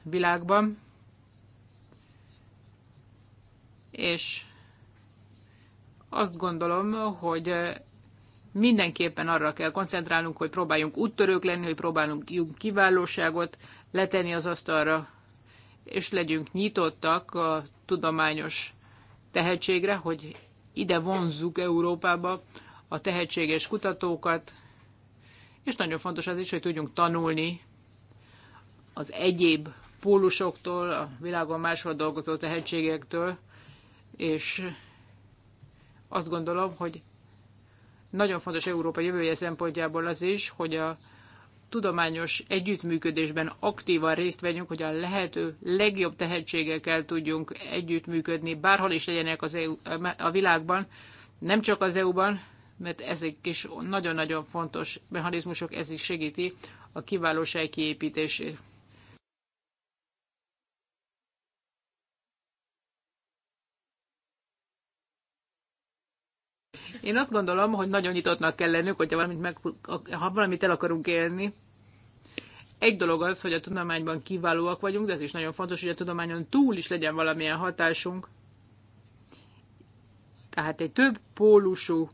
Speaker 4: világban és azt gondolom, hogy mindenképpen arra kell koncentrálnunk, hogy próbáljunk úttörők lenni, hogy próbáljunk kiválóságot letenni az asztalra, és legyünk nyitottak a tudományos tehetségre, hogy ide vonzzuk Európába a tehetséges kutatókat, és nagyon fontos az is, hogy tudjunk tanulni az egyéb pólusoktól, a világon máshol dolgozó tehetségektől, és azt gondolom, hogy nagyon fontos Európa jövője szempontjából az is, hogy a tudományos együttműködésben aktívan részt vegyünk, hogy a lehető legjobb tehetségekkel tudjunk együttműködni, bárhol is legyenek az EU, a világban, nem csak az EU-ban, mert ezek is nagyon-nagyon fontos mechanizmusok, ez is segíti a kiválóság kiépítését. Én azt gondolom, hogy nagyon nyitottnak kell lennünk, hogyha valamit, meg, ha valamit el akarunk élni. Egy dolog az, hogy a tudományban kiválóak vagyunk, de ez is nagyon fontos, hogy a tudományon túl is legyen valamilyen hatásunk. Tehát egy több pólusú,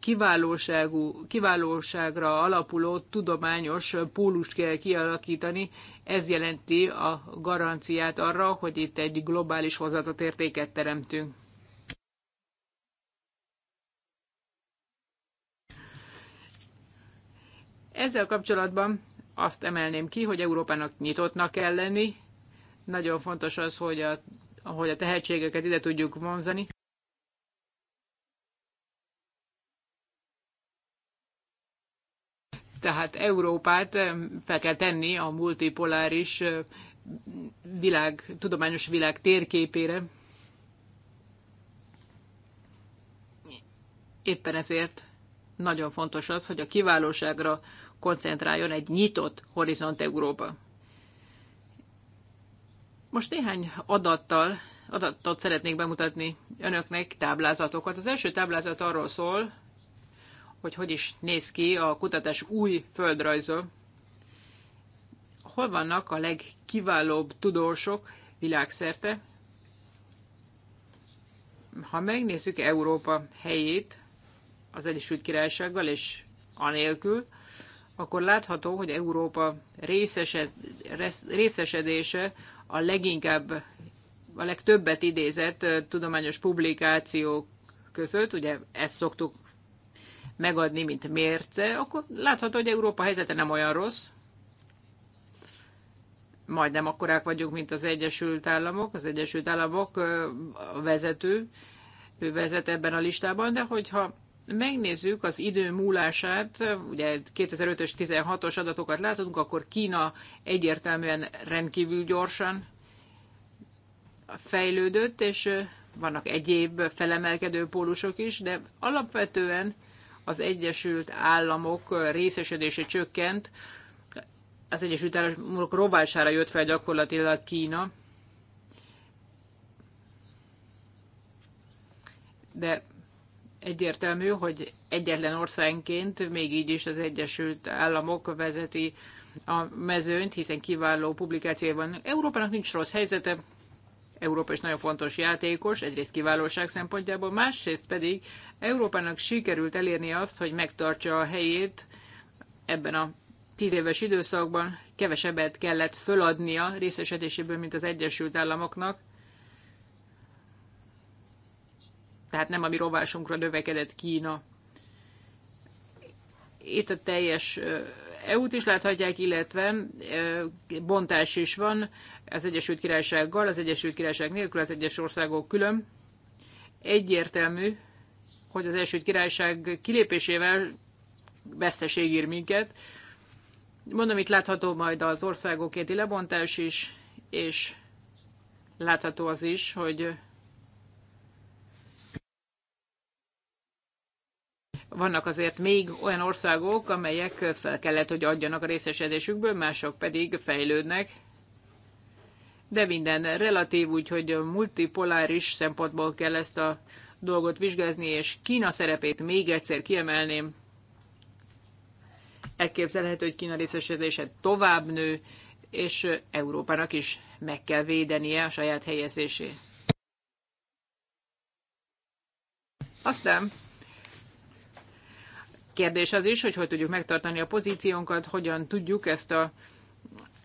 Speaker 4: kiválóságú, kiválóságra alapuló tudományos pólust kell kialakítani. Ez jelenti a garanciát arra, hogy itt egy globális hozatot értéket teremtünk. Ezzel kapcsolatban azt emelném ki, hogy Európának nyitottnak kell lenni. Nagyon fontos az, hogy a, hogy a tehetségeket ide tudjuk vonzani. Tehát Európát fel kell tenni a multipoláris világ, tudományos világ térképére. Éppen ezért nagyon fontos az, hogy a kiválóságra koncentráljon egy nyitott Horizont Európa. Most néhány adattal, adatot szeretnék bemutatni önöknek, táblázatokat. Az első táblázat arról szól, hogy hogy is néz ki a kutatás új földrajza. Hol vannak a legkiválóbb tudósok világszerte? Ha megnézzük Európa helyét az Egyesült Királysággal és anélkül, akkor látható, hogy Európa részesed, részesedése a leginkább, a legtöbbet idézett tudományos publikációk között, ugye ezt szoktuk megadni, mint mérce, akkor látható, hogy Európa helyzete nem olyan rossz, majdnem akkorák vagyunk, mint az Egyesült Államok. Az Egyesült Államok a vezető, ő vezet ebben a listában, de hogyha megnézzük az idő múlását, ugye 2005-ös, 16-os adatokat látunk, akkor Kína egyértelműen rendkívül gyorsan fejlődött, és vannak egyéb felemelkedő pólusok is, de alapvetően az Egyesült Államok részesedése csökkent, az Egyesült Államok rovására jött fel gyakorlatilag Kína, de egyértelmű, hogy egyetlen országként még így is az Egyesült Államok vezeti a mezőnyt, hiszen kiváló publikáció van. Európának nincs rossz helyzete, Európa is nagyon fontos játékos, egyrészt kiválóság szempontjából, másrészt pedig Európának sikerült elérni azt, hogy megtartsa a helyét ebben a tíz éves időszakban kevesebbet kellett föladnia részesedéséből, mint az Egyesült Államoknak. tehát nem a mi rovásunkra növekedett Kína. Itt a teljes EU-t is láthatják, illetve bontás is van az Egyesült Királysággal, az Egyesült Királyság nélkül, az egyes országok külön. Egyértelmű, hogy az Egyesült Királyság kilépésével veszteség ír minket. Mondom, itt látható majd az országokéti lebontás is, és látható az is, hogy vannak azért még olyan országok, amelyek fel kellett, hogy adjanak a részesedésükből, mások pedig fejlődnek. De minden relatív, úgyhogy multipoláris szempontból kell ezt a dolgot vizsgázni, és Kína szerepét még egyszer kiemelném. Elképzelhető, hogy Kína részesedése tovább nő, és Európának is meg kell védenie a saját helyezését. Aztán Kérdés az is, hogy hogy tudjuk megtartani a pozíciónkat, hogyan tudjuk ezt a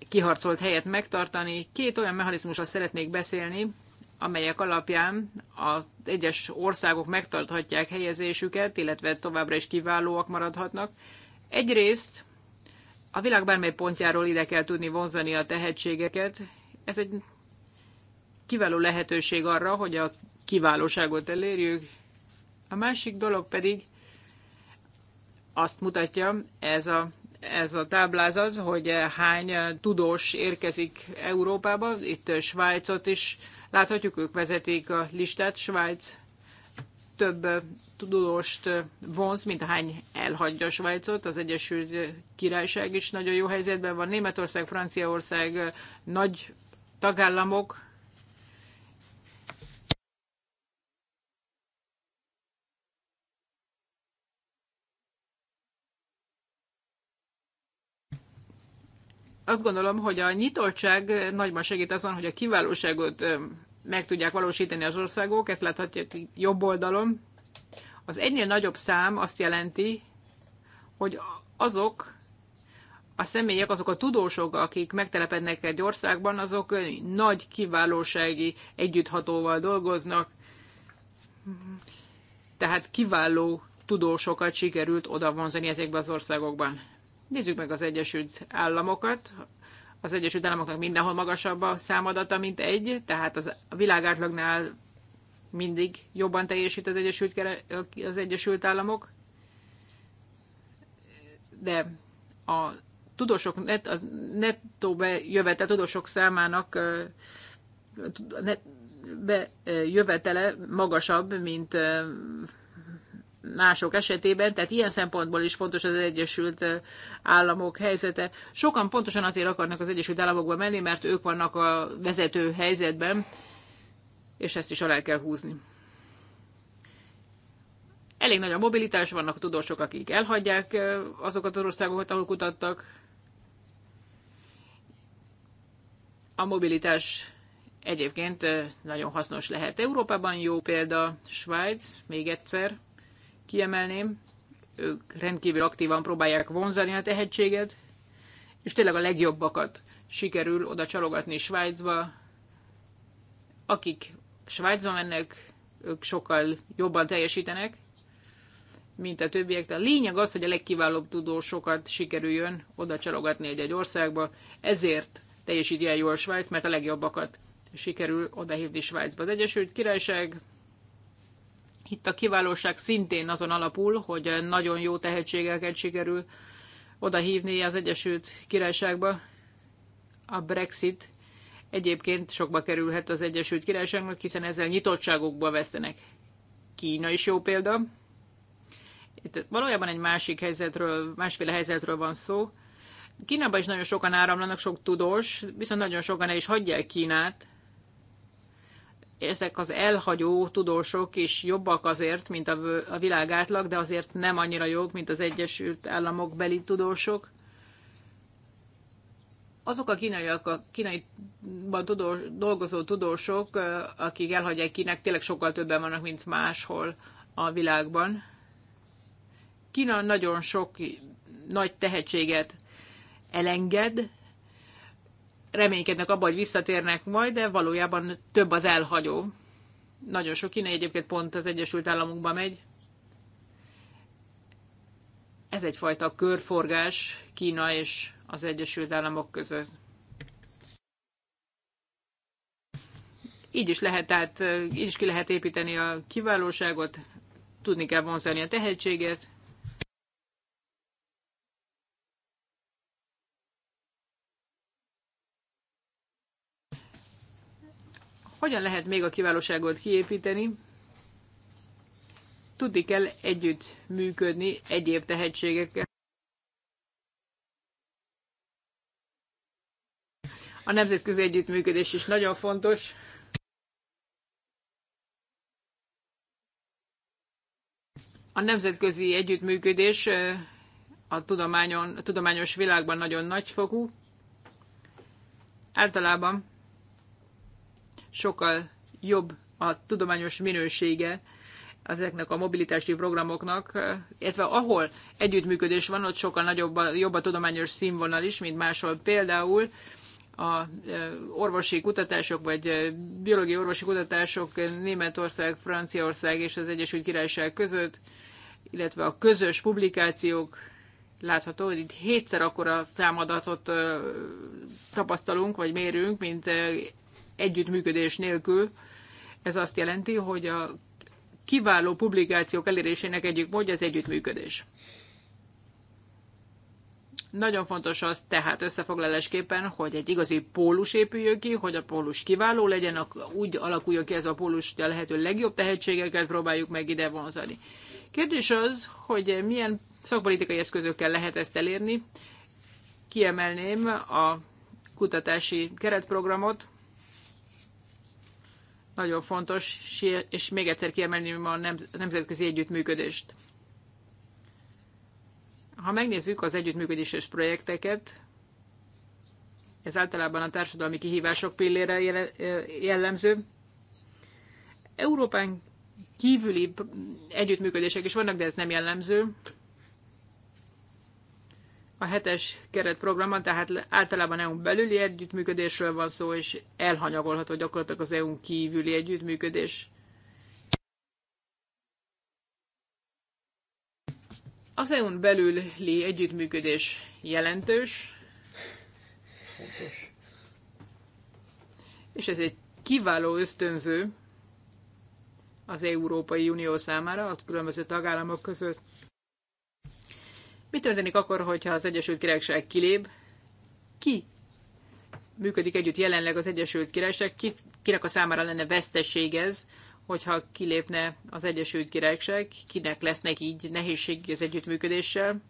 Speaker 4: kiharcolt helyet megtartani. Két olyan mechanizmusra szeretnék beszélni, amelyek alapján az egyes országok megtarthatják helyezésüket, illetve továbbra is kiválóak maradhatnak. Egyrészt a világ bármely pontjáról ide kell tudni vonzani a tehetségeket. Ez egy kiváló lehetőség arra, hogy a kiválóságot elérjük. A másik dolog pedig azt mutatja ez a, ez a táblázat, hogy hány tudós érkezik Európába. Itt Svájcot is láthatjuk, ők vezetik a listát. Svájc több tudóst vonz, mint hány elhagyja Svájcot. Az Egyesült Királyság is nagyon jó helyzetben van. Németország, Franciaország nagy tagállamok, azt gondolom, hogy a nyitottság nagyban segít azon, hogy a kiválóságot meg tudják valósítani az országok, ezt láthatjuk jobb oldalon. Az egynél nagyobb szám azt jelenti, hogy azok a személyek, azok a tudósok, akik megtelepednek egy országban, azok nagy kiválósági együtthatóval dolgoznak, tehát kiváló tudósokat sikerült oda vonzani ezekbe az országokban. Nézzük meg az Egyesült Államokat. Az Egyesült Államoknak mindenhol magasabb a számadata, mint egy, tehát az, a világ átlagnál mindig jobban teljesít az Egyesült, az Egyesült Államok. De a tudósok, net, a nettó bejövetel tudósok számának net, bejövetele magasabb, mint mások esetében, tehát ilyen szempontból is fontos az Egyesült Államok helyzete. Sokan pontosan azért akarnak az Egyesült Államokba menni, mert ők vannak a vezető helyzetben, és ezt is alá kell húzni. Elég nagy a mobilitás, vannak tudósok, akik elhagyják azokat az országokat, ahol kutattak. A mobilitás egyébként nagyon hasznos lehet. Európában jó példa Svájc, még egyszer kiemelném. Ők rendkívül aktívan próbálják vonzani a tehetséget, és tényleg a legjobbakat sikerül oda csalogatni Svájcba. Akik Svájcba mennek, ők sokkal jobban teljesítenek, mint a többiek. De a lényeg az, hogy a legkiválóbb tudósokat sikerüljön oda csalogatni egy-egy országba, ezért teljesíti el jól Svájc, mert a legjobbakat sikerül odahívni Svájcba. Az Egyesült Királyság itt a kiválóság szintén azon alapul, hogy nagyon jó tehetségeket sikerül odahívni az Egyesült Királyságba. A Brexit egyébként sokba kerülhet az Egyesült Királyságnak, hiszen ezzel nyitottságokba vesztenek. Kína is jó példa. Itt valójában egy másik helyzetről, másféle helyzetről van szó. Kínában is nagyon sokan áramlanak, sok tudós, viszont nagyon sokan el is hagyják Kínát, ezek az elhagyó tudósok is jobbak azért, mint a, a világ átlag, de azért nem annyira jók, mint az Egyesült Államok beli tudósok. Azok a kínaiak, a kínaiban tudó, dolgozó tudósok, akik elhagyják Kínát, tényleg sokkal többen vannak, mint máshol a világban. Kína nagyon sok nagy tehetséget elenged, reménykednek abban, hogy visszatérnek majd, de valójában több az elhagyó. Nagyon sok kínai egyébként pont az Egyesült Államokba megy. Ez egyfajta körforgás Kína és az Egyesült Államok között. Így is lehet, tehát így is ki lehet építeni a kiválóságot, tudni kell vonzani a tehetséget, Hogyan lehet még a kiválóságot kiépíteni? Tudni kell együtt működni egyéb tehetségekkel. A nemzetközi együttműködés is nagyon fontos. A nemzetközi együttműködés a, tudományon, a tudományos világban nagyon nagyfokú. Általában sokkal jobb a tudományos minősége ezeknek a mobilitási programoknak, illetve ahol együttműködés van, ott sokkal nagyobb a, jobb a tudományos színvonal is, mint máshol például a orvosi kutatások, vagy biológiai orvosi kutatások Németország, Franciaország és az Egyesült Királyság között, illetve a közös publikációk látható, hogy itt hétszer akkora számadatot tapasztalunk, vagy mérünk, mint együttműködés nélkül. Ez azt jelenti, hogy a kiváló publikációk elérésének egyik módja az együttműködés. Nagyon fontos az tehát összefoglalásképpen, hogy egy igazi pólus épüljön ki, hogy a pólus kiváló legyen, úgy alakuljon ki ez a pólus, hogy a lehető legjobb tehetségeket próbáljuk meg ide vonzani. Kérdés az, hogy milyen szakpolitikai eszközökkel lehet ezt elérni. Kiemelném a kutatási keretprogramot, nagyon fontos, és még egyszer kiemelném a nemzetközi együttműködést. Ha megnézzük az együttműködéses projekteket, ez általában a társadalmi kihívások pillére jellemző. Európán kívüli együttműködések is vannak, de ez nem jellemző. A hetes keretprogramban tehát általában EU-n belüli együttműködésről van szó, és elhanyagolható gyakorlatilag az EU-n kívüli együttműködés. Az EU-n belüli együttműködés jelentős, És ez egy kiváló ösztönző az Európai Unió számára, a különböző tagállamok között. Mi történik akkor, hogyha az Egyesült Királyság kilép? Ki működik együtt jelenleg az Egyesült Királyság? Ki, kinek a számára lenne veszteség ez, hogyha kilépne az Egyesült Királyság? Kinek lesznek így nehézség az együttműködéssel?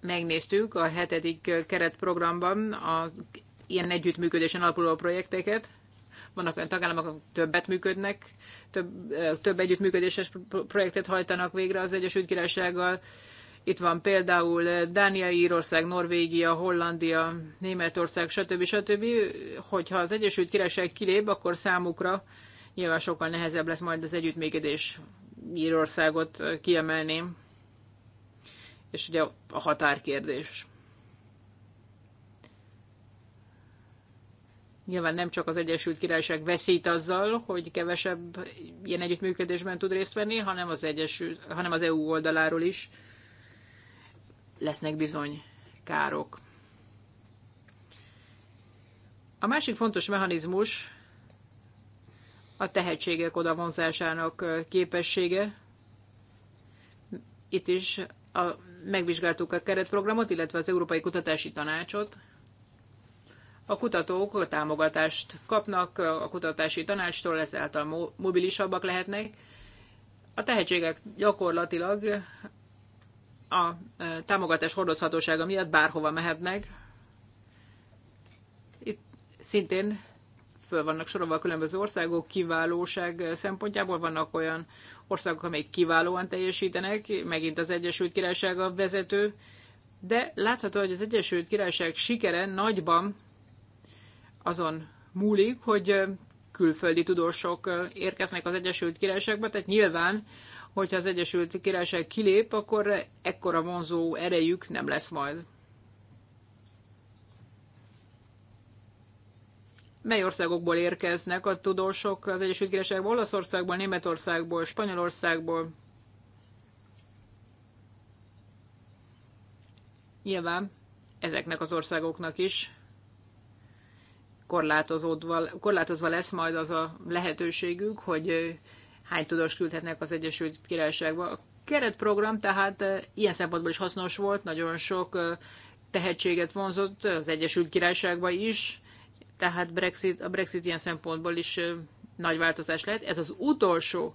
Speaker 4: Megnéztük a hetedik keretprogramban az ilyen együttműködésen alapuló projekteket. Vannak olyan tagállamok, akik többet működnek, több, több együttműködéses projektet hajtanak végre az Egyesült Királysággal, itt van például eh, Dánia, Írország, Norvégia, Hollandia, Németország, stb. stb. Hogyha az Egyesült Királyság kilép, akkor számukra nyilván sokkal nehezebb lesz majd az együttműködés Írországot eh, kiemelni. És ugye a határkérdés. Nyilván nem csak az Egyesült Királyság veszít azzal, hogy kevesebb ilyen együttműködésben tud részt venni, hanem az, Egyesült, hanem az EU oldaláról is lesznek bizony károk. A másik fontos mechanizmus a tehetségek odavonzásának képessége. Itt is a, megvizsgáltuk a keretprogramot, illetve az Európai Kutatási Tanácsot. A kutatók a támogatást kapnak a kutatási tanácstól, ezáltal mobilisabbak lehetnek. A tehetségek gyakorlatilag a támogatás hordozhatósága miatt bárhova mehetnek. Itt szintén föl vannak sorolva a különböző országok kiválóság szempontjából. Vannak olyan országok, amelyek kiválóan teljesítenek, megint az Egyesült Királyság a vezető, de látható, hogy az Egyesült Királyság sikere nagyban azon múlik, hogy külföldi tudósok érkeznek az Egyesült Királyságba, tehát nyilván hogyha az Egyesült Királyság kilép, akkor ekkora vonzó erejük nem lesz majd. Mely országokból érkeznek a tudósok az Egyesült Királyságból? Olaszországból, Németországból, Spanyolországból? Nyilván ezeknek az országoknak is korlátozódva, korlátozva lesz majd az a lehetőségük, hogy hány tudós küldhetnek az Egyesült Királyságba. A keretprogram tehát ilyen szempontból is hasznos volt, nagyon sok tehetséget vonzott az Egyesült Királyságba is, tehát Brexit, a Brexit ilyen szempontból is nagy változás lehet. Ez az utolsó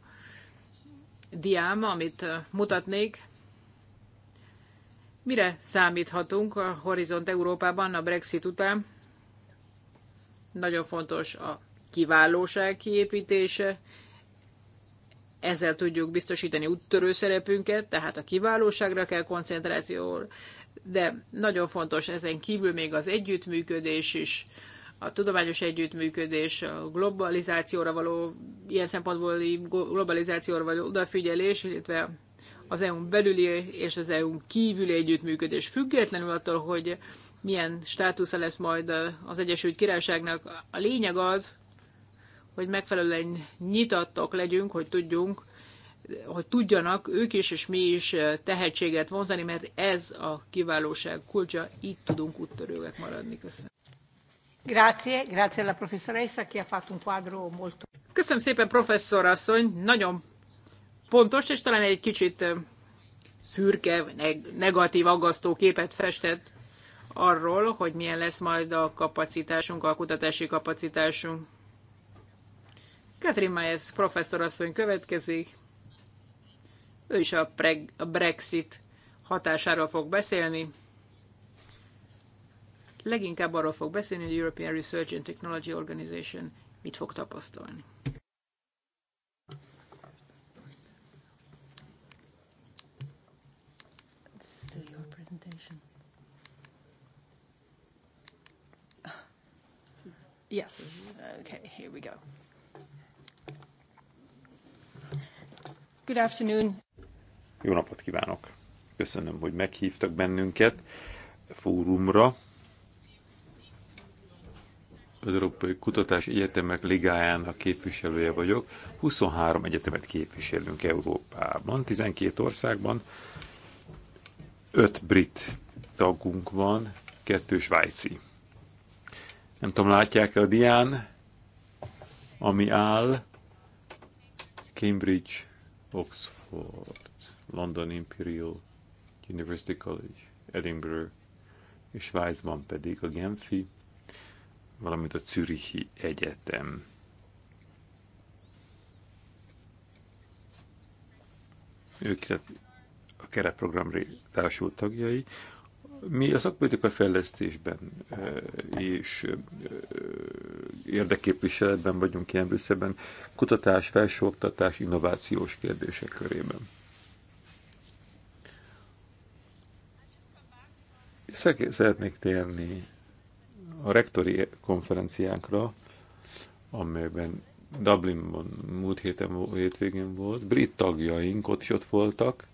Speaker 4: diám, amit mutatnék. Mire számíthatunk a Horizont Európában a Brexit után? Nagyon fontos a kiválóság kiépítése, ezzel tudjuk biztosítani úttörő szerepünket, tehát a kiválóságra kell koncentráció, de nagyon fontos ezen kívül még az együttműködés is, a tudományos együttműködés, a globalizációra való, ilyen szempontból globalizációra való odafigyelés, illetve az EU-n belüli és az EU-n kívüli együttműködés függetlenül attól, hogy milyen státusza lesz majd az Egyesült Királyságnak. A lényeg az, hogy megfelelően nyitattak legyünk, hogy tudjunk, hogy tudjanak ők is, és mi is tehetséget vonzani, mert ez a kiválóság kulcsa, így tudunk úttörőek maradni. Köszönöm.
Speaker 3: Grazie, grazie alla professoressa che ha fatto un quadro molto...
Speaker 4: Köszönöm szépen, professzor asszony, nagyon pontos, és talán egy kicsit szürke, neg- negatív, aggasztó képet festett arról, hogy milyen lesz majd a kapacitásunk, a kutatási kapacitásunk. Catherine Myers professzorasszony következik. Ő is a, preg- a Brexit hatásáról fog beszélni. Leginkább arról fog beszélni, hogy a European Research and Technology Organization mit fog tapasztalni.
Speaker 3: Yes. Okay, here we go. Good afternoon.
Speaker 1: Jó napot kívánok! Köszönöm, hogy meghívtak bennünket fórumra. Az Európai Kutatási Egyetemek Ligájának képviselője vagyok. 23 egyetemet képviselünk Európában, 12 országban, 5 brit tagunk van, 2 svájci. Nem tudom, látják-e a dián, ami áll Cambridge Oxford, London Imperial University College, Edinburgh, és Svájcban pedig a Genfi, valamint a Zürichi Egyetem. Ők tehát a keretprogram társult tagjai, mi a szakpolitika fejlesztésben és érdekképviseletben vagyunk ilyen Brüsszelben, kutatás, felsőoktatás, innovációs kérdések körében. Szeretnék térni a rektori konferenciánkra, amelyben Dublinban múlt héten, hétvégén volt, brit tagjaink ott is ott voltak,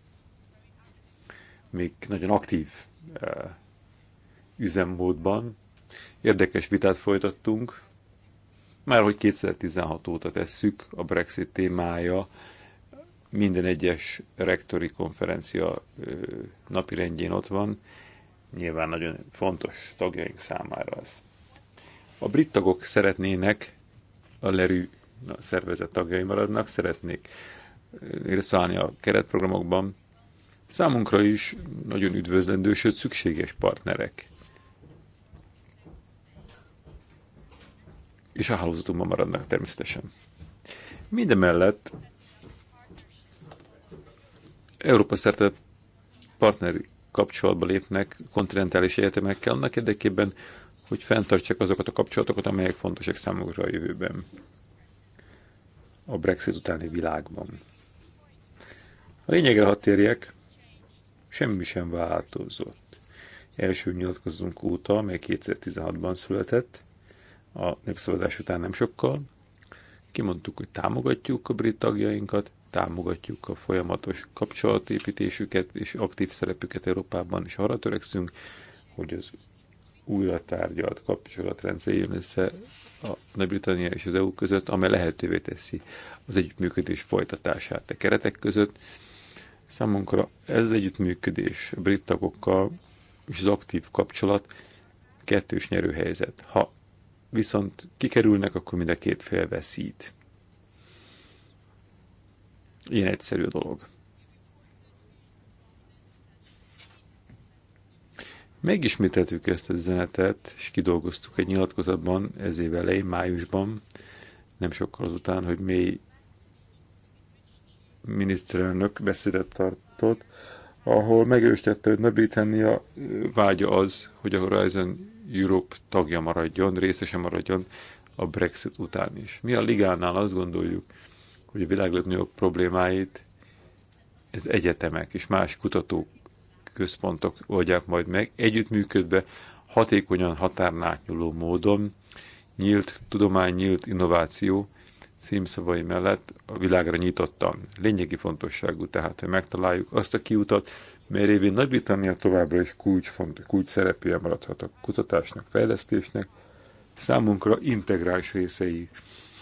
Speaker 1: még nagyon aktív üzemmódban. Érdekes vitát folytattunk, már hogy 2016 óta tesszük, a Brexit témája minden egyes rektori konferencia napirendjén ott van, nyilván nagyon fontos tagjaink számára ez. A brit tagok szeretnének, a lerű szervezet tagjai maradnak, szeretnék részt a keretprogramokban, Számunkra is nagyon üdvözlendő, sőt szükséges partnerek. És a hálózatunkban maradnak természetesen. Mindemellett Európa szerte partneri kapcsolatba lépnek kontinentális egyetemekkel annak érdekében, hogy fenntartsák azokat a kapcsolatokat, amelyek fontosak számukra a jövőben, a Brexit utáni világban. A lényegre hadd térjek, semmi sem változott. Első nyilatkozunk óta, mely 2016-ban született, a népszavazás után nem sokkal, kimondtuk, hogy támogatjuk a brit tagjainkat, támogatjuk a folyamatos kapcsolatépítésüket és aktív szerepüket Európában, és arra törekszünk, hogy az újra tárgyalt kapcsolatrendszer jön össze a Nagy-Britannia és az EU között, amely lehetővé teszi az együttműködés folytatását a keretek között, Számunkra ez együttműködés a brit tagokkal és az aktív kapcsolat kettős nyerő helyzet. Ha viszont kikerülnek, akkor mind a két fél veszít. Ilyen egyszerű a dolog. Megismételtük ezt a üzenetet, és kidolgoztuk egy nyilatkozatban ez év elején, májusban, nem sokkal azután, hogy mély miniszterelnök beszédet tartott, ahol megősítette, hogy nagy a vágya az, hogy a Horizon Europe tagja maradjon, részese maradjon a Brexit után is. Mi a ligánál azt gondoljuk, hogy a világ legnagyobb problémáit ez egyetemek és más kutatóközpontok oldják majd meg, együttműködve hatékonyan határnátnyúló módon, nyílt tudomány, nyílt innováció címszavai mellett a világra nyitottan. Lényegi fontosságú tehát, hogy megtaláljuk azt a kiutat, mely révén Nagy-Britannia továbbra is kulcs, font, kulcs szerepője maradhat a kutatásnak, fejlesztésnek, számunkra integrális részei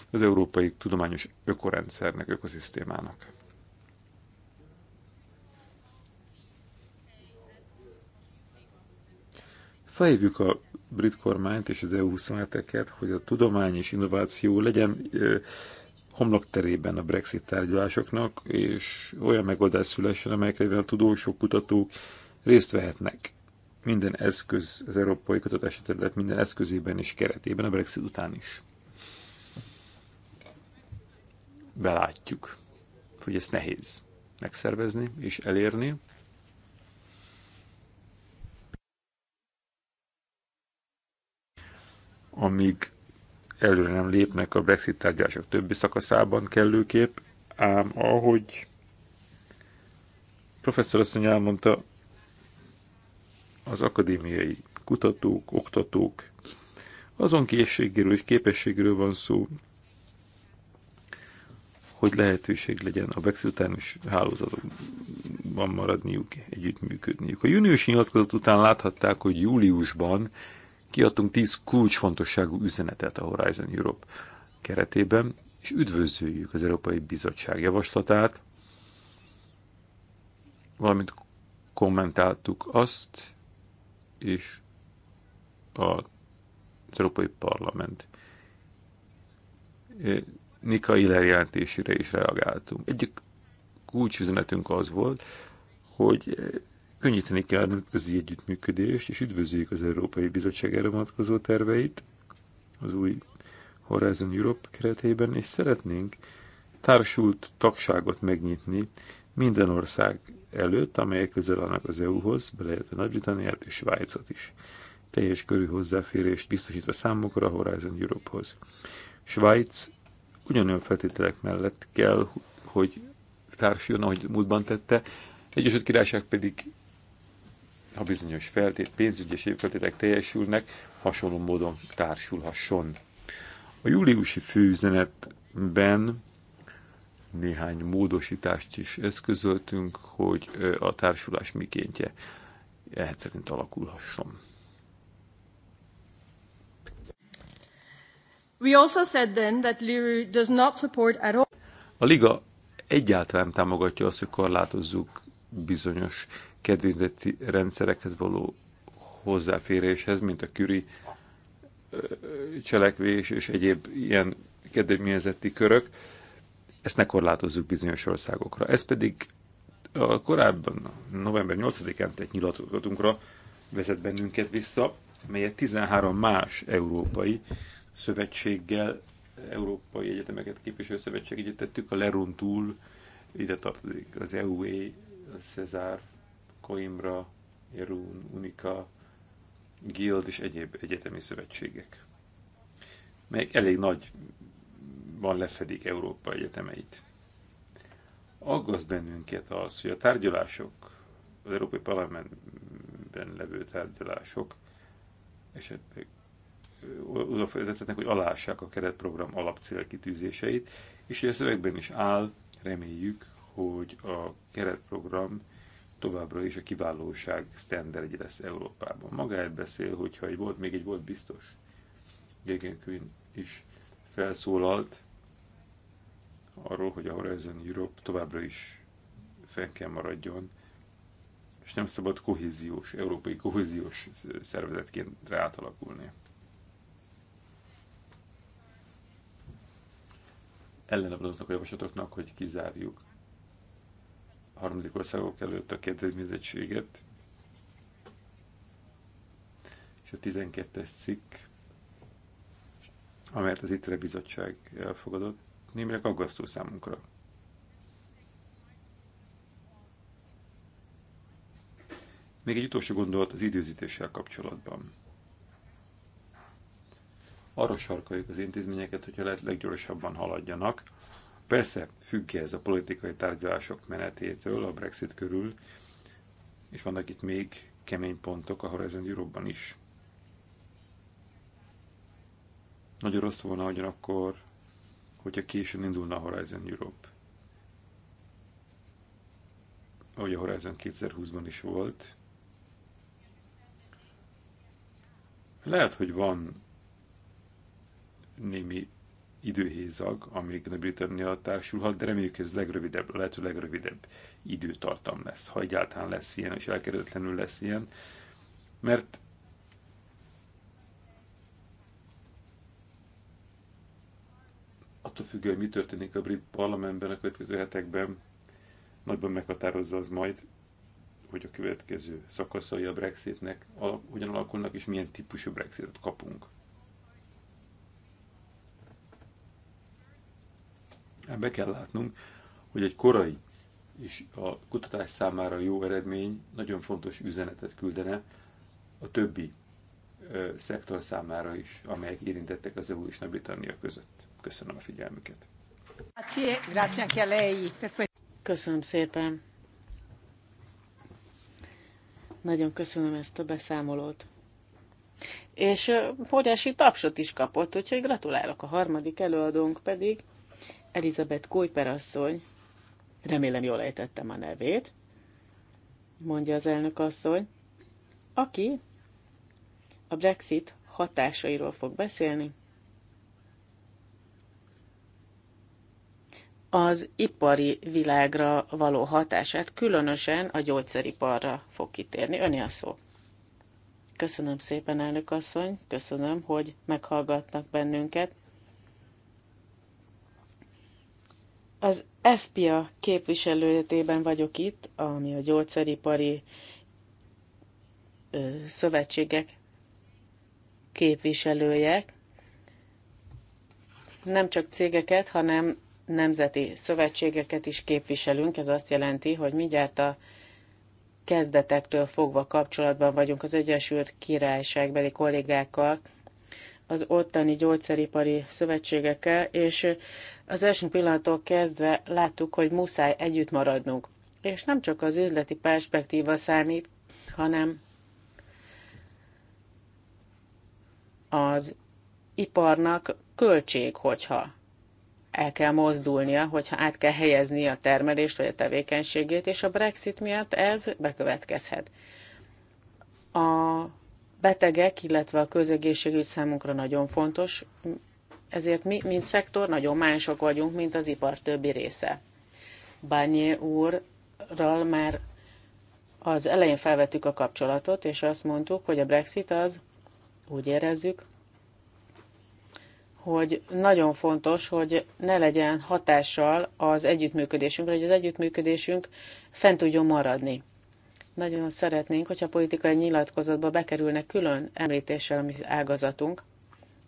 Speaker 1: az európai tudományos ökorendszernek, ökoszisztémának. Felhívjuk a brit kormányt és az EU27-eket, hogy a tudomány és innováció legyen homlokterében a Brexit tárgyalásoknak, és olyan megoldás szülessen, amelyekre a tudósok, kutatók részt vehetnek minden eszköz, az európai kutatási terület minden eszközében és keretében, a Brexit után is. Belátjuk, hogy ezt nehéz megszervezni és elérni, amíg előre nem lépnek a Brexit tárgyalások többi szakaszában kellőképp, ám ahogy professzor asszony elmondta, az akadémiai kutatók, oktatók, azon készségéről és képességről van szó, hogy lehetőség legyen a Brexit után is hálózatokban maradniuk, együttműködniük. A június nyilatkozat után láthatták, hogy júliusban Kiadtunk 10 kulcsfontosságú üzenetet a Horizon Europe keretében, és üdvözöljük az Európai Bizottság javaslatát, valamint kommentáltuk azt, és az Európai Parlament eh, Nika Iller jelentésére is reagáltunk. Egyik kulcsüzenetünk az volt, hogy eh, Könnyíteni kell a nemzetközi együttműködést, és üdvözlőjük az Európai Bizottság erre vonatkozó terveit az új Horizon Europe keretében, és szeretnénk társult tagságot megnyitni minden ország előtt, amelyek közel vannak az EU-hoz, beleértve Nagy-Britanniát és Svájcot is. Teljes körű hozzáférést biztosítva számukra a Horizon Europe-hoz. Svájc ugyanolyan feltételek mellett kell, hogy társuljon, ahogy múltban tette, Egyesült Királyság pedig ha bizonyos feltét, pénzügyi és feltétek teljesülnek, hasonló módon társulhasson. A júliusi főüzenetben néhány módosítást is eszközöltünk, hogy a társulás mikéntje ehhez szerint alakulhasson.
Speaker 4: We also said then that Liru does not support at all.
Speaker 1: A Liga egyáltalán támogatja azt, hogy korlátozzuk bizonyos kedvezeti rendszerekhez való hozzáféréshez, mint a küri cselekvés és egyéb ilyen kedvezményezeti körök, ezt ne korlátozzuk bizonyos országokra. Ez pedig a korábban, november 8-án tett nyilatkozatunkra vezet bennünket vissza, melyet 13 más európai szövetséggel, európai egyetemeket képviselő szövetség tettük, a Lerun túl, ide tartozik az EUE, e, a Cezár, Coimbra, Jerun, Unica, Guild és egyéb egyetemi szövetségek, melyek elég nagy van lefedik Európa egyetemeit. Aggaszt bennünket az, hogy a tárgyalások, az Európai Parlamentben levő tárgyalások esetleg oda vezetnek, hogy alássák a keretprogram alapcélkitűzéseit, és hogy a szövegben is áll, reméljük, hogy a keretprogram továbbra is a kiválóság standardje lesz Európában. Magáért beszél, hogyha egy volt, még egy volt biztos. Gégen Quinn is felszólalt arról, hogy a Horizon Europe továbbra is fenn kell maradjon, és nem szabad kohéziós, európai kohéziós szervezetként rátalakulni. Ellene a javaslatoknak, hogy kizárjuk harmadik országok előtt a kedvezményzettséget. És a 12-es cikk, amelyet az ITRE bizottság elfogadott, némileg aggasztó számunkra. Még egy utolsó gondolat az időzítéssel kapcsolatban. Arra sarkaljuk az intézményeket, hogyha lehet leggyorsabban haladjanak Persze függ ez a politikai tárgyalások menetétől a Brexit körül, és vannak itt még kemény pontok a Horizon europe is. Nagyon rossz volna ugyanakkor, hogyha későn indulna a Horizon Europe. Ahogy a Horizon 2020-ban is volt. Lehet, hogy van némi időhézag, amíg Nagy-Britannia társulhat, de reméljük ez legrövidebb, lehető legrövidebb időtartam lesz, ha egyáltalán lesz ilyen, és elkerülhetetlenül lesz ilyen, mert attól függően, mi történik a brit parlamentben a következő hetekben, nagyban meghatározza az majd, hogy a következő szakaszai a Brexitnek hogyan alakulnak, és milyen típusú Brexitet kapunk. be kell látnunk, hogy egy korai és a kutatás számára jó eredmény nagyon fontos üzenetet küldene a többi ö, szektor számára is, amelyek érintettek az EU és Nagy-Britannia között. Köszönöm a figyelmüket.
Speaker 2: Köszönöm szépen. Nagyon köszönöm ezt a beszámolót. És óriási tapsot is kapott, úgyhogy gratulálok a harmadik előadónk pedig Elizabeth Kuiper asszony, remélem jól ejtettem a nevét, mondja az elnök asszony, aki a Brexit hatásairól fog beszélni. Az ipari világra való hatását, különösen a gyógyszeriparra fog kitérni. Öni a szó. Köszönöm szépen, elnök asszony, köszönöm, hogy meghallgatnak bennünket. Az FPA képviselőjétében vagyok itt, ami a gyógyszeripari ö, szövetségek képviselőjek, nem csak cégeket, hanem nemzeti szövetségeket is képviselünk. Ez azt jelenti, hogy mindjárt a kezdetektől fogva kapcsolatban vagyunk az Egyesült Királyságbeli kollégákkal, az ottani gyógyszeripari szövetségekkel, és az első pillanattól kezdve láttuk, hogy muszáj együtt maradnunk. És nem csak az üzleti perspektíva számít, hanem az iparnak költség, hogyha el kell mozdulnia, hogyha át kell helyezni a termelést vagy a tevékenységét, és a Brexit miatt ez bekövetkezhet. A betegek, illetve a közegészségügy számunkra nagyon fontos, ezért mi, mint szektor, nagyon mások vagyunk, mint az ipar többi része. Bányé úrral már az elején felvettük a kapcsolatot, és azt mondtuk, hogy a Brexit az, úgy érezzük, hogy nagyon fontos, hogy ne legyen hatással az együttműködésünkre, hogy az együttműködésünk fent tudjon maradni. Nagyon szeretnénk, hogyha politikai nyilatkozatba bekerülne külön említéssel mi ágazatunk,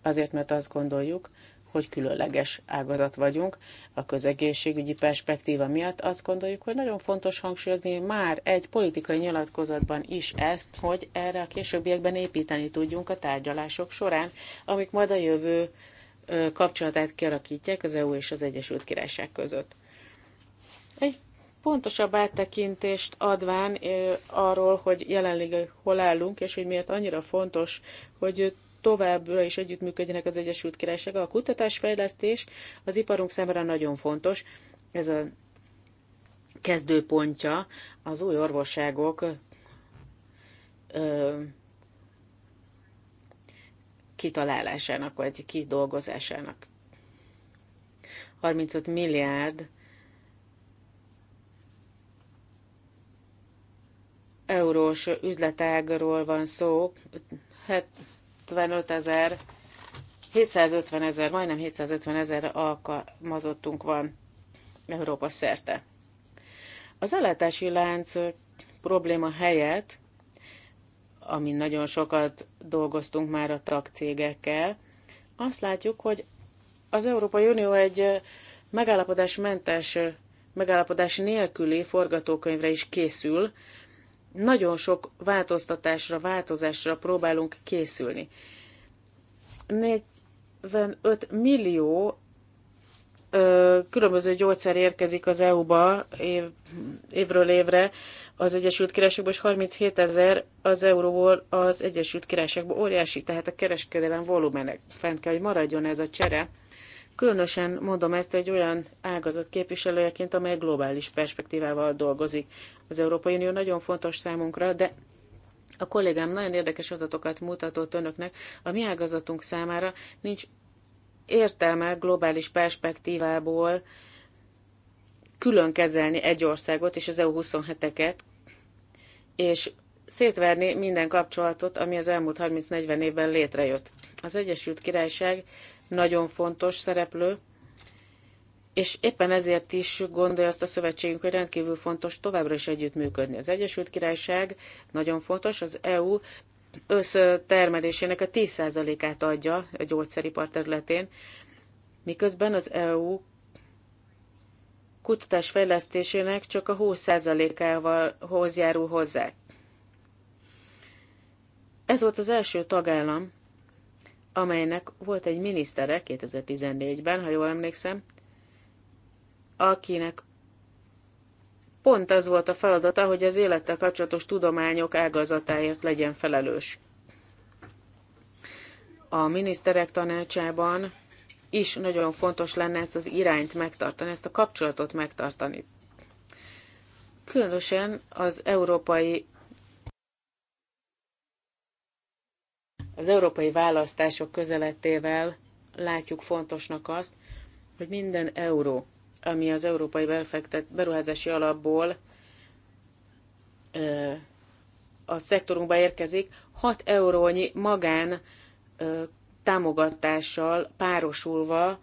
Speaker 2: azért mert azt gondoljuk, hogy különleges ágazat vagyunk. A közegészségügyi perspektíva miatt azt gondoljuk, hogy nagyon fontos hangsúlyozni már egy politikai nyilatkozatban is ezt, hogy erre a későbbiekben építeni tudjunk a tárgyalások során, amik majd a jövő kapcsolatát kialakítják az EU és az Egyesült Királyság között. Egy pontosabb áttekintést adván arról, hogy jelenleg hol állunk, és hogy miért annyira fontos, hogy továbbra is együttműködjenek az Egyesült Királyság. A kutatásfejlesztés az iparunk számára nagyon fontos. Ez a kezdőpontja az új orvosságok kitalálásának, vagy kidolgozásának. 35 milliárd eurós üzletágról van szó, 75 ezer, 750 ezer, majdnem 750 ezer alkalmazottunk van Európa szerte. Az ellátási lánc probléma helyett, amin nagyon sokat dolgoztunk már a tagcégekkel, azt látjuk, hogy az Európai Unió egy megállapodásmentes, megállapodás nélküli forgatókönyvre is készül, nagyon sok változtatásra, változásra próbálunk készülni. 45 millió ö, különböző gyógyszer érkezik az EU-ba év, évről évre, az Egyesült Királyságból, és 37 ezer az euróból az Egyesült Királyságból. Óriási, tehát a kereskedelem volumenek. Fent kell, hogy maradjon ez a csere Különösen mondom ezt egy olyan ágazat képviselőjeként, amely globális perspektívával dolgozik. Az Európai Unió nagyon fontos számunkra, de a kollégám nagyon érdekes adatokat mutatott önöknek. A mi ágazatunk számára nincs értelme globális perspektívából külön kezelni egy országot és az EU27-eket, és szétverni minden kapcsolatot, ami az elmúlt 30-40 évben létrejött. Az Egyesült Királyság nagyon fontos szereplő, és éppen ezért is gondolja azt a szövetségünk, hogy rendkívül fontos továbbra is együttműködni. Az Egyesült Királyság nagyon fontos, az EU össztermelésének a 10%-át adja a gyógyszeripar területén, miközben az EU kutatás fejlesztésének csak a 20%-ával hozzájárul hozzá. Ez volt az első tagállam, amelynek volt egy minisztere 2014-ben, ha jól emlékszem, akinek pont az volt a feladata, hogy az élettel kapcsolatos tudományok ágazatáért legyen felelős. A miniszterek tanácsában is nagyon fontos lenne ezt az irányt megtartani, ezt a kapcsolatot megtartani. Különösen az európai az európai választások közelettével látjuk fontosnak azt, hogy minden euró, ami az európai befektet, beruházási alapból a szektorunkba érkezik, 6 eurónyi magán támogatással párosulva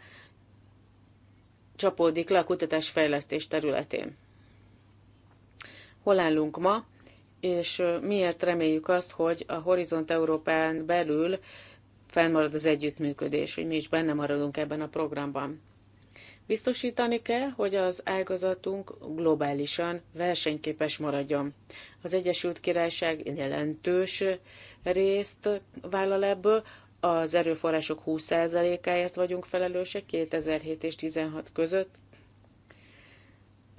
Speaker 2: csapódik le a kutatásfejlesztés területén. Hol állunk ma? és miért reméljük azt, hogy a Horizont Európán belül fennmarad az együttműködés, hogy mi is benne maradunk ebben a programban. Biztosítani kell, hogy az ágazatunk globálisan versenyképes maradjon. Az Egyesült Királyság jelentős részt vállal ebből, az erőforrások 20%-áért vagyunk felelősek 2007 és 16 között,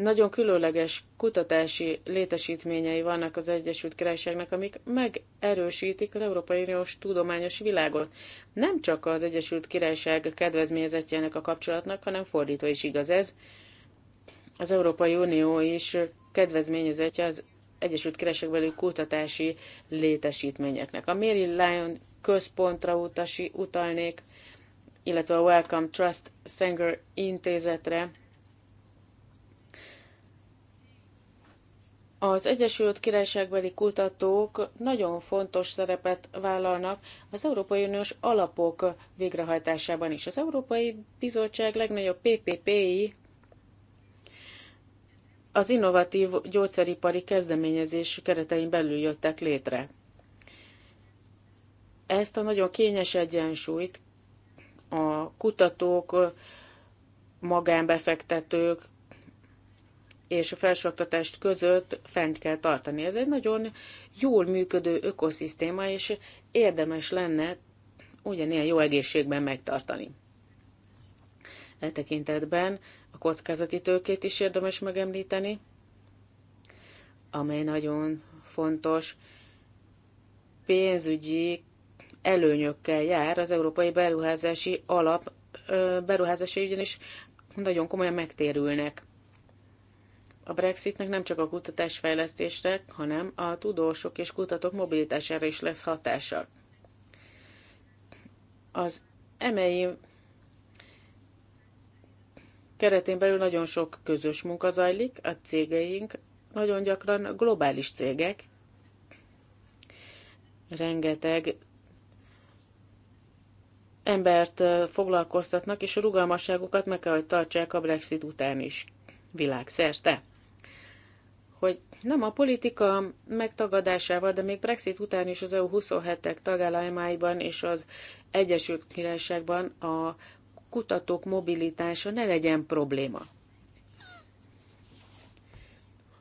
Speaker 2: nagyon különleges kutatási létesítményei vannak az Egyesült Királyságnak, amik megerősítik az Európai Uniós tudományos világot. Nem csak az Egyesült Királyság kedvezményezetjének a kapcsolatnak, hanem fordítva is igaz ez. Az Európai Unió is kedvezményezetje az Egyesült királyság belül kutatási létesítményeknek. A Mary Lyon központra utasi, utalnék, illetve a Wellcome Trust Sanger intézetre, Az Egyesült Királyságbeli kutatók nagyon fontos szerepet vállalnak az Európai Uniós alapok végrehajtásában is. Az Európai Bizottság legnagyobb PPP-i az innovatív gyógyszeripari kezdeményezés keretein belül jöttek létre. Ezt a nagyon kényes egyensúlyt a kutatók, magánbefektetők, és a felsőoktatást között fent kell tartani. Ez egy nagyon jól működő ökoszisztéma, és érdemes lenne ugyanilyen jó egészségben megtartani. E tekintetben a kockázati tőkét is érdemes megemlíteni, amely nagyon fontos pénzügyi előnyökkel jár. Az Európai Beruházási Alap beruházási ugyanis nagyon komolyan megtérülnek a Brexitnek nem csak a kutatásfejlesztésre, hanem a tudósok és kutatók mobilitására is lesz hatása. Az emei keretén belül nagyon sok közös munka zajlik, a cégeink nagyon gyakran globális cégek, rengeteg embert foglalkoztatnak, és a rugalmasságukat meg kell, hogy tartsák a Brexit után is világszerte hogy nem a politika megtagadásával, de még Brexit után is az EU 27-ek tagállamáiban és az Egyesült Királyságban a kutatók mobilitása ne legyen probléma,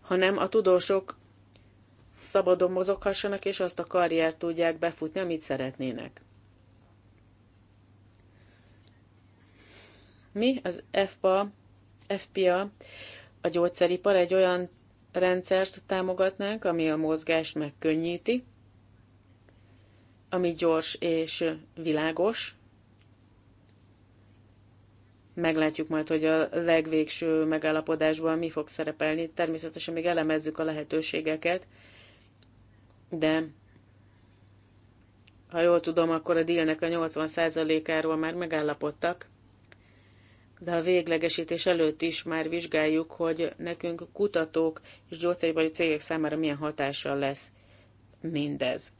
Speaker 2: hanem a tudósok szabadon mozoghassanak, és azt a karriert tudják befutni, amit szeretnének. Mi, az FPA, FPA a gyógyszeripar egy olyan rendszert támogatnánk, ami a mozgást megkönnyíti, ami gyors és világos. Meglátjuk majd, hogy a legvégső megállapodásban mi fog szerepelni. Természetesen még elemezzük a lehetőségeket, de ha jól tudom, akkor a dílnek a 80%-áról már megállapodtak de a véglegesítés előtt is már vizsgáljuk, hogy nekünk kutatók és gyógyszeripari cégek számára milyen hatással lesz mindez.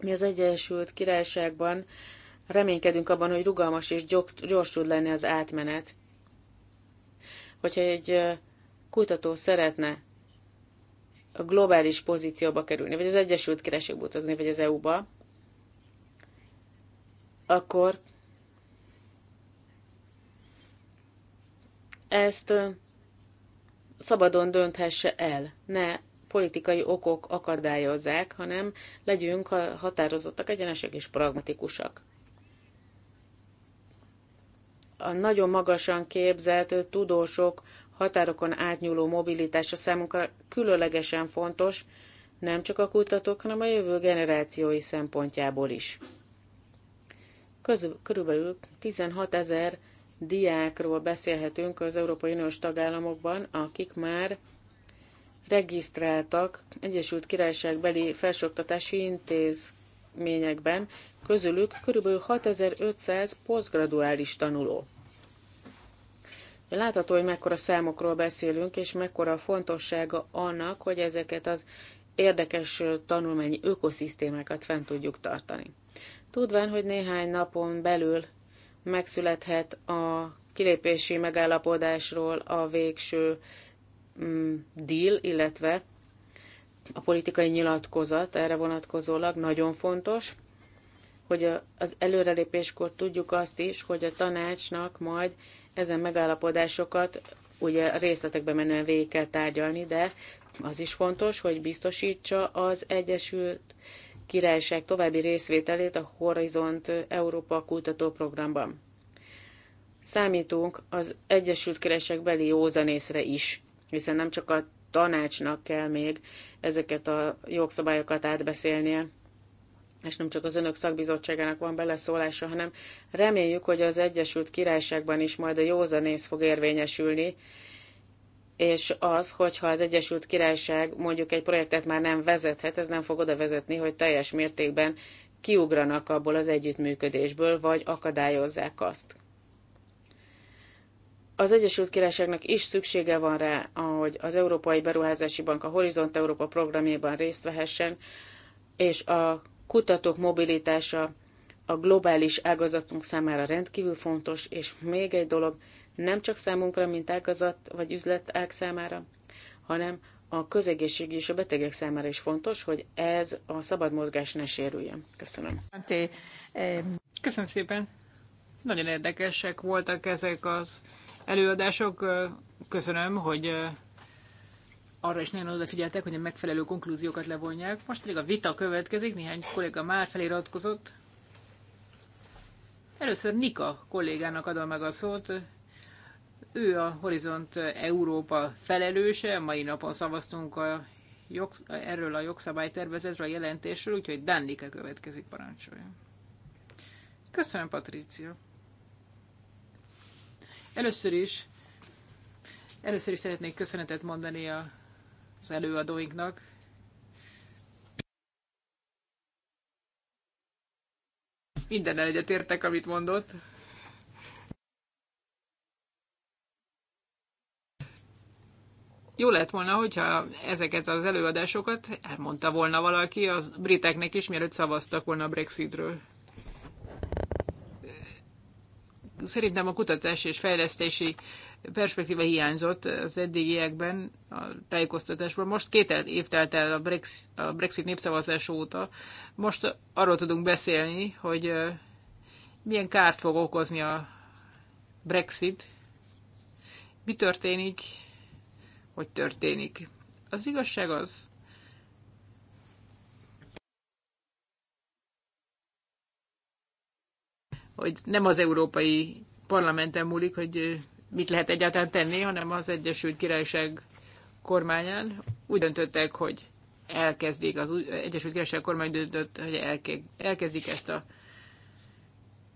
Speaker 2: Mi az Egyesült Királyságban reménykedünk abban, hogy rugalmas és gyors tud lenni az átmenet. Hogyha egy kutató szeretne a globális pozícióba kerülni, vagy az Egyesült Királyságba utazni, vagy az EU-ba, akkor ezt szabadon dönthesse el, ne politikai okok akadályozzák, hanem legyünk határozottak, egyenesek és pragmatikusak. A nagyon magasan képzelt tudósok határokon átnyúló mobilitása számunkra különlegesen fontos, nem csak a kutatók, hanem a jövő generációi szempontjából is. Közül, körülbelül 16 ezer diákról beszélhetünk az Európai Uniós tagállamokban, akik már regisztráltak Egyesült Királyságbeli felsőoktatási intézményekben, közülük kb. 6500 posztgraduális tanuló. Látható, hogy mekkora számokról beszélünk, és mekkora a fontossága annak, hogy ezeket az érdekes tanulmányi ökoszisztémákat fent tudjuk tartani. Tudván, hogy néhány napon belül megszülethet a kilépési megállapodásról a végső mm, deal, illetve a politikai nyilatkozat erre vonatkozólag nagyon fontos, hogy az előrelépéskor tudjuk azt is, hogy a tanácsnak majd ezen megállapodásokat ugye részletekbe menően végig kell tárgyalni, de az is fontos, hogy biztosítsa az Egyesült Királyság további részvételét a Horizont Európa kutatóprogramban. Számítunk az Egyesült Királyság beli józanészre is, hiszen nem csak a tanácsnak kell még ezeket a jogszabályokat átbeszélnie, és nem csak az önök szakbizottságának van beleszólása, hanem reméljük, hogy az Egyesült Királyságban is majd a józanész fog érvényesülni, és az, hogyha az Egyesült Királyság mondjuk egy projektet már nem vezethet, ez nem fog oda vezetni, hogy teljes mértékben kiugranak abból az együttműködésből, vagy akadályozzák azt. Az Egyesült Királyságnak is szüksége van rá, hogy az Európai Beruházási Bank a Horizont Európa programjában részt vehessen, és a kutatók mobilitása a globális ágazatunk számára rendkívül fontos, és még egy dolog, nem csak számunkra, mint ágazat vagy üzletág számára, hanem a közegészség és a betegek számára is fontos, hogy ez a szabad mozgás ne sérüljön. Köszönöm.
Speaker 3: Köszönöm szépen.
Speaker 4: Nagyon érdekesek voltak ezek az előadások. Köszönöm, hogy arra is nagyon odafigyeltek, hogy a megfelelő konklúziókat levonják. Most pedig a vita következik, néhány kolléga már feliratkozott. Először Nika kollégának adom meg a szót, ő a Horizont Európa felelőse, mai napon szavaztunk a jogsz- erről a jogszabálytervezetről, a jelentésről, úgyhogy Dannike következik parancsolja. Köszönöm, Patricia. Először is, először is szeretnék köszönetet mondani a, az előadóinknak. Minden egyetértek, amit mondott. jó lett volna, hogyha ezeket az előadásokat elmondta volna valaki a briteknek is, mielőtt szavaztak volna a Brexitről. Szerintem a kutatás és fejlesztési perspektíva hiányzott az eddigiekben a tájékoztatásban. Most két év telt el a Brexit, a Brexit népszavazás óta. Most arról tudunk beszélni, hogy milyen kárt fog okozni a Brexit, mi történik hogy történik. Az igazság az, hogy nem az Európai Parlamenten múlik, hogy mit lehet egyáltalán tenni, hanem az Egyesült Királyság kormányán úgy döntöttek, hogy elkezdik, az Egyesült Királyság kormány döntött, hogy elkezdik ezt a,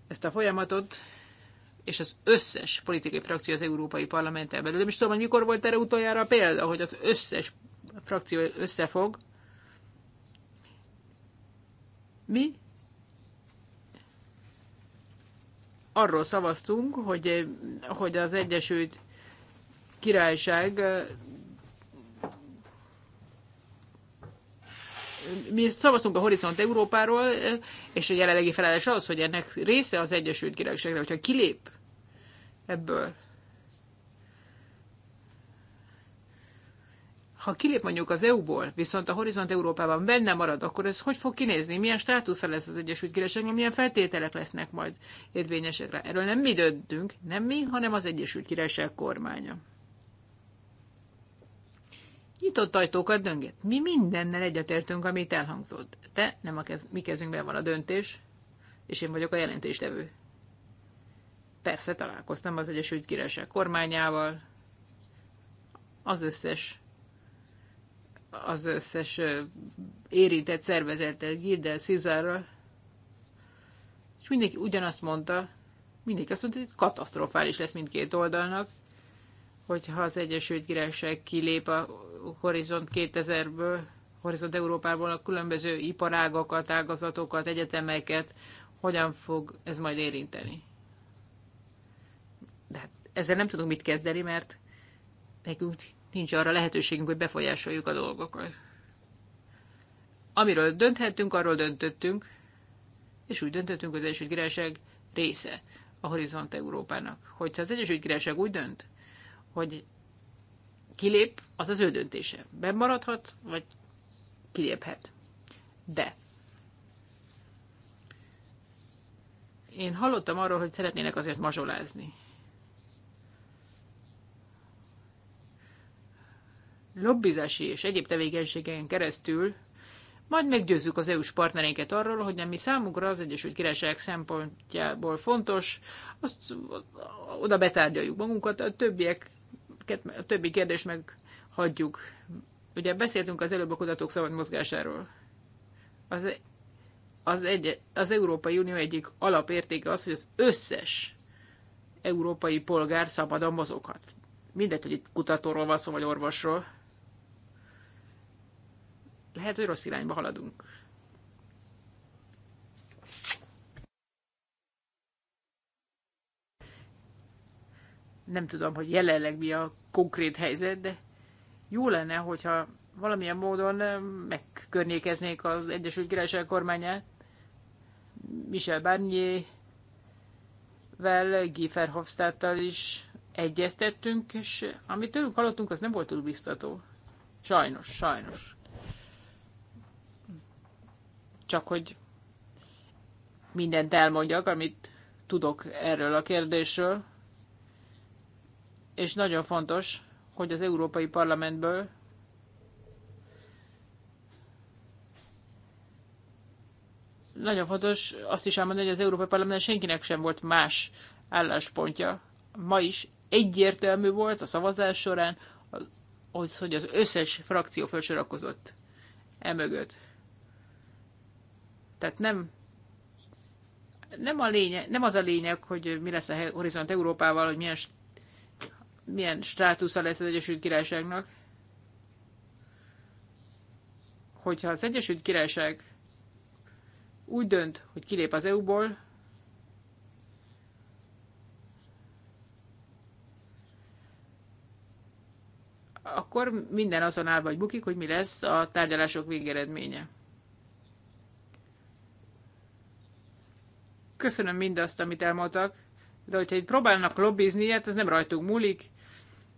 Speaker 4: ezt a folyamatot, és az összes politikai frakció az Európai Parlamenten belül. Nem is tudom, hogy mikor volt erre utoljára példa, hogy az összes frakció összefog. Mi arról szavaztunk, hogy, hogy az Egyesült Királyság mi szavazunk a Horizont Európáról, és a jelenlegi felelős az, hogy ennek része az Egyesült Királyságra, hogyha kilép ebből. Ha kilép mondjuk az EU-ból, viszont a Horizont Európában benne marad, akkor ez hogy fog kinézni? Milyen státusza lesz az Egyesült Királyságnak? Milyen feltételek lesznek majd érvényesekre? Erről nem mi döntünk, nem mi, hanem az Egyesült Királyság kormánya nyitott ajtókat dönget. Mi mindennel egyetértünk, amit elhangzott. De nem a kez, mi kezünkben van a döntés, és én vagyok a jelentéstevő. Persze találkoztam az Egyesült Királyság kormányával, az összes az összes érintett szervezettel, Gildel, Cizárral, és mindenki ugyanazt mondta, mindenki azt mondta, hogy katasztrofális lesz mindkét oldalnak, hogyha az Egyesült Királyság kilép a Horizont 2000-ből, Horizont Európából a különböző iparágokat, ágazatokat, egyetemeket, hogyan fog ez majd érinteni ezzel nem tudunk mit kezdeni, mert nekünk nincs arra lehetőségünk, hogy befolyásoljuk a dolgokat. Amiről dönthettünk, arról döntöttünk, és úgy döntöttünk, hogy az Egyesült Királyság része a Horizont Európának. Hogyha az Egyesült Királyság úgy dönt, hogy kilép, az az ő döntése. Bemaradhat, vagy kiléphet. De én hallottam arról, hogy szeretnének azért mazsolázni. lobbizási és egyéb tevékenységeken keresztül majd meggyőzzük az EU-s partnereinket arról, hogy ami számukra az Egyesült Királyság szempontjából fontos, azt oda betárgyaljuk magunkat, a többiek, a többi kérdést meg hagyjuk. Ugye beszéltünk az előbb a kutatók szabad mozgásáról. Az, az, egy, az Európai Unió egyik alapértéke az, hogy az összes európai polgár szabadon mozoghat. Mindegy, hogy itt kutatóról van szó, vagy orvosról lehet, hogy rossz irányba haladunk. Nem tudom, hogy jelenleg mi a konkrét helyzet, de jó lenne, hogyha valamilyen módon megkörnyékeznék az Egyesült Királyság kormányát. Michel Barnier-vel, Guy Verhofstadttal is egyeztettünk, és amit tőlünk hallottunk, az nem volt túl biztató. Sajnos, sajnos csak hogy mindent elmondjak, amit tudok erről a kérdésről. És nagyon fontos, hogy az Európai Parlamentből nagyon fontos azt is elmondani, hogy az Európai Parlamentben senkinek sem volt más álláspontja. Ma is egyértelmű volt a szavazás során, az, hogy az összes frakció felsorakozott emögött. Tehát nem, nem, a lényeg, nem az a lényeg, hogy mi lesz a Horizont Európával, hogy milyen, milyen státusza lesz az Egyesült Királyságnak. Hogyha az Egyesült Királyság úgy dönt, hogy kilép az EU-ból, akkor minden azon áll vagy bukik, hogy mi lesz a tárgyalások végeredménye. köszönöm mindazt, amit elmondtak, de hogyha itt próbálnak lobbizni, hát ez nem rajtunk múlik.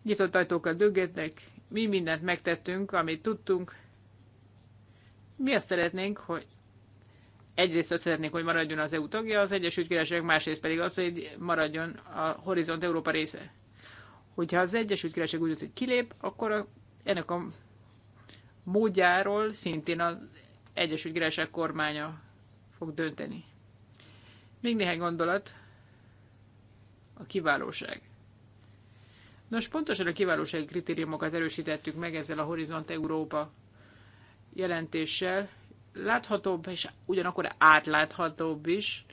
Speaker 4: Nyitott ajtókat döggetnek, mi mindent megtettünk, amit tudtunk. Mi azt szeretnénk, hogy egyrészt azt szeretnénk, hogy maradjon az EU tagja az Egyesült Királyság, másrészt pedig az, hogy maradjon a Horizont Európa része. Hogyha az Egyesült Királyság úgy hogy kilép, akkor a, ennek a módjáról szintén az Egyesült Királyság kormánya fog dönteni. Még néhány gondolat. A kiválóság. Nos, pontosan a kiválósági kritériumokat erősítettük meg ezzel a Horizont Európa jelentéssel. Láthatóbb és ugyanakkor átláthatóbb is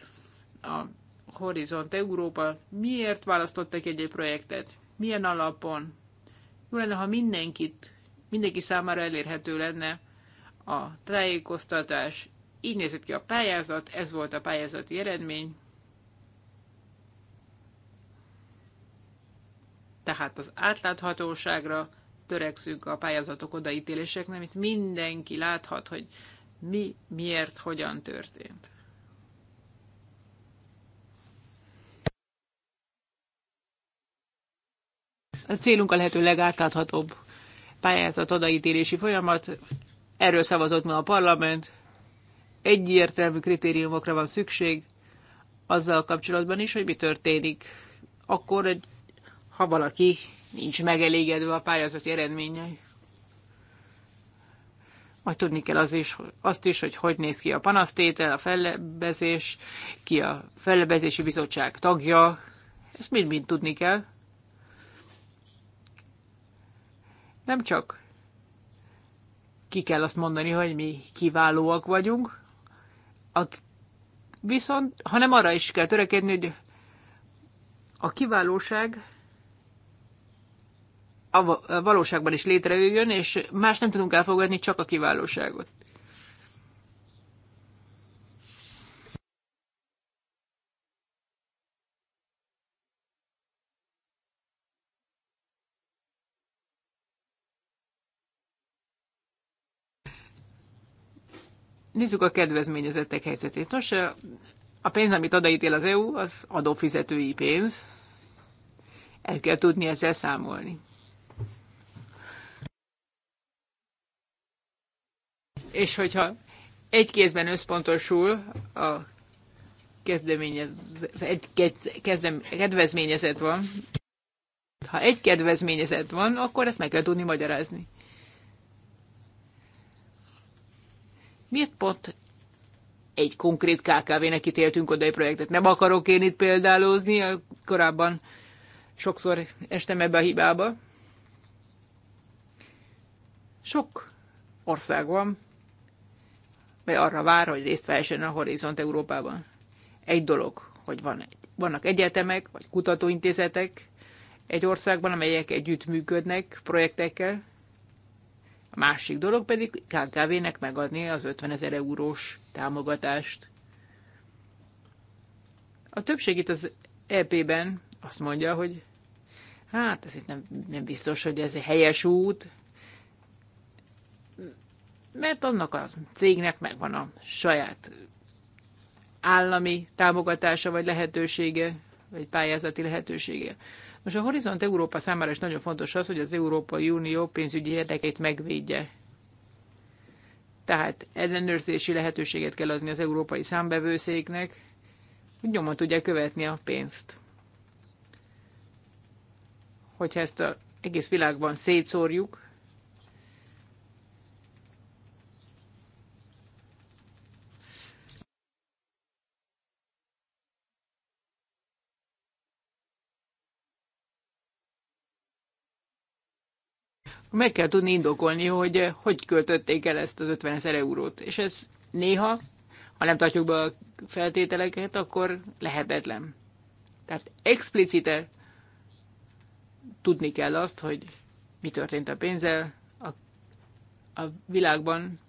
Speaker 4: a Horizont Európa. Miért választottak egy, egy projektet? Milyen alapon? Jó lenne, ha mindenkit, mindenki számára elérhető lenne a tájékoztatás, így nézett ki a pályázat, ez volt a pályázati eredmény. Tehát az átláthatóságra törekszünk a pályázatok odaítéléseknek, itt mindenki láthat, hogy mi, miért, hogyan történt. A célunk a lehető legátláthatóbb pályázat odaítélési folyamat. Erről szavazott ma a parlament egyértelmű kritériumokra van szükség azzal kapcsolatban is, hogy mi történik akkor, hogy ha valaki nincs megelégedve a pályázati eredményei. Majd tudni kell az is, azt is, hogy hogy néz ki a panasztétel, a fellebezés, ki a fellebezési bizottság tagja, ezt mind-mind tudni kell. Nem csak ki kell azt mondani, hogy mi kiválóak vagyunk, viszont, hanem arra is kell törekedni, hogy a kiválóság a valóságban is létrejöjjön, és más nem tudunk elfogadni, csak a kiválóságot. Nézzük a kedvezményezettek helyzetét. Nos, a pénz, amit odaítél az EU, az adófizetői pénz. El kell tudni ezzel számolni. És hogyha egy kézben összpontosul a kezdeményez, egy kezdem, kedvezményezet van, ha egy kedvezményezet van, akkor ezt meg kell tudni magyarázni. Miért pont egy konkrét KKV-nek ítéltünk oda egy projektet? Nem akarok én itt példálózni, korábban sokszor estem ebbe a hibába. Sok ország van, mely arra vár, hogy részt vehessen a Horizont Európában. Egy dolog, hogy van, vannak egyetemek, vagy kutatóintézetek egy országban, amelyek együttműködnek projektekkel, a másik dolog pedig KKV-nek megadni az 50 ezer eurós támogatást. A többség itt az EP-ben azt mondja, hogy hát ez itt nem, nem biztos, hogy ez egy helyes út, mert annak a cégnek megvan a saját állami támogatása vagy lehetősége egy pályázati lehetőségét. Most a Horizont Európa számára is nagyon fontos az, hogy az Európai Unió pénzügyi érdekeit megvédje. Tehát ellenőrzési lehetőséget kell adni az Európai Számbevőszéknek, hogy nyomon tudja követni a pénzt. Hogyha ezt a egész világban szétszórjuk, meg kell tudni indokolni, hogy eh, hogy költötték el ezt az 50 ezer eurót. És ez néha, ha nem tartjuk be a feltételeket, akkor lehetetlen. Tehát explicite tudni kell azt, hogy mi történt a pénzzel a, a világban.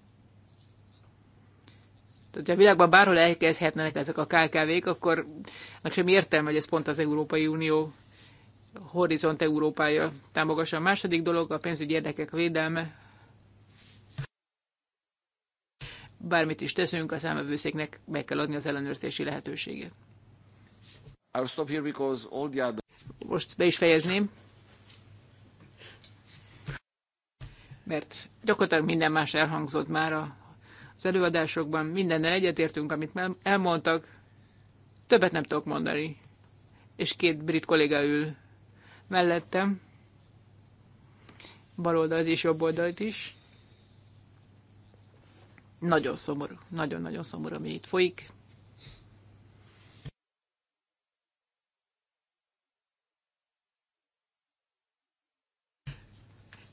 Speaker 4: Tehát, ha a világban bárhol elkezdhetnek ezek a KKV-k, akkor meg sem értem, hogy ez pont az Európai Unió Horizont Európája támogassa. A második dolog a pénzügyi érdekek védelme. Bármit is teszünk, a számövőszéknek meg kell adni az ellenőrzési lehetőséget. Most be is fejezném, mert gyakorlatilag minden más elhangzott már az előadásokban, mindennel egyetértünk, amit elmondtak, többet nem tudok mondani. És két brit kolléga ül mellettem, bal oldalt és jobb oldalt is. Nagyon szomorú, nagyon-nagyon szomorú, ami itt folyik.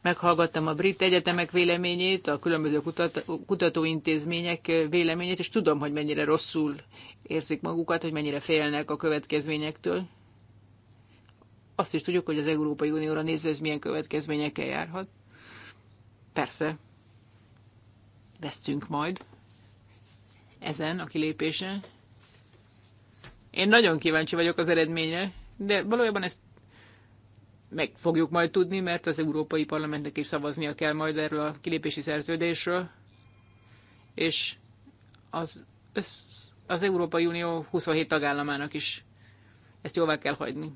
Speaker 4: meghallgattam a brit egyetemek véleményét, a különböző kutató, kutatóintézmények véleményét, és tudom, hogy mennyire rosszul érzik magukat, hogy mennyire félnek a következményektől azt is tudjuk, hogy az Európai Unióra nézve ez milyen következményekkel járhat. Persze, vesztünk majd ezen a kilépésen. Én nagyon kíváncsi vagyok az eredményre, de valójában ezt meg fogjuk majd tudni, mert az Európai Parlamentnek is szavaznia kell majd erről a kilépési szerződésről, és az, össz, az Európai Unió 27 tagállamának is ezt jóvá kell hagyni.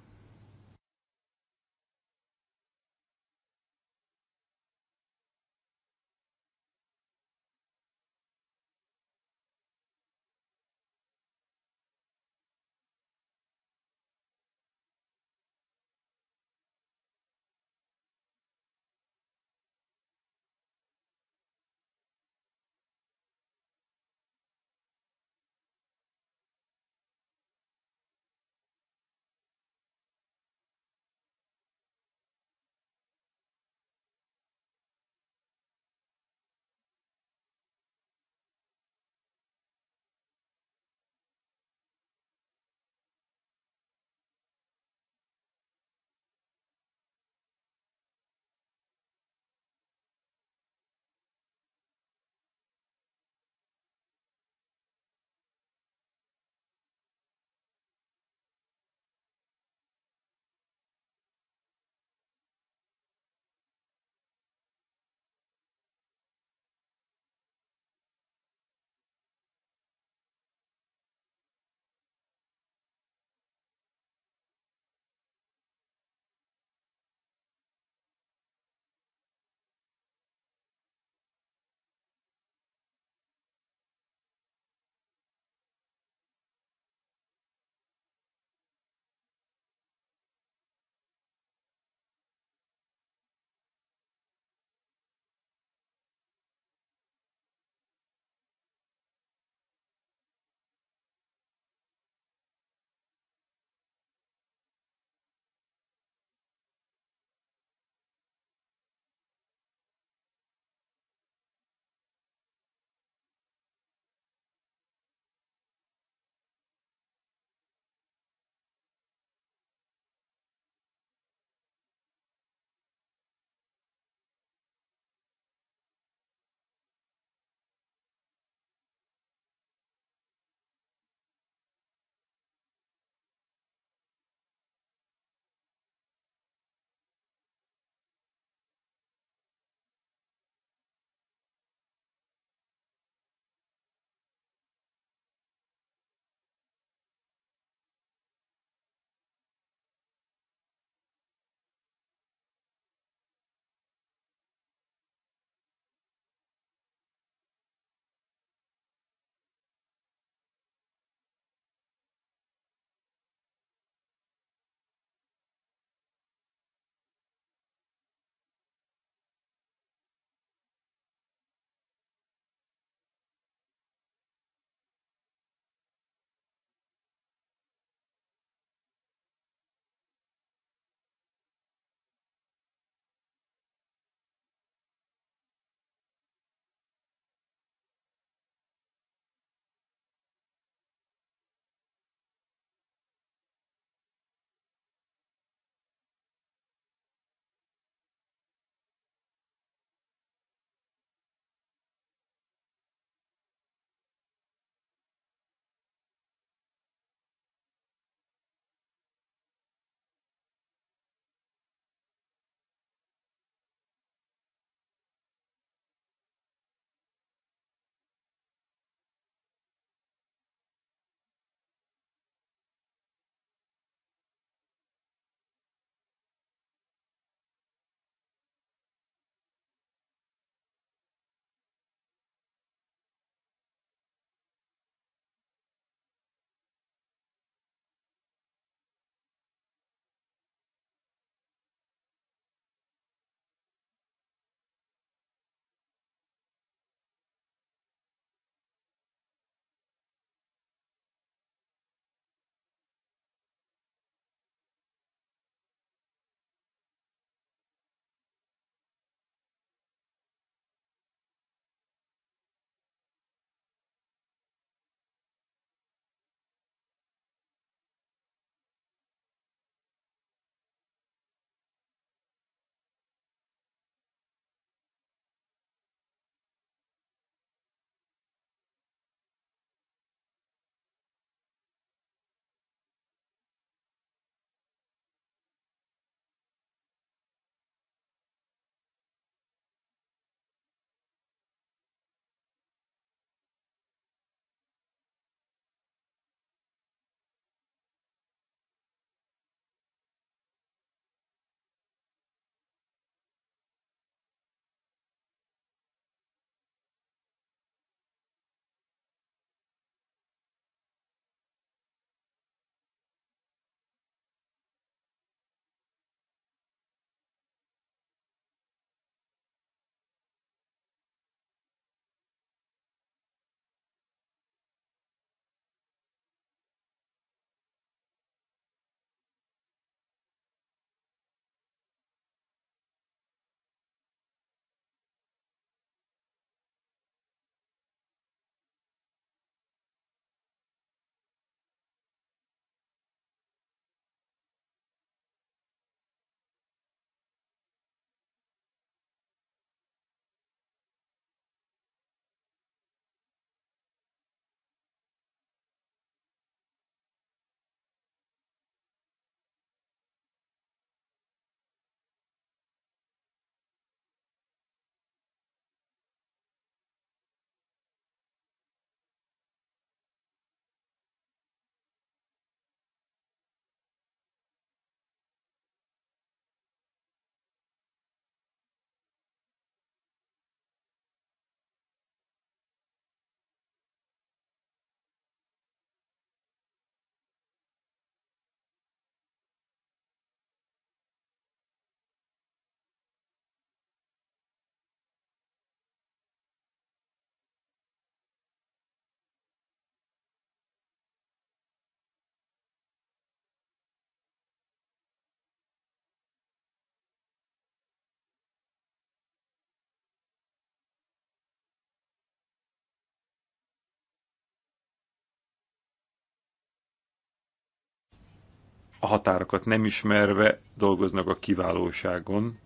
Speaker 1: a határokat nem ismerve dolgoznak a kiválóságon.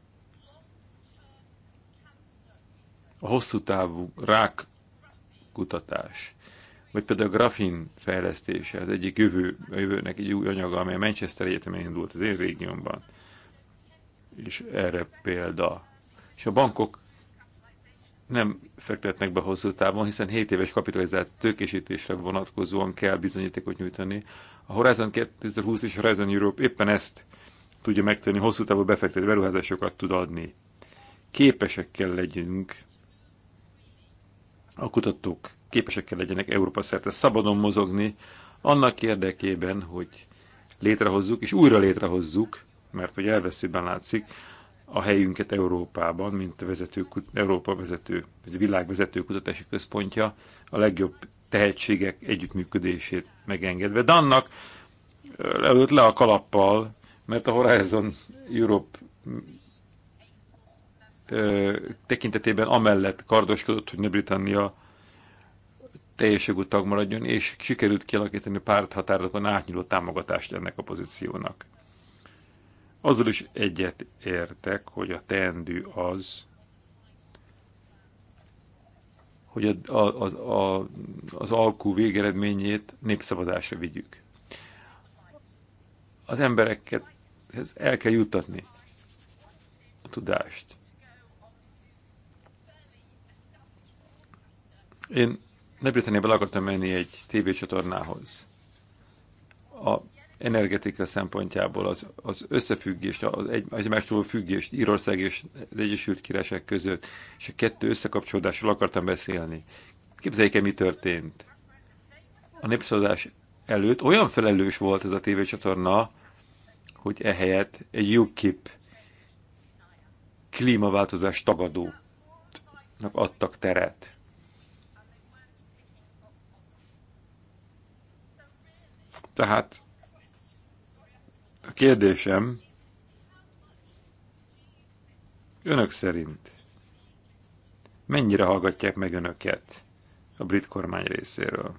Speaker 1: A hosszú távú rák kutatás, vagy például a grafin fejlesztése, az egyik jövő, a jövőnek egy új anyaga, amely a Manchester Egyetemen indult az én régiómban, és erre példa. És a bankok nem fektetnek be hosszú távon, hiszen 7 éves kapitalizált tőkésítésre vonatkozóan kell bizonyítékot nyújtani a Horizon 2020 és Horizon Europe éppen ezt tudja megtenni, hosszú távú befektető beruházásokat tud adni. Képesek kell legyünk, a kutatók képesek kell legyenek Európa szerte szabadon mozogni, annak érdekében, hogy létrehozzuk, és újra létrehozzuk, mert hogy elveszőben látszik, a helyünket Európában, mint a vezető, Európa vezető, vagy a világ vezető kutatási központja, a legjobb tehetségek együttműködését megengedve. De annak előtt le a kalappal, mert a Horizon Europe ö, tekintetében amellett kardoskodott, hogy Nagy-Britannia teljes jogú tag maradjon, és sikerült kialakítani párthatárokon átnyúló támogatást ennek a pozíciónak. Azzal is egyet értek, hogy a teendő az, hogy a, a, az, a, az alkú végeredményét népszavazásra vigyük. Az embereket el kell juttatni a tudást. Én Nagy-Britanniában akartam menni egy tévécsatornához. A energetika szempontjából az, az összefüggést, az egy, egymástól függést Írország és az Egyesült Királyság között, és a kettő összekapcsolódásról akartam beszélni. Képzeljék el, mi történt. A népszavazás előtt olyan felelős volt ez a tévécsatorna, hogy ehelyett egy UKIP klímaváltozás tagadónak adtak teret. Tehát a kérdésem önök szerint mennyire hallgatják meg önöket a brit kormány részéről?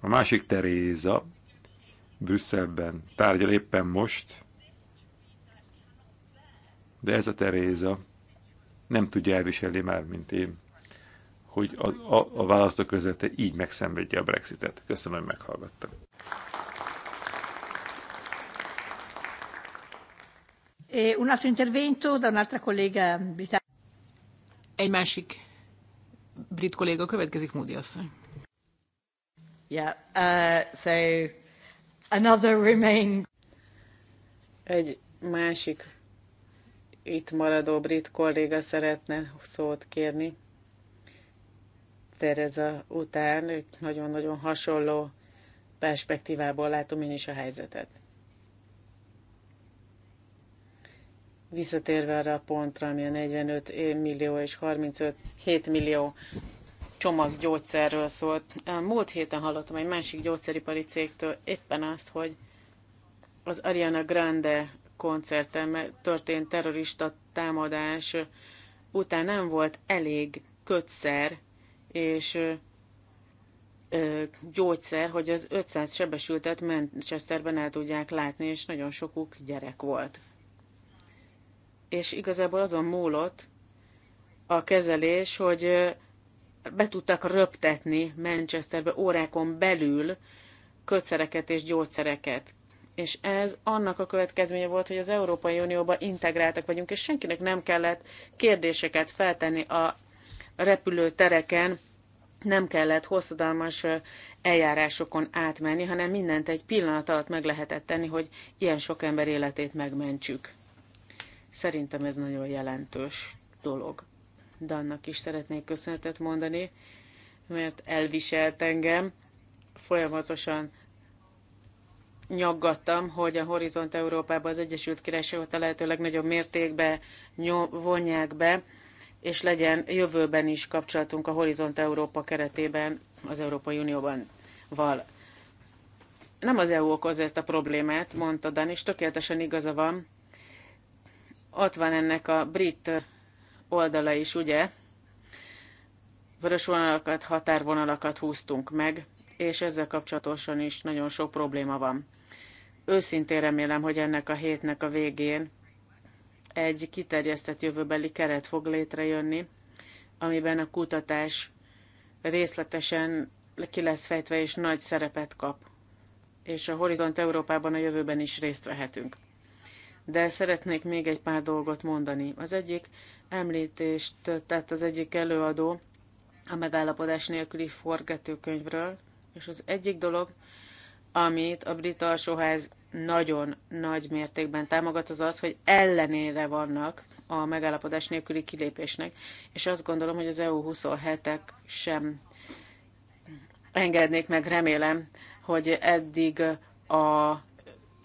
Speaker 1: A másik Teréza Brüsszelben tárgyal éppen most, de ez a Teréza nem tudja elviselni már, mint én, hogy a, a, a választókörzete így megszenvedje a Brexitet. Köszönöm, hogy meghallgattam.
Speaker 3: E
Speaker 4: Egy másik brit kolléga következik, Moody asszony.
Speaker 2: Yeah, uh, so another remain. Egy másik itt maradó brit kolléga szeretne szót kérni. Tereza után nagyon-nagyon hasonló perspektívából látom én is a helyzetet. Visszatérve erre a pontra, ami a 45 millió és 35 7 millió csomag gyógyszerről szólt. Múlt héten hallottam egy másik gyógyszeripari cégtől éppen azt, hogy az Ariana Grande koncerten történt terrorista támadás után nem volt elég kötszer és gyógyszer, hogy az 500 sebesültet Manchesterben el tudják látni, és nagyon sokuk gyerek volt és igazából azon múlott a kezelés, hogy be tudtak röptetni Manchesterbe órákon belül kötszereket és gyógyszereket. És ez annak a következménye volt, hogy az Európai Unióba integráltak vagyunk, és senkinek nem kellett kérdéseket feltenni a repülőtereken, nem kellett hosszadalmas eljárásokon átmenni, hanem mindent egy pillanat alatt meg lehetett tenni, hogy ilyen sok ember életét megmentsük. Szerintem ez nagyon jelentős dolog. Dannak is szeretnék köszönetet mondani, mert elviselt engem, folyamatosan nyaggattam, hogy a Horizont Európában az Egyesült Királyságot a lehető legnagyobb mértékben vonják be, és legyen jövőben is kapcsolatunk a Horizont Európa keretében az Európai Unióban val. Nem az EU okozza ezt a problémát, mondta Dan, és tökéletesen igaza van, ott van ennek a brit oldala is, ugye? Vörös vonalakat, határvonalakat húztunk meg, és ezzel kapcsolatosan is nagyon sok probléma van. Őszintén remélem, hogy ennek a hétnek a végén egy kiterjesztett jövőbeli keret fog létrejönni, amiben a kutatás részletesen ki lesz fejtve és nagy szerepet kap. És a Horizont Európában a jövőben is részt vehetünk de szeretnék még egy pár dolgot mondani. Az egyik említést tett az egyik előadó a megállapodás nélküli forgatókönyvről, és az egyik dolog, amit a brit alsóház nagyon nagy mértékben támogat, az az, hogy ellenére vannak a megállapodás nélküli kilépésnek, és azt gondolom, hogy az EU27-ek sem engednék meg, remélem, hogy eddig a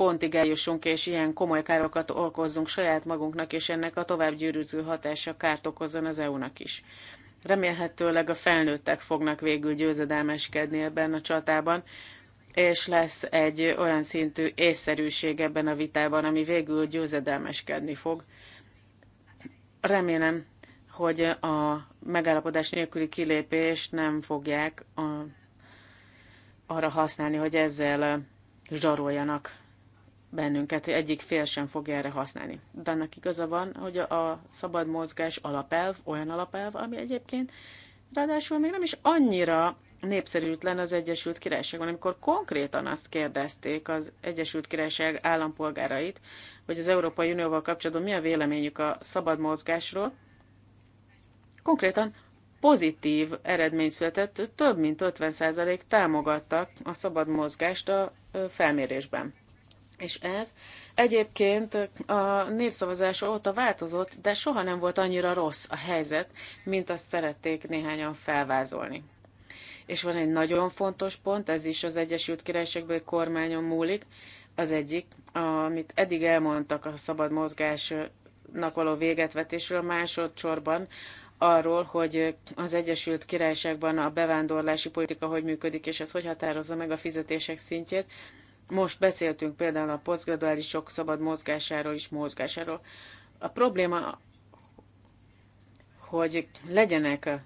Speaker 2: pontig eljussunk, és ilyen komoly károkat okozzunk saját magunknak, és ennek a tovább gyűrűző hatása kárt okozzon az EU-nak is. Remélhetőleg a felnőttek fognak végül győzedelmeskedni ebben a csatában, és lesz egy olyan szintű észszerűség ebben a vitában, ami végül győzedelmeskedni fog. Remélem, hogy a megállapodás nélküli kilépést nem fogják a, arra használni, hogy ezzel zsaroljanak bennünket, hogy egyik fél sem fogja erre használni. De annak igaza van, hogy a szabad mozgás alapelv, olyan alapelv, ami egyébként ráadásul még nem is annyira népszerűtlen az Egyesült Királyságban, amikor konkrétan azt kérdezték az Egyesült Királyság állampolgárait, hogy az Európai Unióval kapcsolatban mi a véleményük a szabad mozgásról, konkrétan pozitív eredmény született, több mint 50% támogattak a szabad mozgást a felmérésben. És ez egyébként a népszavazás óta változott, de soha nem volt annyira rossz a helyzet, mint azt szerették néhányan felvázolni. És van egy nagyon fontos pont, ez is az Egyesült királyságban kormányon múlik, az egyik, amit eddig elmondtak a szabad mozgásnak való végetvetésről, másodszorban arról, hogy az Egyesült Királyságban a bevándorlási politika hogy működik, és ez hogy határozza meg a fizetések szintjét, most beszéltünk például a posztgraduálisok szabad mozgásáról és mozgásáról. A probléma, hogy legyenek a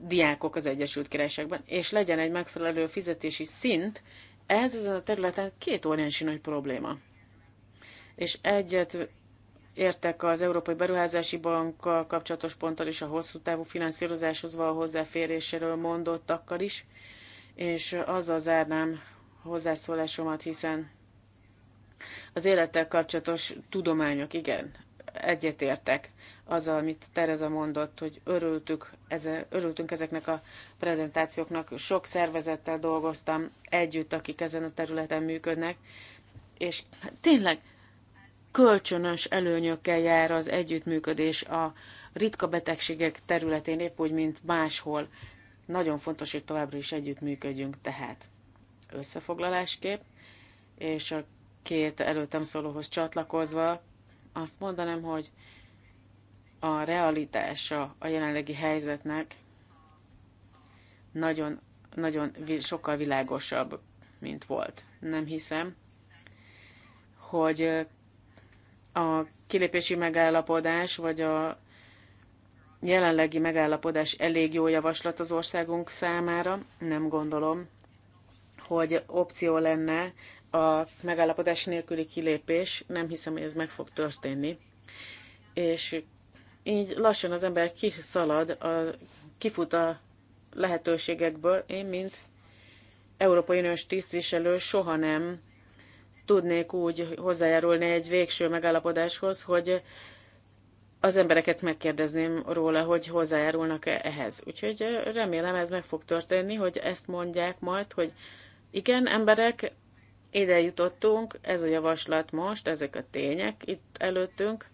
Speaker 2: diákok az Egyesült Királyságban, és legyen egy megfelelő fizetési szint, ez ezen a területen két óriási nagy probléma. És egyet értek az Európai Beruházási Bankkal kapcsolatos ponttal és a hosszú távú finanszírozáshoz való hozzáféréséről mondottakkal is, és azzal zárnám, hozzászólásomat, hiszen az élettel kapcsolatos tudományok, igen, egyetértek azzal, amit Tereza mondott, hogy örültük, eze, örültünk ezeknek a prezentációknak. Sok szervezettel dolgoztam együtt, akik ezen a területen működnek, és tényleg kölcsönös előnyökkel jár az együttműködés a ritka betegségek területén, épp úgy, mint máshol. Nagyon fontos, hogy továbbra is együttműködjünk tehát összefoglalásképp, és a két előttem szólóhoz csatlakozva azt mondanám, hogy a realitása a jelenlegi helyzetnek nagyon, nagyon sokkal világosabb, mint volt. Nem hiszem, hogy a kilépési megállapodás, vagy a jelenlegi megállapodás elég jó javaslat az országunk számára, nem gondolom hogy opció lenne a megállapodás nélküli kilépés, nem hiszem, hogy ez meg fog történni. És így lassan az ember kiszalad, a, kifut a lehetőségekből. Én, mint Európai Uniós tisztviselő, soha nem tudnék úgy hozzájárulni egy végső megállapodáshoz, hogy az embereket megkérdezném róla, hogy hozzájárulnak-e ehhez. Úgyhogy remélem ez meg fog történni, hogy ezt mondják majd, hogy igen, emberek, ide jutottunk, ez a javaslat most, ezek a tények itt előttünk,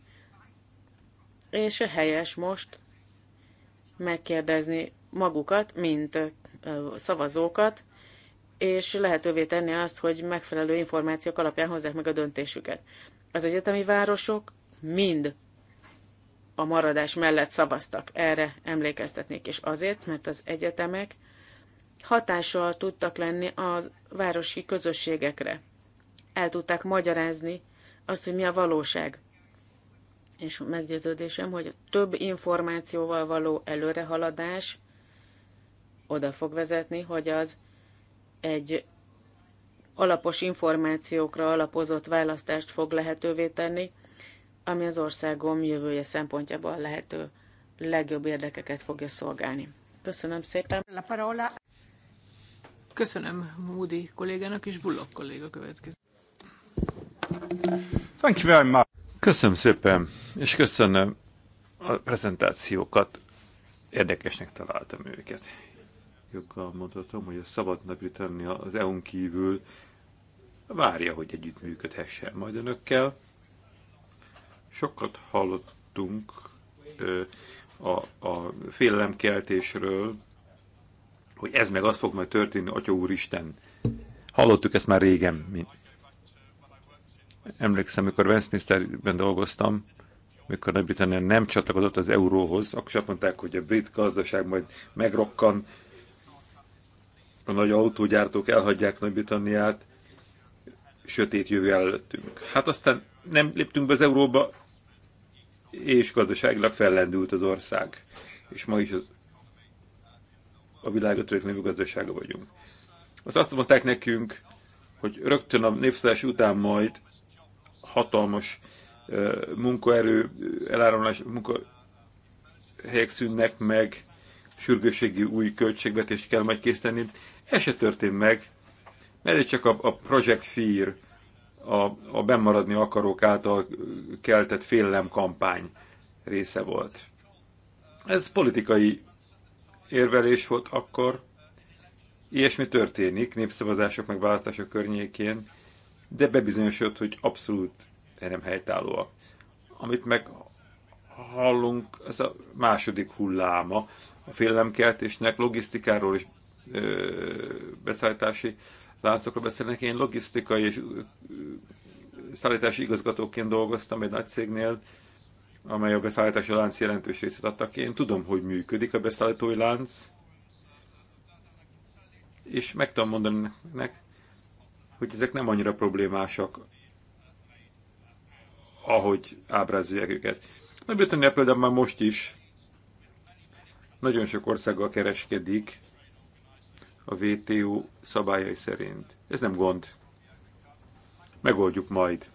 Speaker 2: és a helyes most megkérdezni magukat, mint szavazókat, és lehetővé tenni azt, hogy megfelelő információk alapján hozzák meg a döntésüket. Az egyetemi városok mind a maradás mellett szavaztak. Erre emlékeztetnék, és azért, mert az egyetemek hatással tudtak lenni a városi közösségekre. El tudták magyarázni azt, hogy mi a valóság. És meggyőződésem, hogy több információval való előrehaladás oda fog vezetni, hogy az egy alapos információkra alapozott választást fog lehetővé tenni, ami az országom jövője szempontjából lehető legjobb érdekeket fogja szolgálni. Köszönöm szépen.
Speaker 4: Köszönöm Moody kollégának, és Bullock kolléga következik.
Speaker 1: Thank you very much. Köszönöm szépen, és köszönöm a prezentációkat. Érdekesnek találtam őket. Joggal mondhatom, hogy a szabad Britannia az EU-n kívül várja, hogy együttműködhessen majd önökkel. Sokat hallottunk a, a félelemkeltésről, hogy ez meg az fog majd történni, Atya Úristen. Hallottuk ezt már régen. Mi. Emlékszem, mikor Westminsterben dolgoztam, mikor Nagy-Britannia nem csatlakozott az euróhoz, akkor azt mondták, hogy a brit gazdaság majd megrokkan, a nagy autógyártók elhagyják Nagy-Britanniát, sötét jövő előttünk. Hát aztán nem léptünk be az euróba, és gazdaságilag fellendült az ország. És ma is az a világ ötödik nevű gazdasága vagyunk. Azt azt mondták nekünk, hogy rögtön a népszállás után majd hatalmas munkaerő, eláramlás, munkahelyek szűnnek meg, sürgőségi új költségvetést kell majd készíteni. Ez se történt meg, mert csak a, a Project Fear, a, a bennmaradni akarók által keltett félelem kampány része volt. Ez politikai érvelés volt akkor. Ilyesmi történik népszavazások meg választások környékén, de bebizonyosodott, hogy abszolút nem helytállóak. Amit meg hallunk, az a második hulláma a félelemkeltésnek, logisztikáról is ö, beszállítási láncokról beszélnek. Én logisztikai és ö, szállítási igazgatóként dolgoztam egy nagy cégnél, amely a beszállítási lánc jelentős részét adtak Én tudom, hogy működik a beszállítói lánc, és meg tudom mondani nek, hogy ezek nem annyira problémásak, ahogy ábrázolják őket. Na, Britannia például már most is nagyon sok országgal kereskedik a WTO szabályai szerint. Ez nem gond. Megoldjuk majd.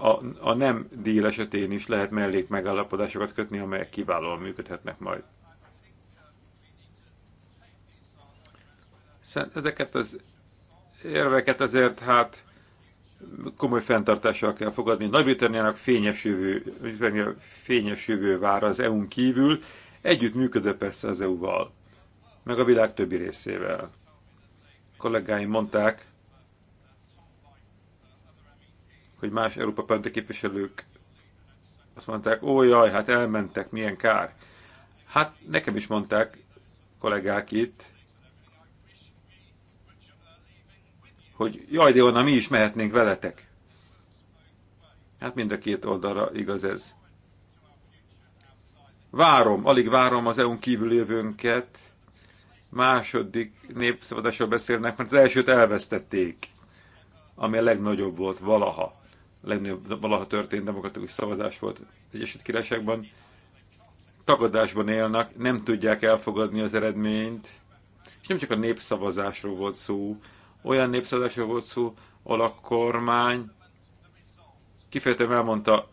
Speaker 1: a, a nem díl esetén is lehet mellék megállapodásokat kötni, amelyek kiválóan működhetnek majd. Ezeket az érveket azért, hát komoly fenntartással kell fogadni. Nagy-Britanniának fényes jövő, fényes jövő vár az EU-n kívül, együtt működve persze az EU-val, meg a világ többi részével. A kollégáim mondták, hogy más Európa Parlamenti képviselők azt mondták, ó jaj, hát elmentek, milyen kár. Hát nekem is mondták kollégák itt, hogy jaj, de onnan mi is mehetnénk veletek. Hát mind a két oldalra igaz ez. Várom, alig várom az EU-n kívül jövőnket. Második népszabadásról beszélnek, mert az elsőt elvesztették, ami a legnagyobb volt valaha legnagyobb valaha történt demokratikus szavazás volt az Egyesült Királyságban, tagadásban élnek, nem tudják elfogadni az eredményt, és nem csak a népszavazásról volt szó, olyan népszavazásról volt szó, ahol a kormány kifejezetten elmondta,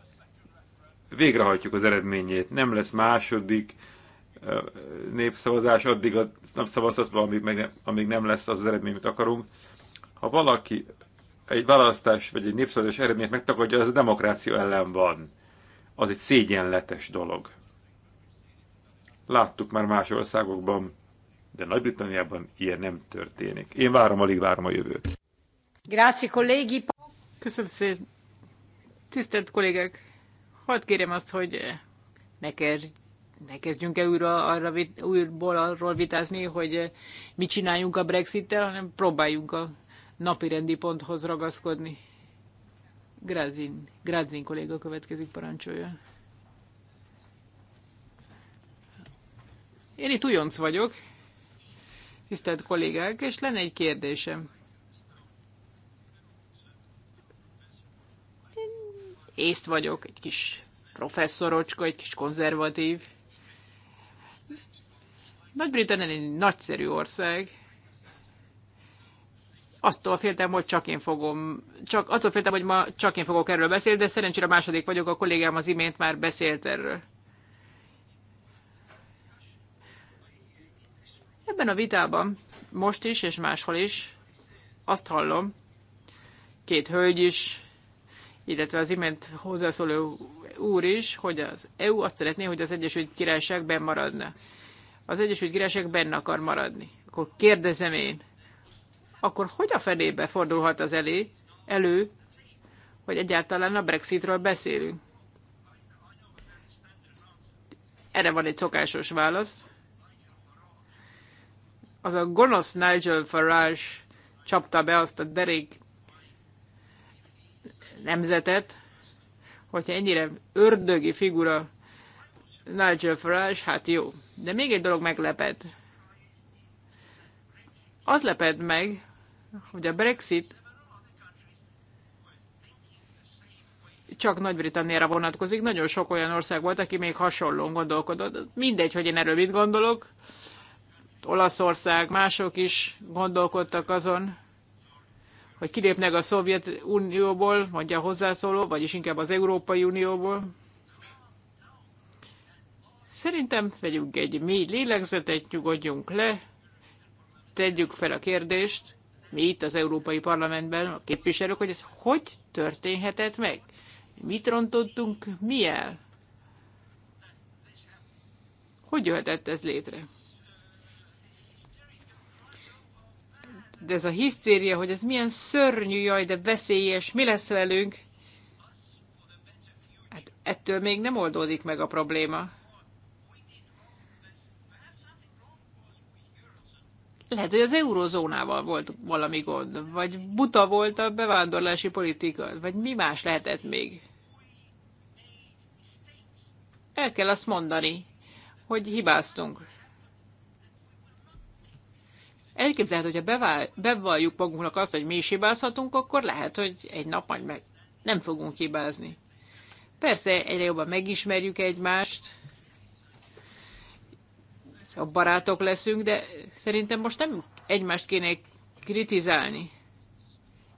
Speaker 1: végrehajtjuk az eredményét, nem lesz második népszavazás, addig a nem szavazhat, amíg, amíg nem lesz az, az eredmény, amit akarunk. Ha valaki egy választás vagy egy népszavazás eredményt megtagadja, az a demokrácia ellen van. Az egy szégyenletes dolog. Láttuk már más országokban, de Nagy-Britanniában ilyen nem történik. Én várom, alig várom a jövőt.
Speaker 3: Grazie, kollégi. Köszönöm szépen.
Speaker 4: Tisztelt kollégák, hadd kérjem azt, hogy ne, kell, ne kezdjünk el újra arra, újból arról vitázni, hogy mit csináljunk a Brexit-tel, hanem próbáljunk a napi rendi ponthoz ragaszkodni. Grázin, Grázin kolléga következik, parancsolja. Én itt újonc vagyok, tisztelt kollégák, és lenne egy kérdésem. Én észt vagyok, egy kis professzorocska, egy kis konzervatív. Nagy-Britannia egy nagyszerű ország, Aztól féltem, hogy csak én fogom, csak, attól féltem, hogy ma csak én fogok erről beszélni, de szerencsére második vagyok, a kollégám az imént már beszélt erről. Ebben a vitában, most is és máshol is, azt hallom, két hölgy is, illetve az imént hozzászóló úr is, hogy az EU azt szeretné, hogy az Egyesült Királyság benn maradna. Az Egyesült Királyság benn akar maradni. Akkor kérdezem én, akkor hogy a fenébe fordulhat az elé, elő, hogy egyáltalán a Brexitről beszélünk? Erre van egy szokásos válasz. Az a gonosz Nigel Farage csapta be azt a derék nemzetet, hogyha ennyire ördögi figura Nigel Farage, hát jó. De még egy dolog meglepett. Az lepett meg, hogy a Brexit csak Nagy-Britanniára vonatkozik. Nagyon sok olyan ország volt, aki még hasonlón gondolkodott. Mindegy, hogy én erről mit gondolok. Olaszország, mások is gondolkodtak azon, hogy kilépnek a Szovjet Unióból, mondja a hozzászóló, vagyis inkább az Európai Unióból. Szerintem vegyünk egy mély lélegzetet, nyugodjunk le, tegyük fel a kérdést, mi itt az Európai Parlamentben, a képviselők, hogy ez hogy történhetett meg? Mit rontottunk mi el? Hogy jöhetett ez létre? De ez a hisztéria, hogy ez milyen szörnyű, jaj, de veszélyes, mi lesz velünk? Hát ettől még nem oldódik meg a probléma. Lehet, hogy az eurozónával volt valami gond, vagy buta volt a bevándorlási politika, vagy mi más lehetett még. El kell azt mondani, hogy hibáztunk. Elképzelhető, hogyha bevál, bevalljuk magunknak azt, hogy mi is hibázhatunk, akkor lehet, hogy egy nap majd meg nem fogunk hibázni. Persze, egyre jobban megismerjük egymást, a barátok leszünk, de szerintem most nem egymást kéne kritizálni.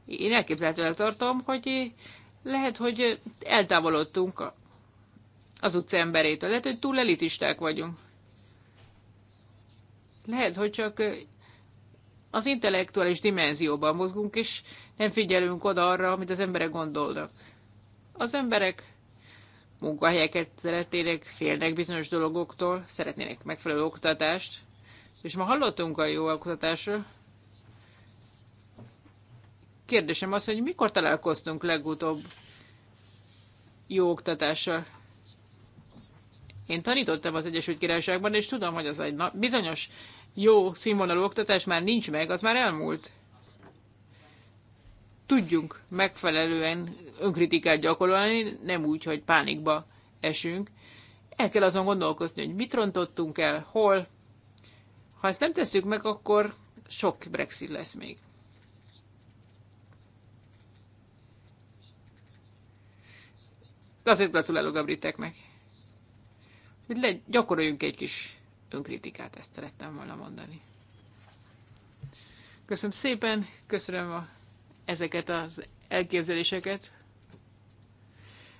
Speaker 4: Én elképzelhetőleg tartom, hogy lehet, hogy eltávolodtunk az utca emberétől. Lehet, hogy túl elitisták vagyunk. Lehet, hogy csak az intellektuális dimenzióban mozgunk, és nem figyelünk oda arra, amit az emberek gondolnak. Az emberek munkahelyeket szeretnének, félnek bizonyos dologoktól, szeretnének megfelelő oktatást, és ma hallottunk a jó oktatásról. Kérdésem az, hogy mikor találkoztunk legutóbb jó oktatással? Én tanítottam az Egyesült Királyságban, és tudom, hogy az egy bizonyos jó színvonalú oktatás már nincs meg, az már elmúlt tudjunk megfelelően önkritikát gyakorolni, nem úgy, hogy pánikba esünk. El kell azon gondolkozni, hogy mit rontottunk el, hol. Ha ezt nem tesszük meg, akkor sok Brexit lesz még. De azért gratulálok a briteknek. Hogy le, gyakoroljunk egy kis önkritikát, ezt szerettem volna mondani. Köszönöm szépen, köszönöm a ezeket az elképzeléseket.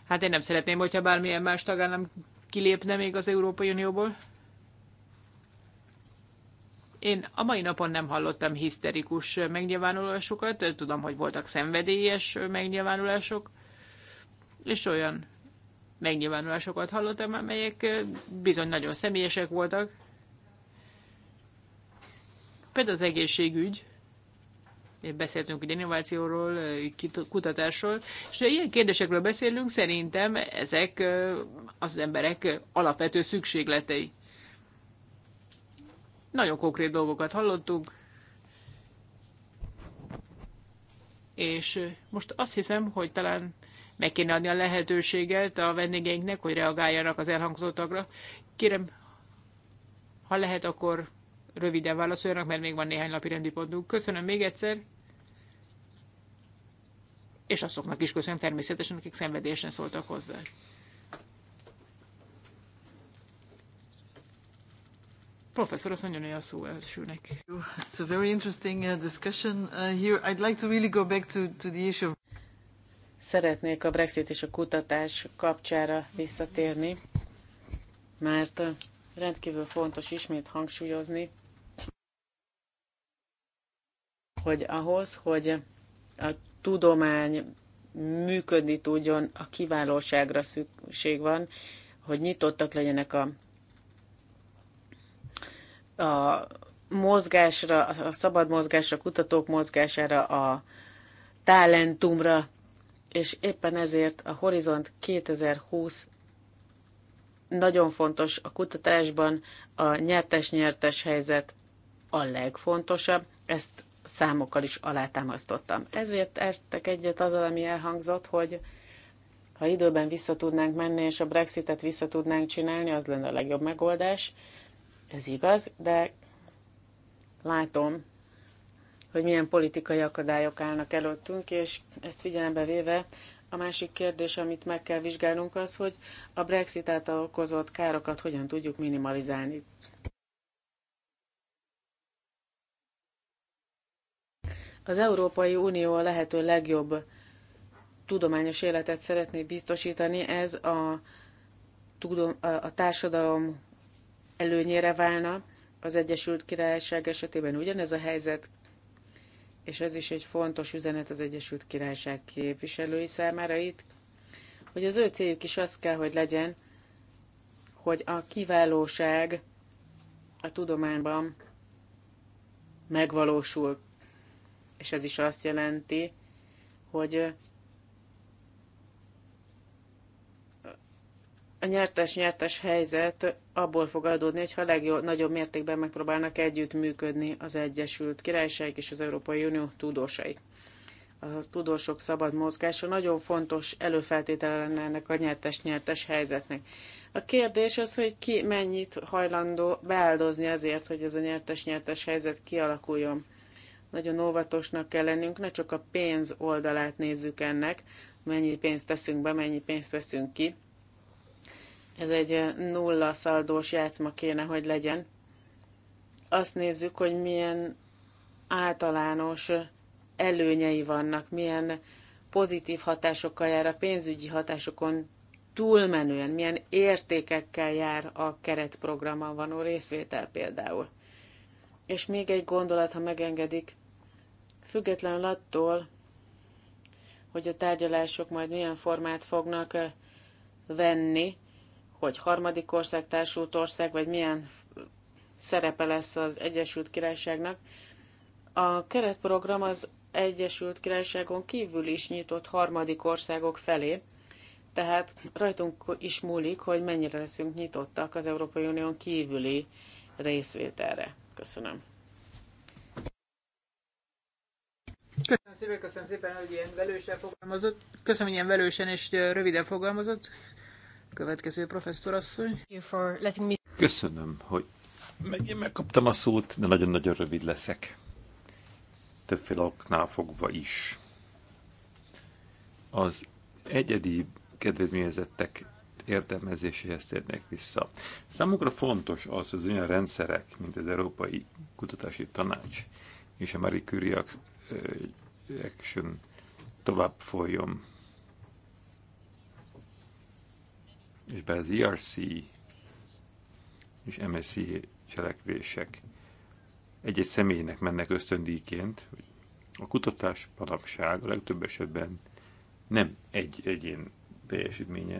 Speaker 4: Hát én nem szeretném, hogyha bármilyen más tagállam kilépne még az Európai Unióból. Én a mai napon nem hallottam hiszterikus megnyilvánulásokat, tudom, hogy voltak szenvedélyes megnyilvánulások, és olyan megnyilvánulásokat hallottam, amelyek bizony nagyon személyesek voltak. Például az egészségügy beszéltünk egy innovációról, kutatásról, és ha ilyen kérdésekről beszélünk, szerintem ezek az emberek alapvető szükségletei. Nagyon konkrét dolgokat hallottunk, és most azt hiszem, hogy talán meg kéne adni a lehetőséget a vendégeinknek, hogy reagáljanak az elhangzottakra. Kérem, ha lehet, akkor röviden válaszoljanak, mert még van néhány napi rendi pontunk. Köszönöm még egyszer, és azoknak is köszönöm természetesen, akik szenvedésen szóltak hozzá. Professor, azt mondja, hogy a szó elsőnek. It's a very interesting uh,
Speaker 3: discussion uh, here. I'd like to really go back to, to the issue of...
Speaker 2: Szeretnék a Brexit és a kutatás kapcsára visszatérni, mert uh, rendkívül fontos ismét hangsúlyozni, hogy ahhoz, hogy a tudomány működni tudjon, a kiválóságra szükség van, hogy nyitottak legyenek a, a mozgásra, a szabad mozgásra, a kutatók mozgására, a talentumra, és éppen ezért a Horizont 2020 nagyon fontos a kutatásban, a nyertes-nyertes helyzet a legfontosabb. Ezt számokkal is alátámasztottam. Ezért értek egyet azzal, ami elhangzott, hogy ha időben vissza tudnánk menni, és a Brexitet vissza tudnánk csinálni, az lenne a legjobb megoldás. Ez igaz, de látom, hogy milyen politikai akadályok állnak előttünk, és ezt figyelembe véve a másik kérdés, amit meg kell vizsgálnunk, az, hogy a Brexit által okozott károkat hogyan tudjuk minimalizálni. Az Európai Unió a lehető legjobb tudományos életet szeretné biztosítani, ez a, tudom, a társadalom előnyére válna. Az Egyesült Királyság esetében ugyanez a helyzet, és ez is egy fontos üzenet az Egyesült Királyság képviselői számára itt, hogy az ő céljuk is az kell, hogy legyen, hogy a kiválóság a tudományban megvalósul és ez is azt jelenti, hogy a nyertes-nyertes helyzet abból fog adódni, hogyha a nagyobb mértékben megpróbálnak együttműködni az Egyesült Királyság és az Európai Unió tudósai. A tudósok szabad mozgása nagyon fontos előfeltétele lenne ennek a nyertes-nyertes helyzetnek. A kérdés az, hogy ki mennyit hajlandó beáldozni azért, hogy ez a nyertes-nyertes helyzet kialakuljon. Nagyon óvatosnak kell lennünk, ne csak a pénz oldalát nézzük ennek, mennyi pénzt teszünk be, mennyi pénzt veszünk ki. Ez egy nulla szaldós játszma kéne, hogy legyen. Azt nézzük, hogy milyen általános előnyei vannak, milyen pozitív hatásokkal jár a pénzügyi hatásokon túlmenően, milyen értékekkel jár a keretprogramban való részvétel például. És még egy gondolat, ha megengedik, Függetlenül attól, hogy a tárgyalások majd milyen formát fognak venni, hogy harmadik ország, társult ország, vagy milyen szerepe lesz az Egyesült Királyságnak. A keretprogram az Egyesült Királyságon kívül is nyitott harmadik országok felé, tehát rajtunk is múlik, hogy mennyire leszünk nyitottak az Európai Unión kívüli részvételre. Köszönöm.
Speaker 4: Köszönöm szépen, köszönöm szépen, hogy ilyen velősen
Speaker 2: fogalmazott. Köszönöm, hogy ilyen velősen és
Speaker 4: röviden fogalmazott. Következő professzor asszony.
Speaker 1: Köszönöm, hogy meg én megkaptam a szót, de nagyon-nagyon rövid leszek. Többféle oknál fogva is. Az egyedi kedvezményezettek értelmezéséhez térnek vissza. Számukra fontos az, hogy az olyan rendszerek, mint az Európai Kutatási Tanács és a Marie curie action tovább folyom, És be az ERC és MSC cselekvések egy-egy személynek mennek ösztöndíjként, hogy a kutatás manapság a legtöbb esetben nem egy egyén teljesítménye,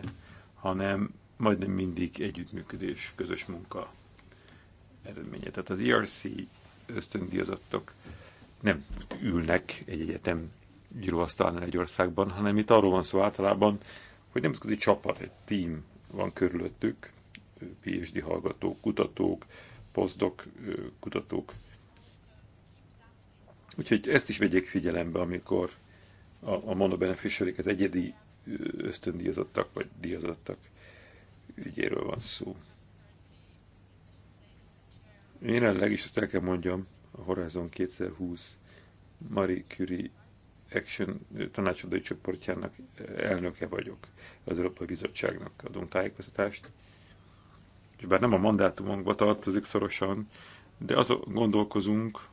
Speaker 1: hanem majdnem mindig együttműködés, közös munka eredménye. Tehát az ERC ösztöndíjazottak nem ülnek egy egyetem íróasztalnál egy országban, hanem itt arról van szó általában, hogy nemzetközi csapat, egy team van körülöttük, PhD hallgatók, kutatók, posztok kutatók. Úgyhogy ezt is vegyék figyelembe, amikor a, a monobeneficiary az egyedi ösztöndíjazottak vagy díjazottak ügyéről van szó. Jelenleg is ezt el kell mondjam, Horizon 2020 Marie Curie Action tanácsadói csoportjának elnöke vagyok. Az Európai Bizottságnak adunk tájékoztatást. És bár nem a mandátumunkba tartozik szorosan, de azon gondolkozunk,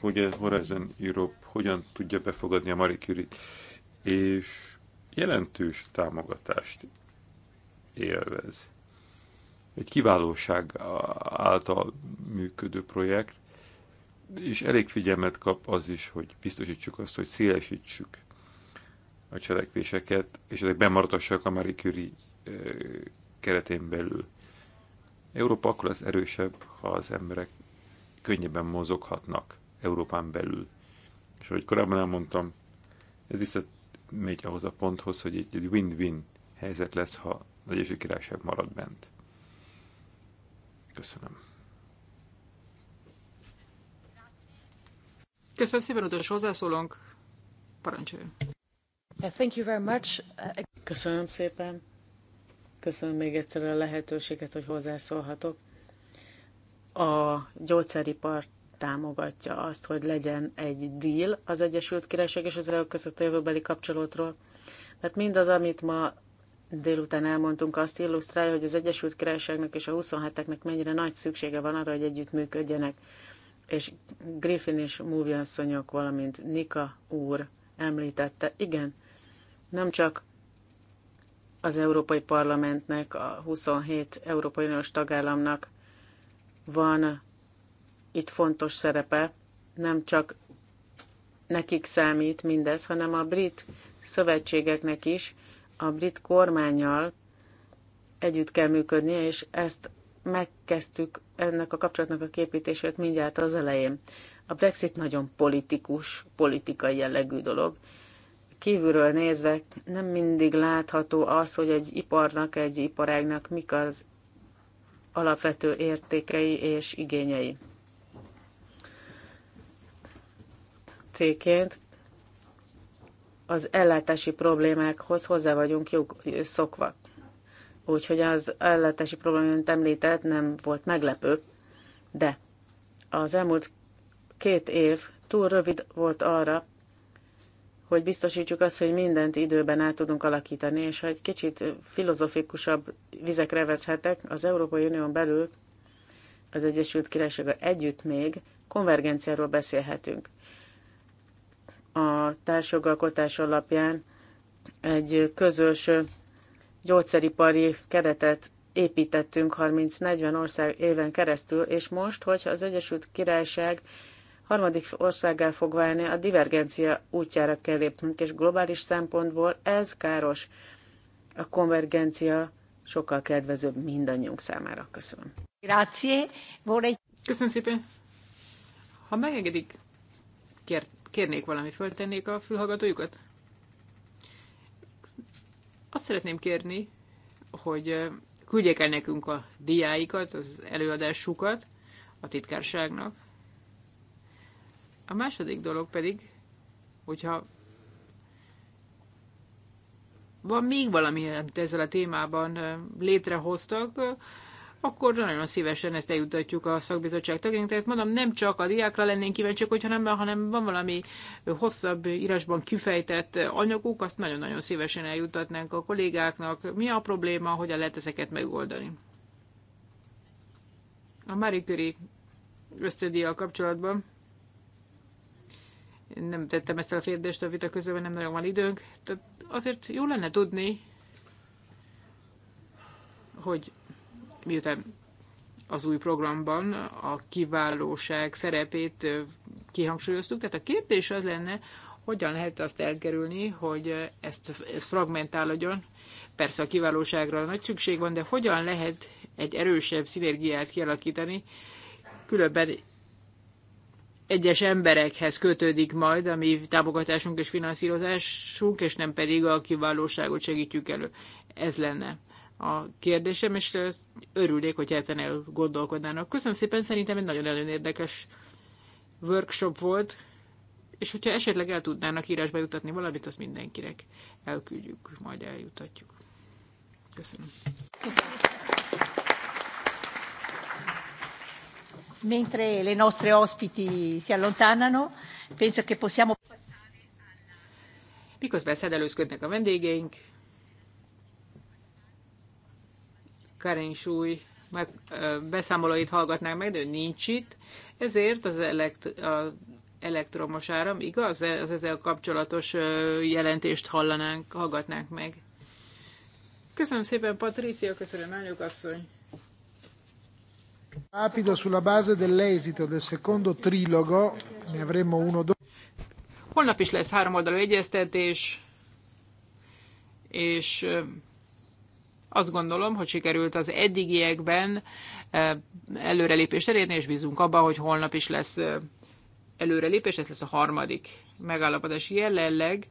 Speaker 1: hogy a Horizon Europe hogyan tudja befogadni a Marie Curie-t, és jelentős támogatást élvez egy kiválóság által működő projekt, és elég figyelmet kap az is, hogy biztosítsuk azt, hogy szélesítsük a cselekvéseket, és ezek bemaradhassak a Marie Curie keretén belül. Európa akkor az erősebb, ha az emberek könnyebben mozoghatnak Európán belül. És ahogy korábban elmondtam, ez visszamegy ahhoz a ponthoz, hogy egy win-win helyzet lesz, ha a Egyesült Királyság marad bent. Köszönöm.
Speaker 4: Köszönöm szépen, utolsó hozzászólónk. Parancsoljon.
Speaker 2: thank you very much. Uh, Köszönöm szépen. Köszönöm még egyszer a lehetőséget, hogy hozzászólhatok. A gyógyszeripart támogatja azt, hogy legyen egy deal az Egyesült Királyság és az EU között a jövőbeli kapcsolatról, mert mindaz, amit ma délután elmondtunk, azt illusztrálja, hogy az Egyesült Királyságnak és a 27-eknek mennyire nagy szüksége van arra, hogy együttműködjenek. És Griffin és Múvi asszonyok, valamint Nika úr említette, igen, nem csak az Európai Parlamentnek, a 27 Európai Uniós tagállamnak van itt fontos szerepe, nem csak nekik számít mindez, hanem a brit szövetségeknek is, a brit kormányjal együtt kell működnie, és ezt megkezdtük ennek a kapcsolatnak a képítését mindjárt az elején. A Brexit nagyon politikus, politikai jellegű dolog. Kívülről nézve nem mindig látható az, hogy egy iparnak, egy iparágnak mik az alapvető értékei és igényei. Cégként az ellátási problémákhoz hozzá vagyunk jog, szokva. Úgyhogy az ellátási probléma, amit említett, nem volt meglepő, de az elmúlt két év túl rövid volt arra, hogy biztosítsuk azt, hogy mindent időben át tudunk alakítani, és ha egy kicsit filozofikusabb vizekre vezhetek, az Európai Unión belül az Egyesült királyság együtt még konvergenciáról beszélhetünk a társjogalkotás alapján egy közös gyógyszeripari keretet építettünk 30-40 ország éven keresztül, és most, hogyha az Egyesült Királyság harmadik országá fog válni, a divergencia útjára kell lépnünk, és globális szempontból ez káros. A konvergencia sokkal kedvezőbb mindannyiunk számára. Köszönöm.
Speaker 3: Grazie. Köszönöm szépen. Ha megengedik,
Speaker 4: kért, kérnék valami, föltennék a fülhallgatójukat? Azt szeretném kérni, hogy küldjék el nekünk a diáikat, az előadásukat a titkárságnak. A második dolog pedig, hogyha van még valami, amit ezzel a témában létrehoztak, akkor nagyon szívesen ezt eljutatjuk a szakbizottság tagjának. Tehát mondom, nem csak a diákra lennénk kíváncsiak, hogyha nem, hanem van valami hosszabb írásban kifejtett anyaguk, azt nagyon-nagyon szívesen eljutatnánk a kollégáknak. Mi a probléma, hogyan lehet ezeket megoldani? A Marie Curie ösztödíjjal kapcsolatban nem tettem ezt a kérdést a vita közben, nem nagyon van időnk. Tehát azért jó lenne tudni, hogy miután az új programban a kiválóság szerepét kihangsúlyoztuk. Tehát a kérdés az lenne, hogyan lehet azt elkerülni, hogy ezt, ezt fragmentálodjon. Persze a kiválóságra nagy szükség van, de hogyan lehet egy erősebb szinergiát kialakítani, különben egyes emberekhez kötődik majd a mi támogatásunk és finanszírozásunk, és nem pedig a kiválóságot segítjük elő. Ez lenne a kérdésem, és örülnék, hogyha ezen elgondolkodnának. Köszönöm szépen, szerintem egy nagyon-nagyon érdekes workshop volt, és hogyha esetleg el tudnának írásba jutatni valamit, azt mindenkinek elküldjük,
Speaker 3: majd eljutatjuk. Köszönöm. Mentre le nostre ospiti si allontanano, penso che possiamo
Speaker 4: Miközben szedelőzködnek a vendégeink, Karen Súly meg, beszámolóit hallgatnánk meg, de ő nincs itt, ezért az elekt, a elektromos áram, igaz? E, az ezzel kapcsolatos jelentést hallanánk, hallgatnánk meg. Köszönöm szépen, Patricia, köszönöm, elnök asszony. Rápido sulla base dell'esito del secondo trilogo, ne avremo uno do... Holnap is lesz három oldalú egyeztetés, és azt gondolom, hogy sikerült az eddigiekben eh, előrelépést elérni, és bízunk abban, hogy holnap is lesz eh, előrelépés, ez lesz a harmadik megállapodás. Jelenleg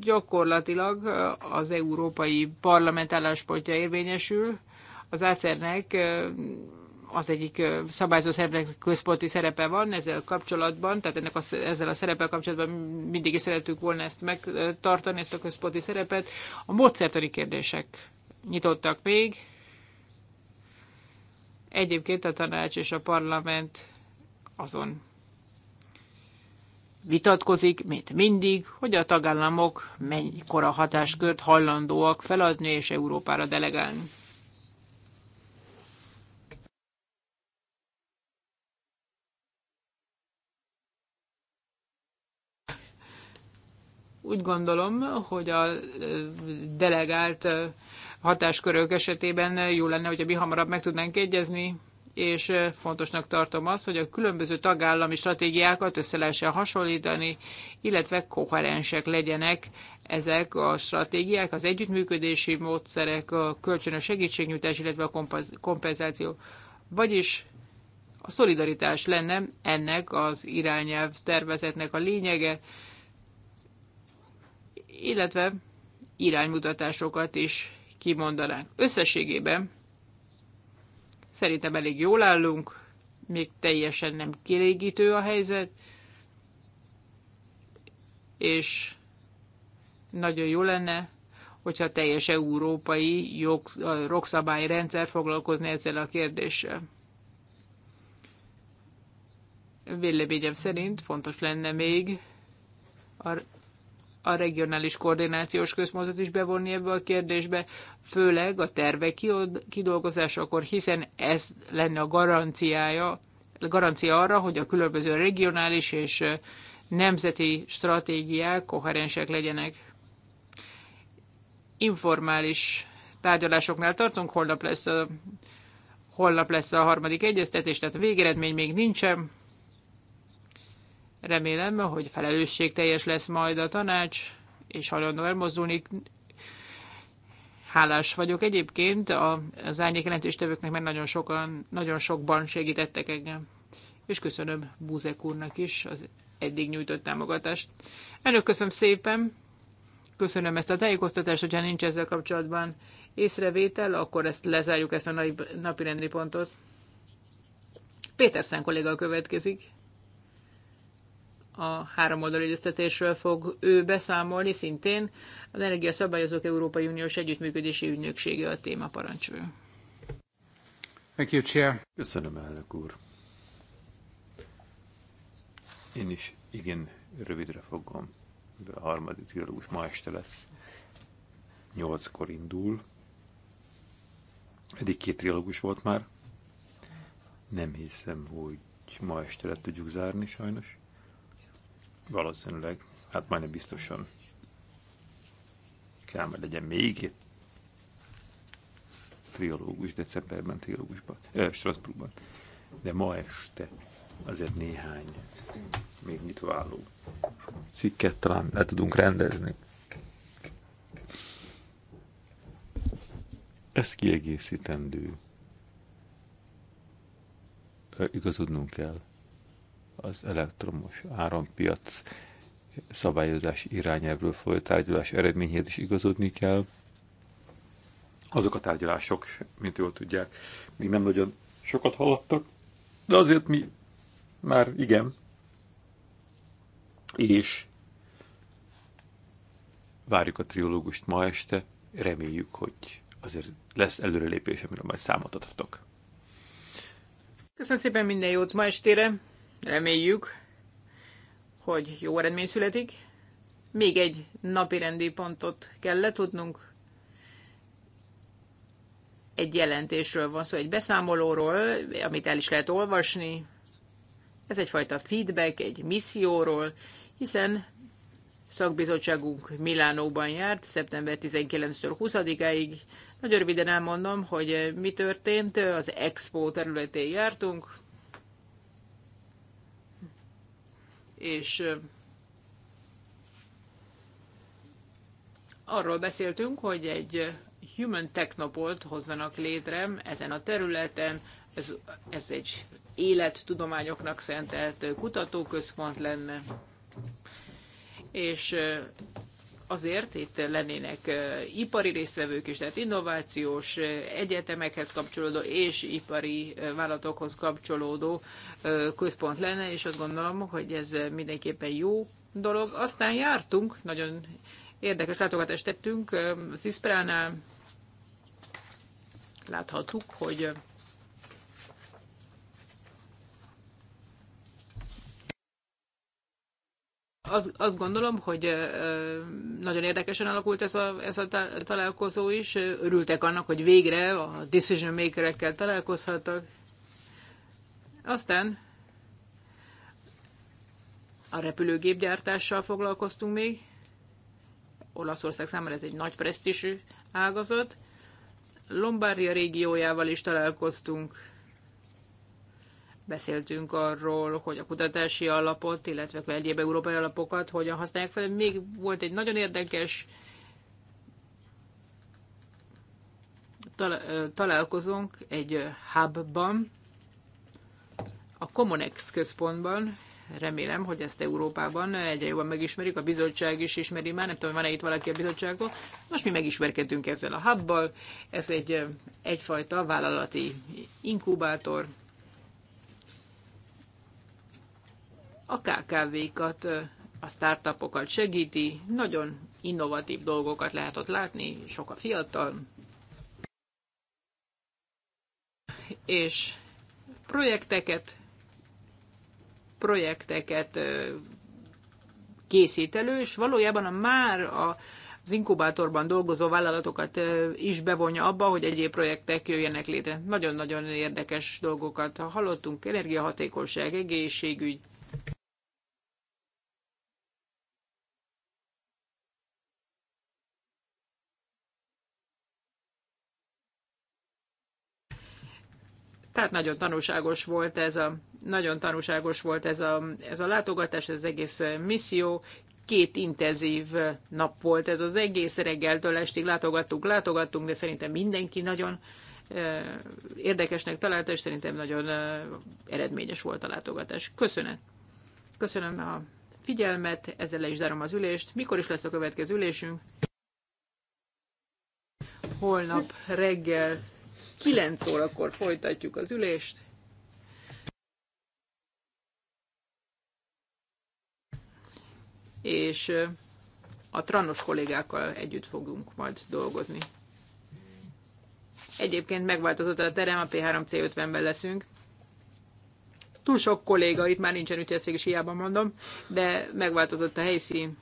Speaker 4: gyakorlatilag eh, az Európai Parlament álláspontja érvényesül, az ACER-nek az egyik szabályozó szervnek központi szerepe van ezzel kapcsolatban, tehát ennek a, ezzel a szerepel kapcsolatban mindig is szerettük volna ezt megtartani, ezt a központi szerepet. A módszertani kérdések nyitottak még. Egyébként a tanács és a parlament azon vitatkozik, mint mindig, hogy a tagállamok mennyikora hatáskört hajlandóak feladni és Európára delegálni. Úgy gondolom, hogy a delegált hatáskörök esetében jó lenne, hogy mi hamarabb meg tudnánk egyezni, és fontosnak tartom azt, hogy a különböző tagállami stratégiákat össze lehessen hasonlítani, illetve koherensek legyenek ezek a stratégiák, az együttműködési módszerek, a kölcsönös segítségnyújtás, illetve a kompenzáció. Vagyis a szolidaritás lenne ennek az irányelv tervezetnek a lényege, illetve iránymutatásokat is kimondanánk. Összességében szerintem elég jól állunk, még teljesen nem kielégítő a helyzet, és nagyon jó lenne, hogyha teljes európai jogsz, jogszabályrendszer foglalkozni ezzel a kérdéssel. Véleményem szerint fontos lenne még a a regionális koordinációs központot is bevonni ebbe a kérdésbe, főleg a tervek kidolgozásakor, hiszen ez lenne a garanciája, garancia arra, hogy a különböző regionális és nemzeti stratégiák koherensek legyenek. Informális tárgyalásoknál tartunk, holnap lesz a, holnap lesz a harmadik egyeztetés, tehát a végeredmény még nincsen, Remélem, hogy felelősségteljes lesz majd a tanács, és hajlandó elmozdulni. Hálás vagyok egyébként az árnyék jelentéstevőknek, mert nagyon, sokan, nagyon sokban segítettek engem. És köszönöm Búzek úrnak is az eddig nyújtott támogatást. Önök köszönöm szépen! Köszönöm ezt a tájékoztatást, hogyha nincs ezzel kapcsolatban észrevétel, akkor ezt lezárjuk ezt a napi rendi pontot. Péterszen kolléga következik a háromoldalú egyeztetésről fog ő beszámolni, szintén az Energia Szabályozók Európai Uniós Együttműködési Ügynöksége a téma parancsol.
Speaker 1: Thank you, Chair. Köszönöm, elnök úr. Én is igen rövidre fogom, mivel a harmadik trilógus ma este lesz. Nyolckor indul. Eddig két trilógus volt már. Nem hiszem, hogy ma este le tudjuk zárni sajnos. Valószínűleg, hát majdnem biztosan kell, hogy legyen még egy triológus, decemberben triológusban, eh, Strasbourgban. De ma este azért néhány még nyitva álló cikket talán le tudunk rendezni. Ez kiegészítendő. Igazodnunk kell az elektromos árampiac szabályozás irányelvről folyó tárgyalás eredményhez is igazodni kell. Azok a tárgyalások, mint jól tudják, még nem nagyon sokat haladtak, de azért mi már igen. És várjuk a triológust ma este, reméljük, hogy azért lesz előrelépés, amiről majd számot adhatok.
Speaker 4: Köszönöm szépen minden jót ma estére! reméljük, hogy jó eredmény születik. Még egy napi rendi pontot kell letudnunk. Egy jelentésről van szó, egy beszámolóról, amit el is lehet olvasni. Ez egyfajta feedback, egy misszióról, hiszen szakbizottságunk Milánóban járt, szeptember 19-től 20-áig. Nagyon röviden elmondom, hogy mi történt. Az Expo területén jártunk, és arról beszéltünk, hogy egy Human Technopolt hozzanak létre ezen a területen, ez, ez egy élettudományoknak szentelt kutatóközpont lenne, és azért itt lennének ipari résztvevők is, tehát innovációs egyetemekhez kapcsolódó és ipari vállalatokhoz kapcsolódó központ lenne, és azt gondolom, hogy ez mindenképpen jó dolog. Aztán jártunk, nagyon érdekes látogatást tettünk Sziszpránál, láthattuk, hogy az, azt gondolom, hogy nagyon érdekesen alakult ez a, ez a találkozó is. Örültek annak, hogy végre a decision makerekkel találkozhattak. Aztán a repülőgépgyártással foglalkoztunk még. Olaszország számára ez egy nagy presztisű ágazat. Lombardia régiójával is találkoztunk. Beszéltünk arról, hogy a kutatási alapot, illetve egyéb európai alapokat hogyan használják fel. Még volt egy nagyon érdekes találkozónk egy hubban, a Comonex központban, remélem, hogy ezt Európában egyre jobban megismerik, a bizottság is ismeri már, nem tudom, van-e itt valaki a bizottságból. Most mi megismerkedtünk ezzel a hubbal, ez egy egyfajta vállalati inkubátor, a KKV-kat, a startupokat segíti, nagyon innovatív dolgokat lehet ott látni, sok a fiatal, és projekteket, projekteket készít elő, és valójában a már a az inkubátorban dolgozó vállalatokat is bevonja abba, hogy egyéb projektek jöjjenek létre. Nagyon-nagyon érdekes dolgokat hallottunk, energiahatékonyság, egészségügy, Tehát nagyon tanulságos volt ez a, nagyon tanulságos volt ez a, ez a látogatás, ez az egész eh, misszió, két intenzív eh, nap volt ez az egész, reggeltől estig látogattunk, látogattunk, de szerintem mindenki nagyon eh, érdekesnek találta, és szerintem nagyon eredményes volt a látogatás. köszönöm Köszönöm a figyelmet, ezzel le is zárom az ülést. Mikor is lesz a következő ülésünk? Holnap reggel 9 órakor folytatjuk az ülést. És a tranos kollégákkal együtt fogunk majd dolgozni. Egyébként megváltozott a terem, a P3C50-ben leszünk. Túl sok kolléga itt már nincsen, úgyhogy ezt végig is hiába mondom, de megváltozott a helyszín,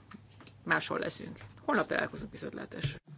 Speaker 4: máshol leszünk. Holnap találkozunk viszontlátásra.